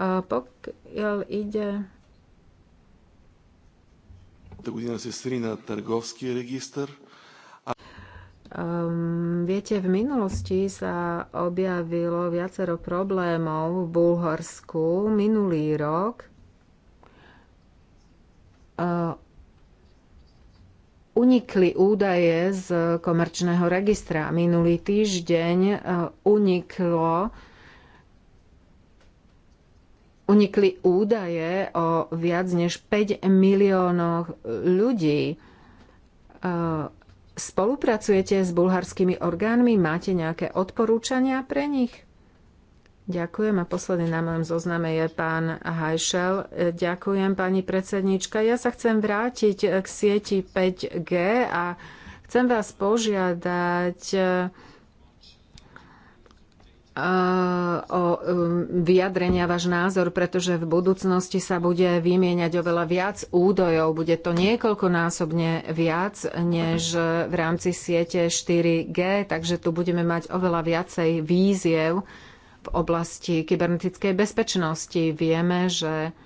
E, pokiaľ ide... Та na се срина Targovský register. Um, viete, v minulosti sa objavilo viacero problémov v Bulhorsku. Minulý rok uh, unikli údaje z komerčného registra. Minulý týždeň uh, uniklo unikli údaje o viac než 5 miliónoch ľudí. Uh, Spolupracujete s bulharskými orgánmi? Máte nejaké odporúčania pre nich? Ďakujem. A posledný na mojom zozname je pán Hajšel. Ďakujem, pani predsednička. Ja sa chcem vrátiť k sieti 5G a chcem vás požiadať, o um, vyjadrenia váš názor, pretože v budúcnosti sa bude vymieňať oveľa viac údojov. Bude to niekoľkonásobne viac, než v rámci siete 4G, takže tu budeme mať oveľa viacej víziev v oblasti kybernetickej bezpečnosti. Vieme, že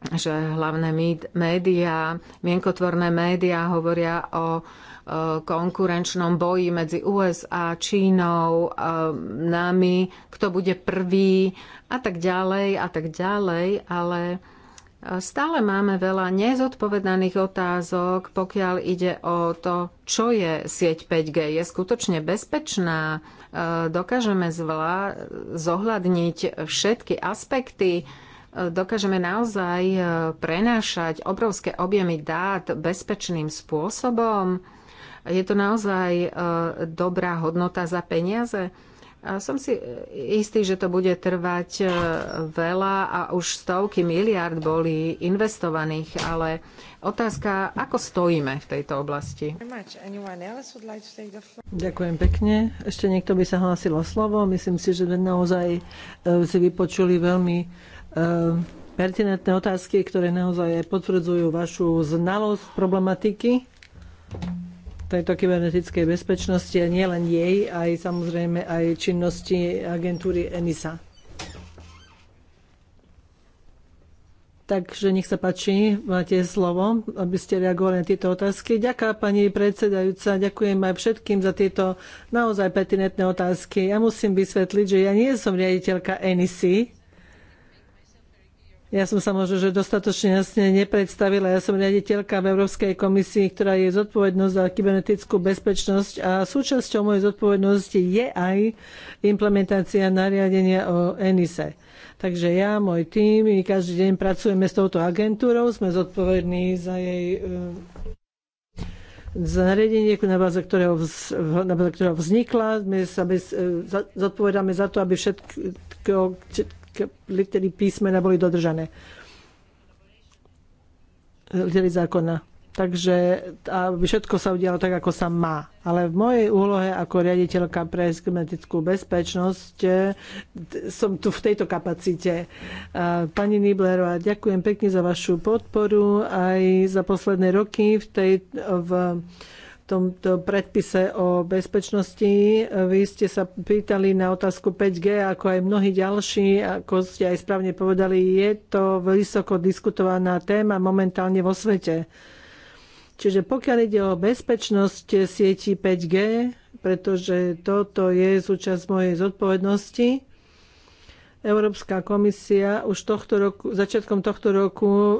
že hlavné médiá, mienkotvorné médiá hovoria o konkurenčnom boji medzi USA, Čínou, eh, nami, kto bude prvý a tak ďalej a tak ďalej, ale eh, Stále máme veľa nezodpovedaných otázok, pokiaľ ide o to, čo je sieť 5G. Je skutočne bezpečná? Eh, dokážeme zvla- zohľadniť všetky aspekty? Dokážeme naozaj prenášať obrovské objemy dát bezpečným spôsobom? Je to naozaj e, dobrá hodnota za peniaze? A som si istý, že to bude trvať e, veľa a už stovky miliard boli investovaných, ale otázka, ako stojíme v tejto oblasti? Ďakujem pekne. Ešte niekto by sa hlásil o slovo. Myslím si, že naozaj e, si vypočuli veľmi pertinentné otázky, ktoré naozaj potvrdzujú vašu znalosť problematiky tejto kybernetickej bezpečnosti a nielen jej, aj samozrejme aj činnosti agentúry ENISA. Takže nech sa páči, máte slovo, aby ste reagovali na tieto otázky. Ďakujem pani predsedajúca, ďakujem aj všetkým za tieto naozaj pertinentné otázky. Ja musím vysvetliť, že ja nie som riaditeľka ENISI, ja som sa možno, že dostatočne jasne nepredstavila. Ja som riaditeľka v Európskej komisii, ktorá je zodpovednosť za kybernetickú bezpečnosť a súčasťou mojej zodpovednosti je aj implementácia nariadenia o ENISE. Takže ja, môj tým, my každý deň pracujeme s touto agentúrou, sme zodpovední za jej e, za nariadenie, na báze ktorého, na báze ktorého vznikla. My sa bez, e, zodpovedáme za to, aby všetko, litery písmena boli dodržané. Litery zákona. Takže aby všetko sa udialo tak, ako sa má. Ale v mojej úlohe ako riaditeľka pre kybernetickú bezpečnosť e, som tu v tejto kapacite. E, pani Niblerová, ďakujem pekne za vašu podporu aj za posledné roky v, tej, v tomto predpise o bezpečnosti. Vy ste sa pýtali na otázku 5G, ako aj mnohí ďalší, ako ste aj správne povedali, je to vysoko diskutovaná téma momentálne vo svete. Čiže pokiaľ ide o bezpečnosť sieti 5G, pretože toto je súčasť mojej zodpovednosti, Európska komisia už tohto roku, začiatkom tohto roku e,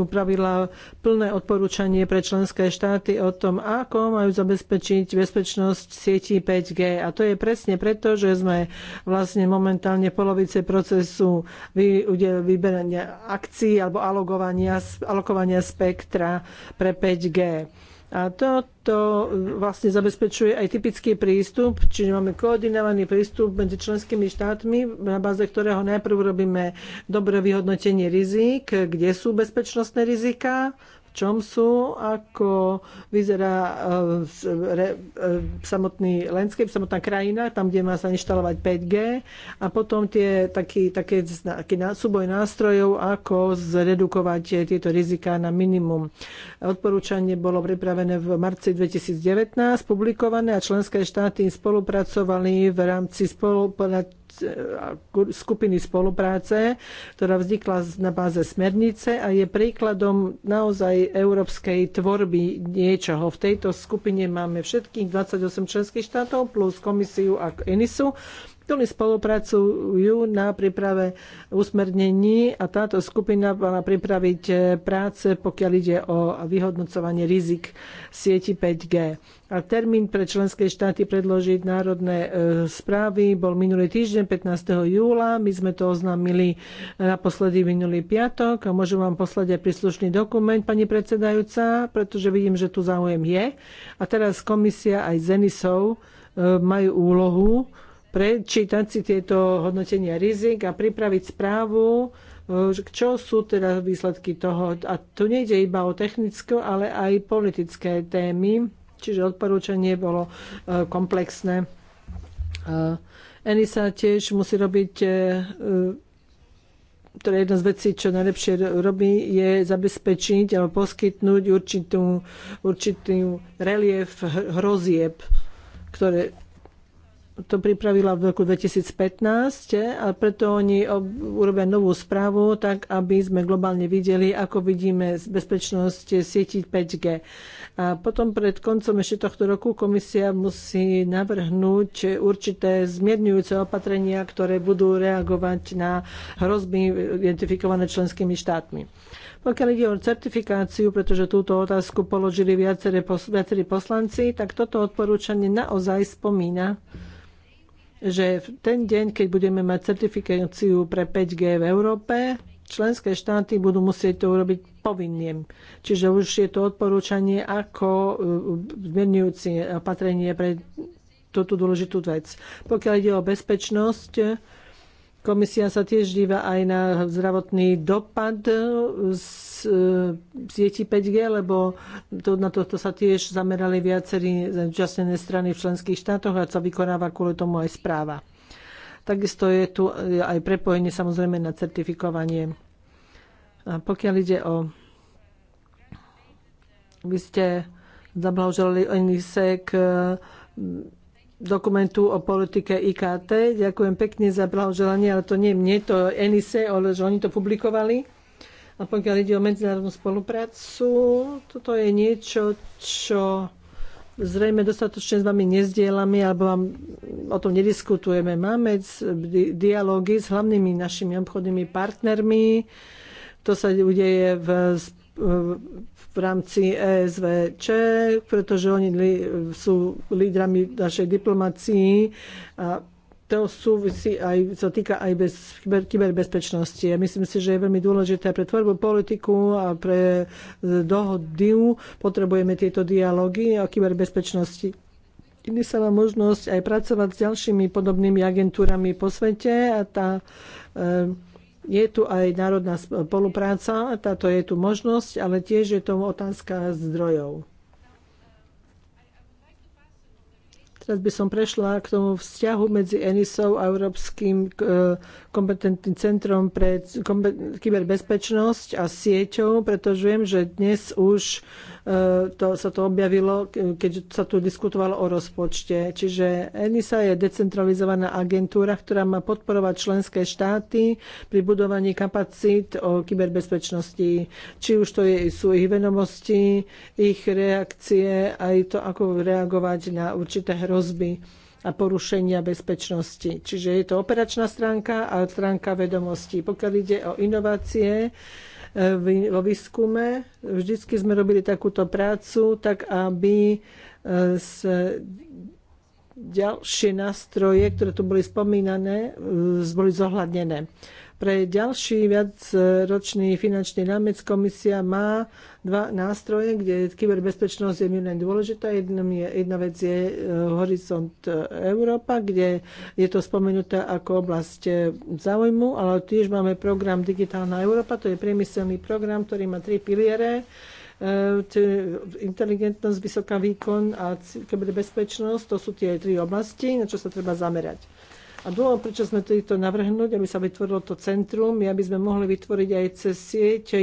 upravila plné odporúčanie pre členské štáty o tom, ako majú zabezpečiť bezpečnosť sietí 5G. A to je presne preto, že sme vlastne momentálne v polovice procesu vyberania akcií alebo alokovania, alokovania spektra pre 5G. A toto e, vlastne zabezpečuje aj typický prístup, čiže máme koordinovaný prístup medzi členskými štátmi, na báze ktorého najprv robíme dobré vyhodnotenie rizik, kde sú bezpečnostné rizika, čom sú, ako vyzerá e, e, samotný landscape, samotná krajina, tam, kde má sa inštalovať 5G a potom tie, taký, také, taký súboj nástrojov, ako zredukovať e, tieto riziká na minimum. Odporúčanie bolo pripravené v marci 2019, publikované a členské štáty spolupracovali v rámci spolupracovania skupiny spolupráce, ktorá vznikla na báze smernice a je príkladom naozaj tej európskej tvorby niečoho. V tejto skupine máme všetkých 28 členských štátov plus komisiu a ENISu aktívne spolupracujú na príprave usmernení a táto skupina mala pripraviť eh, práce, pokiaľ ide o vyhodnocovanie rizik sieti 5G. A termín pre členské štáty predložiť národné eh, správy bol minulý týždeň 15. júla. My sme to oznámili eh, naposledy minulý piatok a môžem vám poslať aj príslušný dokument, pani predsedajúca, pretože vidím, že tu záujem je. A teraz komisia aj Zenisov majú úlohu prečítať si tieto hodnotenia rizik a pripraviť správu, eh, čo sú teda výsledky toho. A tu nejde iba o technické, ale aj politické témy, čiže odporúčanie bolo eh, komplexné. Eh, Enisa tiež musí robiť je teda jedna z vecí, čo najlepšie robí, je zabezpečiť alebo poskytnúť určitú, určitý relief hrozieb, ktoré to pripravila v roku 2015 eh, a preto oni urobia novú správu, tak aby sme globálne videli, ako vidíme bezpečnosť sieti 5G. A potom pred koncom ešte tohto roku komisia musí navrhnúť určité zmierňujúce opatrenia, ktoré budú reagovať na hrozby identifikované členskými štátmi. Pokiaľ ide o certifikáciu, pretože túto otázku položili viacerí poslanci, tak toto odporúčanie naozaj spomína že v ten deň, keď budeme mať certifikáciu pre 5G v Európe, členské štáty budú musieť to urobiť povinným. Čiže už je to odporúčanie ako e, zmierňujúce opatrenie pre túto dôležitú vec. Pokiaľ ide o bezpečnosť, Komisia sa tiež díva aj na zdravotný dopad e, e, z sieti 5G, lebo to, na toto sa tiež zamerali viacerí zúčastnené strany v členských štátoch a sa vykonáva kvôli tomu aj správa. Takisto je tu aj prepojenie samozrejme na certifikovanie. A pokiaľ ide o... Vy ste zablahoželali o k dokumentu o politike IKT. Ďakujem pekne za blahoželanie, ale to nie mne, to Enise, ale že oni to publikovali. A pokiaľ ide o medzinárodnú spoluprácu, toto je niečo, čo zrejme dostatočne s vami nezdielame alebo vám o tom nediskutujeme. Máme dialógy s hlavnými našimi obchodnými partnermi. To sa udeje v v rámci ESVČ, pretože oni sú lídrami našej diplomácii a to súvisí aj, sa týka aj bez kyber, kyberbezpečnosti. Ja myslím si, že je veľmi dôležité pre tvorbu politiku a pre dohody potrebujeme tieto dialógy o kyberbezpečnosti. Kedy sa má možnosť aj pracovať s ďalšími podobnými agentúrami po svete a tá e, je tu aj národná spolupráca, táto je tu možnosť, ale tiež je to otázka zdrojov. Teraz by som prešla k tomu vzťahu medzi ENISou a Európskym e, kompetentným centrom pre kyberbezpečnosť a sieťou, pretože viem, že dnes už E, to sa to objavilo, keď sa tu diskutovalo o rozpočte. Čiže ENISA je decentralizovaná agentúra, ktorá má podporovať členské štáty pri budovaní kapacít o kyberbezpečnosti. Či už to je, sú ich venomosti, ich reakcie, aj to, ako reagovať na určité hrozby a porušenia bezpečnosti. Čiže je to operačná stránka a stránka vedomostí. Pokiaľ ide o inovácie, vo výskume. Vždycky sme robili takúto prácu, tak aby e, s ďalšie nástroje, ktoré tu boli spomínané, e, boli zohľadnené. Pre ďalší viacročný finančný rámec komisia má dva nástroje, kde kyberbezpečnosť je mimoriadne dôležitá. Jedna, je, jedna vec je e, Horizont Európa, kde je to spomenuté ako oblasť záujmu, ale tiež máme program Digitálna Európa, to je priemyselný program, ktorý má tri piliere e, inteligentnosť, vysoká výkon a bezpečnosť, to sú tie tri oblasti, na čo sa treba zamerať. A dôvod, prečo sme to navrhnúť, aby sa vytvorilo to centrum, je, aby sme mohli vytvoriť aj cez sieť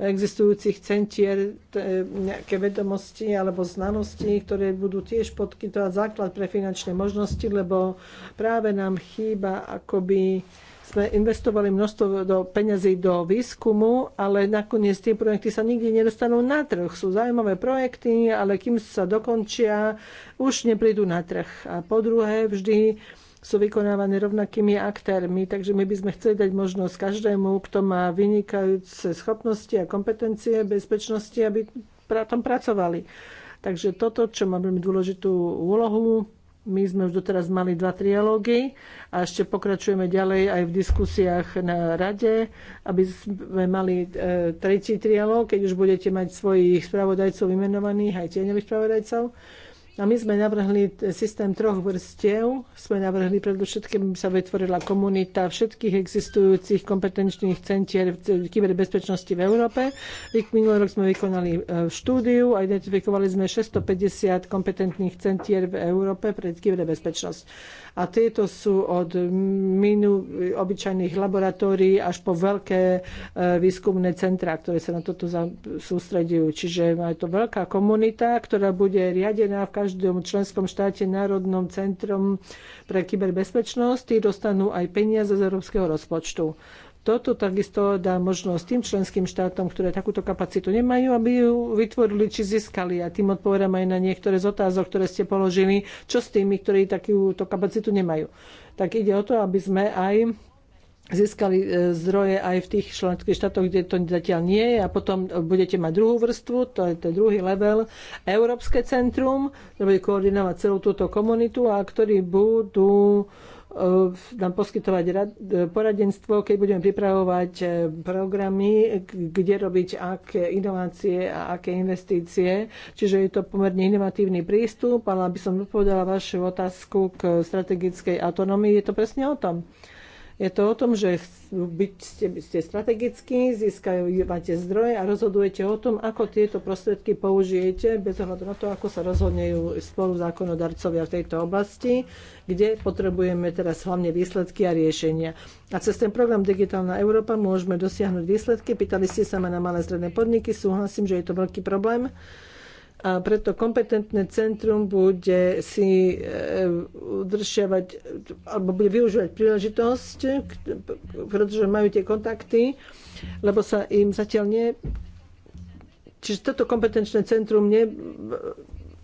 existujúcich centier e, nejaké vedomosti alebo znalosti, ktoré budú tiež podkytovať základ pre finančné možnosti, lebo práve nám chýba akoby sme investovali množstvo do peňazí do výskumu, ale nakoniec tie projekty sa nikdy nedostanú na trh. Sú zaujímavé projekty, ale kým sa dokončia, už neprídu na trh. A po druhé, vždy sú vykonávané rovnakými aktérmi. Takže my by sme chceli dať možnosť každému, kto má vynikajúce schopnosti a kompetencie bezpečnosti, aby na tom pracovali. Takže toto, čo má veľmi dôležitú úlohu, my sme už doteraz mali dva trialógy a ešte pokračujeme ďalej aj v diskusiách na rade, aby sme mali e, tretí trialóg, keď už budete mať svojich spravodajcov vymenovaných, aj tieňových spravodajcov. A my sme navrhli systém troch vrstiev. Sme navrhli predovšetkým, aby sa vytvorila komunita všetkých existujúcich kompetenčných centier v kyberbezpečnosti v Európe. Minulý rok sme vykonali e, štúdiu a identifikovali sme 650 kompetentných centier v Európe pre kyberbezpečnosť a tieto sú od minu, obyčajných laboratórií až po veľké e, výskumné centrá, ktoré sa na toto sústredujú. Čiže je to veľká komunita, ktorá bude riadená v každom členskom štáte Národnom centrom pre kyberbezpečnosť. Tí dostanú aj peniaze z európskeho rozpočtu. Toto takisto dá možnosť tým členským štátom, ktoré takúto kapacitu nemajú, aby ju vytvorili či získali. A tým odpovedám aj na niektoré z otázok, ktoré ste položili, čo s tými, ktorí takúto kapacitu nemajú. Tak ide o to, aby sme aj získali e, zdroje aj v tých členských štátoch, kde to zatiaľ nie je a potom budete mať druhú vrstvu, to je ten druhý level, Európske centrum, ktoré bude koordinovať celú túto komunitu a ktorí budú E, nám poskytovať e, poradenstvo, keď budeme pripravovať e, programy, kde robiť aké inovácie a aké investície. Čiže je to pomerne inovatívny prístup, ale aby som odpovedala vašu otázku k strategickej autonómii, je to presne o tom. Je to o tom, že byť, ste, ste strategickí, získajúvate zdroje a rozhodujete o tom, ako tieto prostriedky použijete, bez ohľadu na to, ako sa rozhodnejú spolu zákonodarcovia v tejto oblasti, kde potrebujeme teraz hlavne výsledky a riešenia. A cez ten program Digitálna Európa môžeme dosiahnuť výsledky. Pýtali ste sa ma na malé stredné podniky, súhlasím, že je to veľký problém a preto kompetentné centrum bude si e, udržiavať alebo bude využívať príležitosť, pretože majú tie kontakty, lebo sa im zatiaľ ne... Čiže toto kompetenčné centrum ne,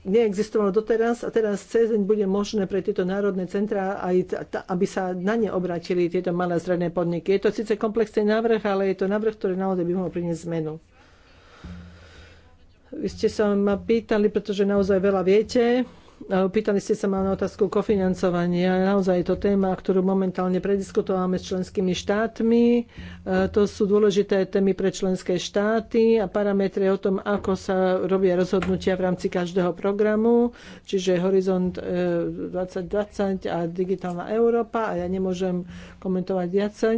neexistovalo doteraz a teraz cez deň bude možné pre tieto národné centrá, aj aby sa na ne obrátili tieto malé a podniky. Je to síce komplexný návrh, ale je to návrh, ktorý naozaj by mohol priniesť zmenu. Vy ste sa ma pýtali, pretože naozaj veľa viete. Pýtali ste sa ma na otázku kofinancovania. Naozaj je to téma, ktorú momentálne prediskutováme s členskými štátmi. To sú dôležité témy pre členské štáty a parametre o tom, ako sa robia rozhodnutia v rámci každého programu, čiže Horizont 2020 e, a Digitálna Európa. A ja nemôžem komentovať viacej.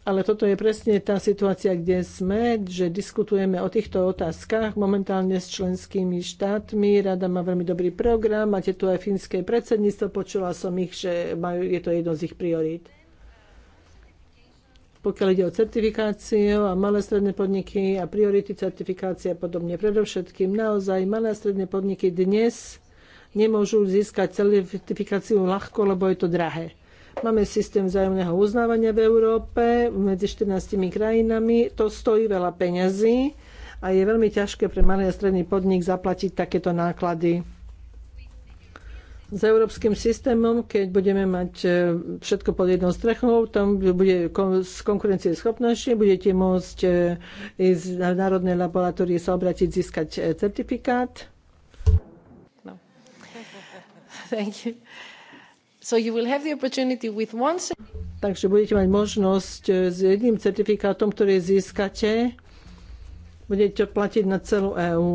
Ale toto je presne tá situácia, kde sme, že diskutujeme o týchto otázkach momentálne s členskými štátmi. Rada má veľmi dobrý program, máte tu aj fínske predsedníctvo, počula som ich, že majú, je to jedno z ich priorít. Pokiaľ ide o certifikáciu a malé stredné podniky a priority certifikácie a podobne, predovšetkým naozaj malé stredné podniky dnes nemôžu získať certifikáciu ľahko, lebo je to drahé Máme systém vzájomného uznávania v Európe medzi 14 krajinami. To stojí veľa peňazí a je veľmi ťažké pre malý a stredný podnik zaplatiť takéto náklady. S európskym systémom, keď budeme mať e, všetko pod jednou strechou, tam bude z konkurencie schopnejšie, budete môcť ísť e, na národné laboratórie sa obratiť, získať e, certifikát. No. [laughs] Thank you. So you will have the opportunity with one... Takže budete mať možnosť eh, s jedným certifikátom, ktorý získate, budete platiť na celú EÚ.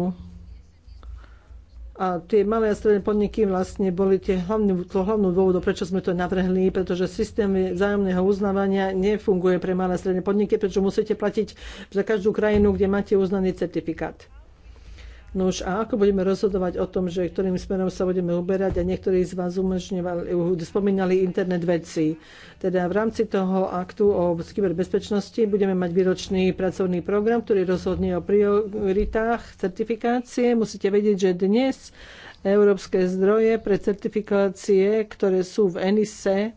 A tie malé a stredné podniky vlastne boli tie hlavný, to hlavnú dôvodu, prečo sme to navrhli, pretože systém vzájomného uznávania nefunguje pre malé a stredné podniky, pretože musíte platiť za každú krajinu, kde máte uznaný certifikát. No už a ako budeme rozhodovať o tom, že ktorým smerom sa budeme uberať a niektorí z vás umožňovali spomínali internet veci. Teda v rámci toho aktu o kyberbezpečnosti budeme mať výročný pracovný program, ktorý rozhodne o prioritách certifikácie. Musíte vedieť, že dnes európske zdroje pre certifikácie, ktoré sú v ENISE,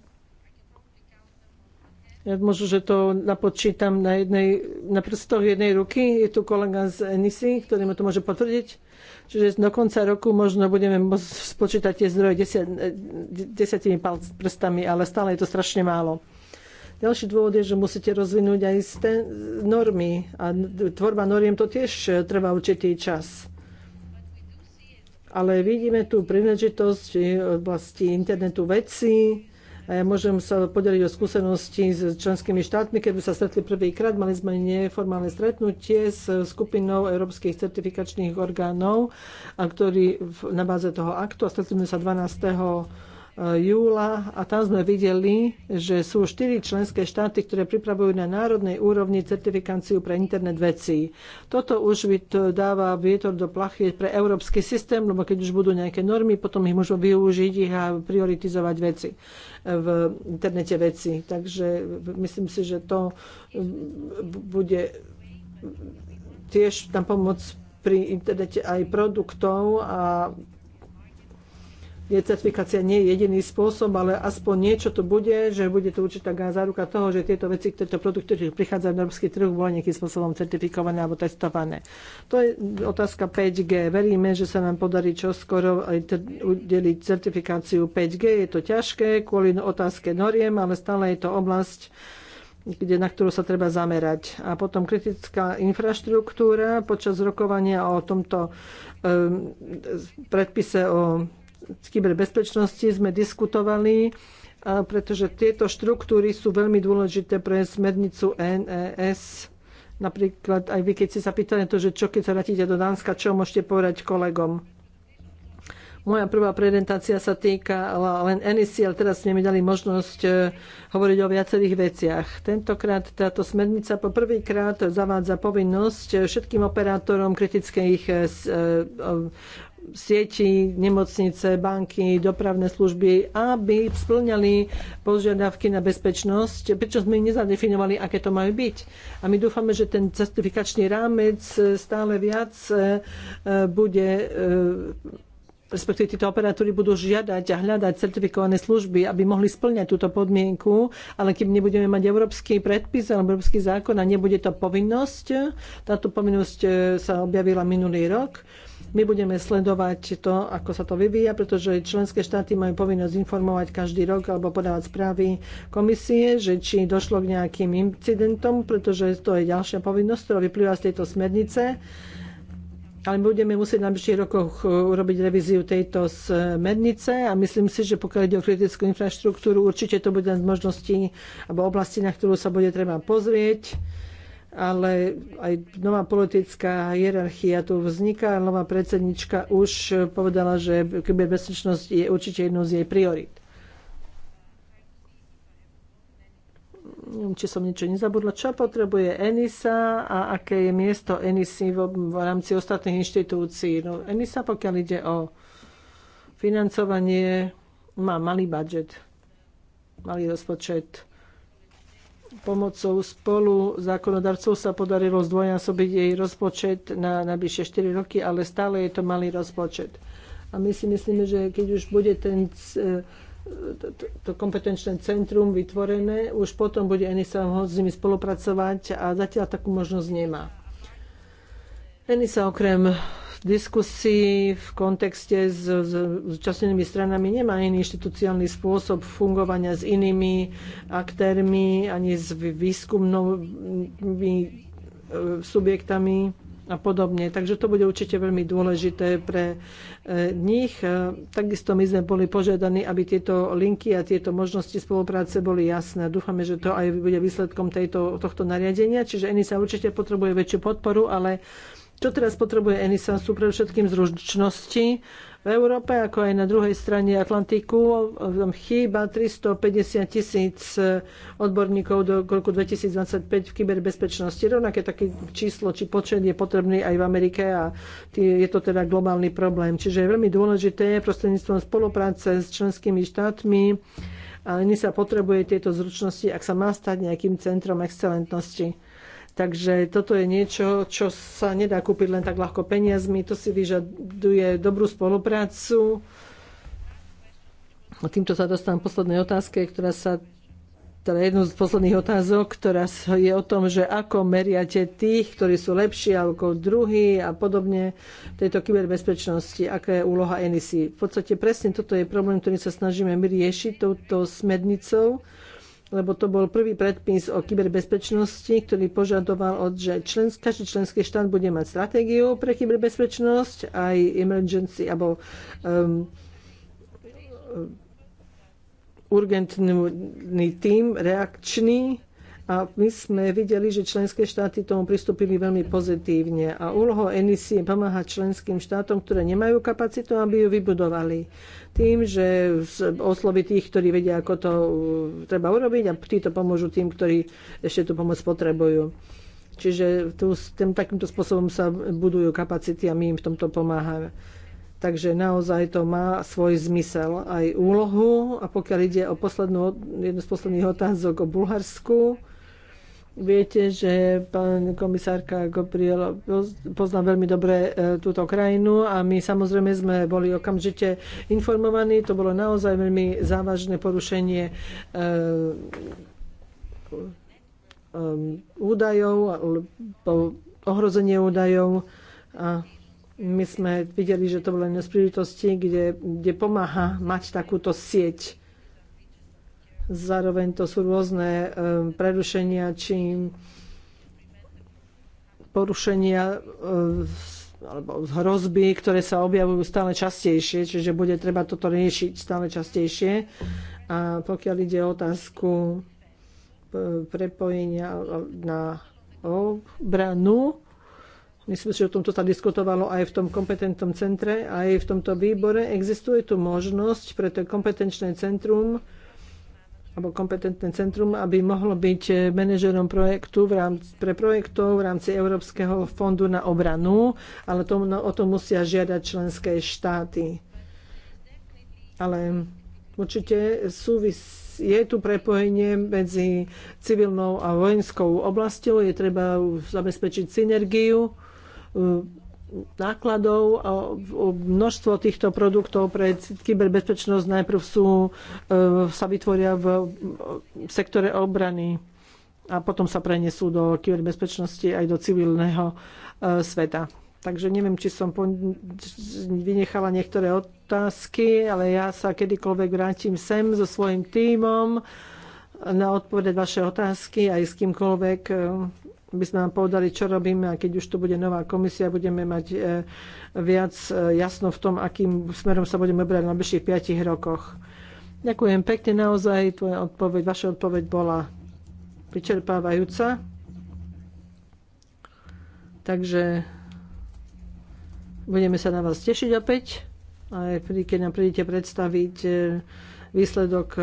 Možno, že to napočítam na, jednej, na prstoch jednej ruky. Je tu kolega z NISI, ktorý mu to môže potvrdiť. Čiže do konca roku možno budeme môcť spočítať tie zdroje desiatimi prstami, ale stále je to strašne málo. Ďalší dôvod je, že musíte rozvinúť aj isté normy a tvorba noriem to tiež trvá určitý čas. Ale vidíme tu príležitosť v oblasti internetu vecí, a ja môžem sa podeliť o skúsenosti s členskými štátmi, keď sa stretli prvýkrát. Mali sme neformálne stretnutie s skupinou európskych certifikačných orgánov, a ktorí na báze toho aktu a stretli sme sa 12 júla a tam sme videli, že sú štyri členské štáty, ktoré pripravujú na národnej úrovni certifikáciu pre internet vecí. Toto už dáva vietor do plachy pre európsky systém, lebo keď už budú nejaké normy, potom ich môžu využiť ich a prioritizovať veci e, v internete veci. Takže myslím si, že to e, bude tiež tam pomoc pri internete aj produktov a certifikácia nie je jediný spôsob, ale aspoň niečo to bude, že bude to určitá záruka toho, že tieto veci, tieto produkty, ktoré prichádzajú na európsky trh, boli nejakým spôsobom certifikované alebo testované. To je otázka 5G. Veríme, že sa nám podarí čoskoro aj udeliť certifikáciu 5G. Je to ťažké kvôli otázke noriem, ale stále je to oblasť, kde, na ktorú sa treba zamerať. A potom kritická infraštruktúra počas rokovania o tomto um, predpise o kyberbezpečnosti sme diskutovali, pretože tieto štruktúry sú veľmi dôležité pre smernicu NES. Napríklad aj vy, keď ste sa pýtali to, že čo keď sa vrátite do Dánska, čo môžete povedať kolegom? Moja prvá prezentácia sa týka len NEC, ale teraz ste mi dali možnosť e, hovoriť o viacerých veciach. Tentokrát táto smernica poprvýkrát zavádza povinnosť e, všetkým operátorom kritických e, sieti, nemocnice, banky, dopravné služby, aby splňali požiadavky na bezpečnosť, pričom sme nezadefinovali, aké to majú byť. A my dúfame, že ten certifikačný rámec e, stále viac e, e, bude respektíve títo operátori budú žiadať a hľadať certifikované služby, aby mohli splňať túto podmienku, ale keď nebudeme mať európsky predpis alebo európsky zákon a nebude to povinnosť, táto povinnosť sa objavila minulý rok, my budeme sledovať to, ako sa to vyvíja, pretože členské štáty majú povinnosť informovať každý rok alebo podávať správy komisie, že či došlo k nejakým incidentom, pretože to je ďalšia povinnosť, ktorá vyplýva z tejto smernice ale budeme musieť na bližších rokoch e, urobiť revíziu tejto smernice a myslím si, že pokiaľ ide o kritickú infraštruktúru, určite to bude z možností alebo oblasti, na ktorú sa bude treba pozrieť ale aj nová politická hierarchia tu vzniká. Nová predsednička už povedala, že kyberbezpečnosť je určite jednou z jej priorit. či som niečo nezabudla, čo potrebuje ENISA a aké je miesto ENISY v, v rámci ostatných inštitúcií. No, ENISA, pokiaľ ide o financovanie, má malý budget, malý rozpočet pomocou spolu zákonodarcov sa podarilo zdvojnásobiť jej rozpočet na najbližšie 4 roky, ale stále je to malý rozpočet. A my si myslíme, že keď už bude ten e, to, to, kompetenčné centrum vytvorené, už potom bude Enisa s nimi spolupracovať a zatiaľ takú možnosť nemá. Enisa okrem diskusii v kontexte s zúčastnenými stranami nemá iný inštitucionálny spôsob fungovania s inými aktérmi, ani s výskumnými e, subjektami a podobne. Takže to bude určite veľmi dôležité pre e, nich. E, takisto my sme boli požiadaní, aby tieto linky a tieto možnosti spolupráce boli jasné. Dúfame, že to aj bude výsledkom tejto, tohto nariadenia. Čiže ENI sa určite potrebuje väčšiu podporu, ale čo teraz potrebuje ENISA? Sú pre všetkým zručnosti v Európe, ako aj na druhej strane Atlantiku. Tam chýba 350 tisíc odborníkov do roku 2025 v kyberbezpečnosti. Rovnaké také číslo či počet je potrebný aj v Amerike a je to teda globálny problém. Čiže je veľmi dôležité prostredníctvom spolupráce s členskými štátmi a ENISA potrebuje tieto zručnosti, ak sa má stať nejakým centrom excelentnosti. Takže toto je niečo, čo sa nedá kúpiť len tak ľahko peniazmi. To si vyžaduje dobrú spoluprácu. A týmto sa dostávam poslednej otázke, ktorá sa teda jednu z posledných otázok, ktorá je o tom, že ako meriate tých, ktorí sú lepší ako druhí a podobne v tejto kyberbezpečnosti, aká je úloha NEC. V podstate presne toto je problém, ktorý sa snažíme my riešiť touto smernicou lebo to bol prvý predpis o kyberbezpečnosti, ktorý požadoval od, že člen, každý členský štát bude mať stratégiu pre kyberbezpečnosť, aj emergency, alebo um, urgentný tým reakčný a my sme videli, že členské štáty tomu pristúpili veľmi pozitívne. A úlohou ENISI je pomáhať členským štátom, ktoré nemajú kapacitu, aby ju vybudovali. Tým, že osloví tých, ktorí vedia, ako to uh, treba urobiť a títo pomôžu tým, ktorí ešte tú pomoc potrebujú. Čiže tu, tým, takýmto spôsobom sa budujú kapacity a my im v tomto pomáhame. Takže naozaj to má svoj zmysel aj úlohu. A pokiaľ ide o poslednú, jednu z posledných otázok o Bulharsku, Viete, že pán komisárka Gabriel pozná veľmi dobre e, túto krajinu a my samozrejme sme boli okamžite informovaní. To bolo naozaj veľmi závažné porušenie e, e, údajov, ohrozenie údajov a my sme videli, že to bolo len z príležitosti, kde, kde pomáha mať takúto sieť Zároveň to sú rôzne eh, prerušenia či porušenia eh, alebo hrozby, ktoré sa objavujú stále častejšie, čiže bude treba toto riešiť stále častejšie. A pokiaľ ide o otázku eh, prepojenia na obranu, myslím, že o tomto sa diskutovalo aj v tom kompetentnom centre, aj v tomto výbore, existuje tu možnosť pre to kompetenčné centrum alebo kompetentné centrum, aby mohlo byť eh, manažerom projektu v rámci, pre projektov v rámci Európskeho fondu na obranu, ale to, no, o to musia žiadať členské štáty. Ale určite súvis, je tu prepojenie medzi civilnou a vojenskou oblasťou, je treba zabezpečiť synergiu eh, nákladov a množstvo týchto produktov pre kyberbezpečnosť najprv sú, e, sa vytvoria v sektore obrany a potom sa prenesú do kyberbezpečnosti aj do civilného e, sveta. Takže neviem, či som vynechala niektoré otázky, ale ja sa kedykoľvek vrátim sem so svojím tímom na odpovedať vaše otázky aj s kýmkoľvek e, by sme vám povedali, čo robíme a keď už tu bude nová komisia, budeme mať e, viac e, jasno v tom, akým smerom sa budeme brať na bližších 5 rokoch. Ďakujem pekne naozaj, tvoja odpoveď, vaša odpoveď bola vyčerpávajúca. Takže budeme sa na vás tešiť opäť, aj keď nám prídete predstaviť e, výsledok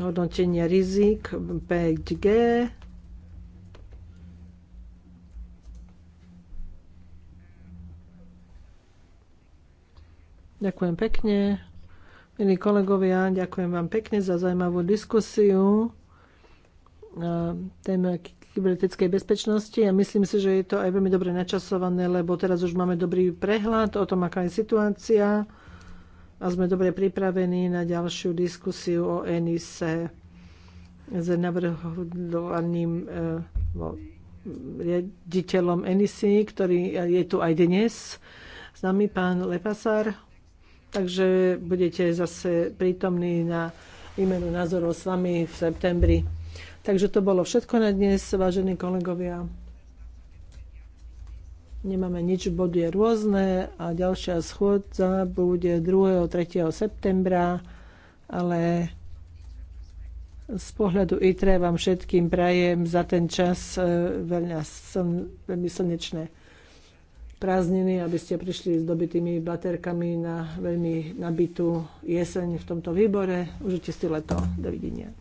hodnotenia rizik 5G Ďakujem pekne. Milí kolegovia, ďakujem vám pekne za zaujímavú diskusiu téma kybernetickej bezpečnosti a myslím si, že je to aj veľmi dobre načasované, lebo teraz už máme dobrý prehľad o tom, aká je situácia a sme dobre pripravení na ďalšiu diskusiu o ENISE s navrhovaným e, riaditeľom ENISI, ktorý je tu aj dnes s nami, pán Lepasár takže budete zase prítomní na výmenu názorov s vami v septembri. Takže to bolo všetko na dnes, vážení kolegovia. Nemáme nič, body je rôzne a ďalšia schôdza bude 2. 3. septembra, ale z pohľadu ITRE vám všetkým prajem za ten čas eh, veľmi slnečné prázdniny, aby ste prišli s dobitými baterkami na veľmi nabitú jeseň v tomto výbore. Užite si leto. Dovidenia.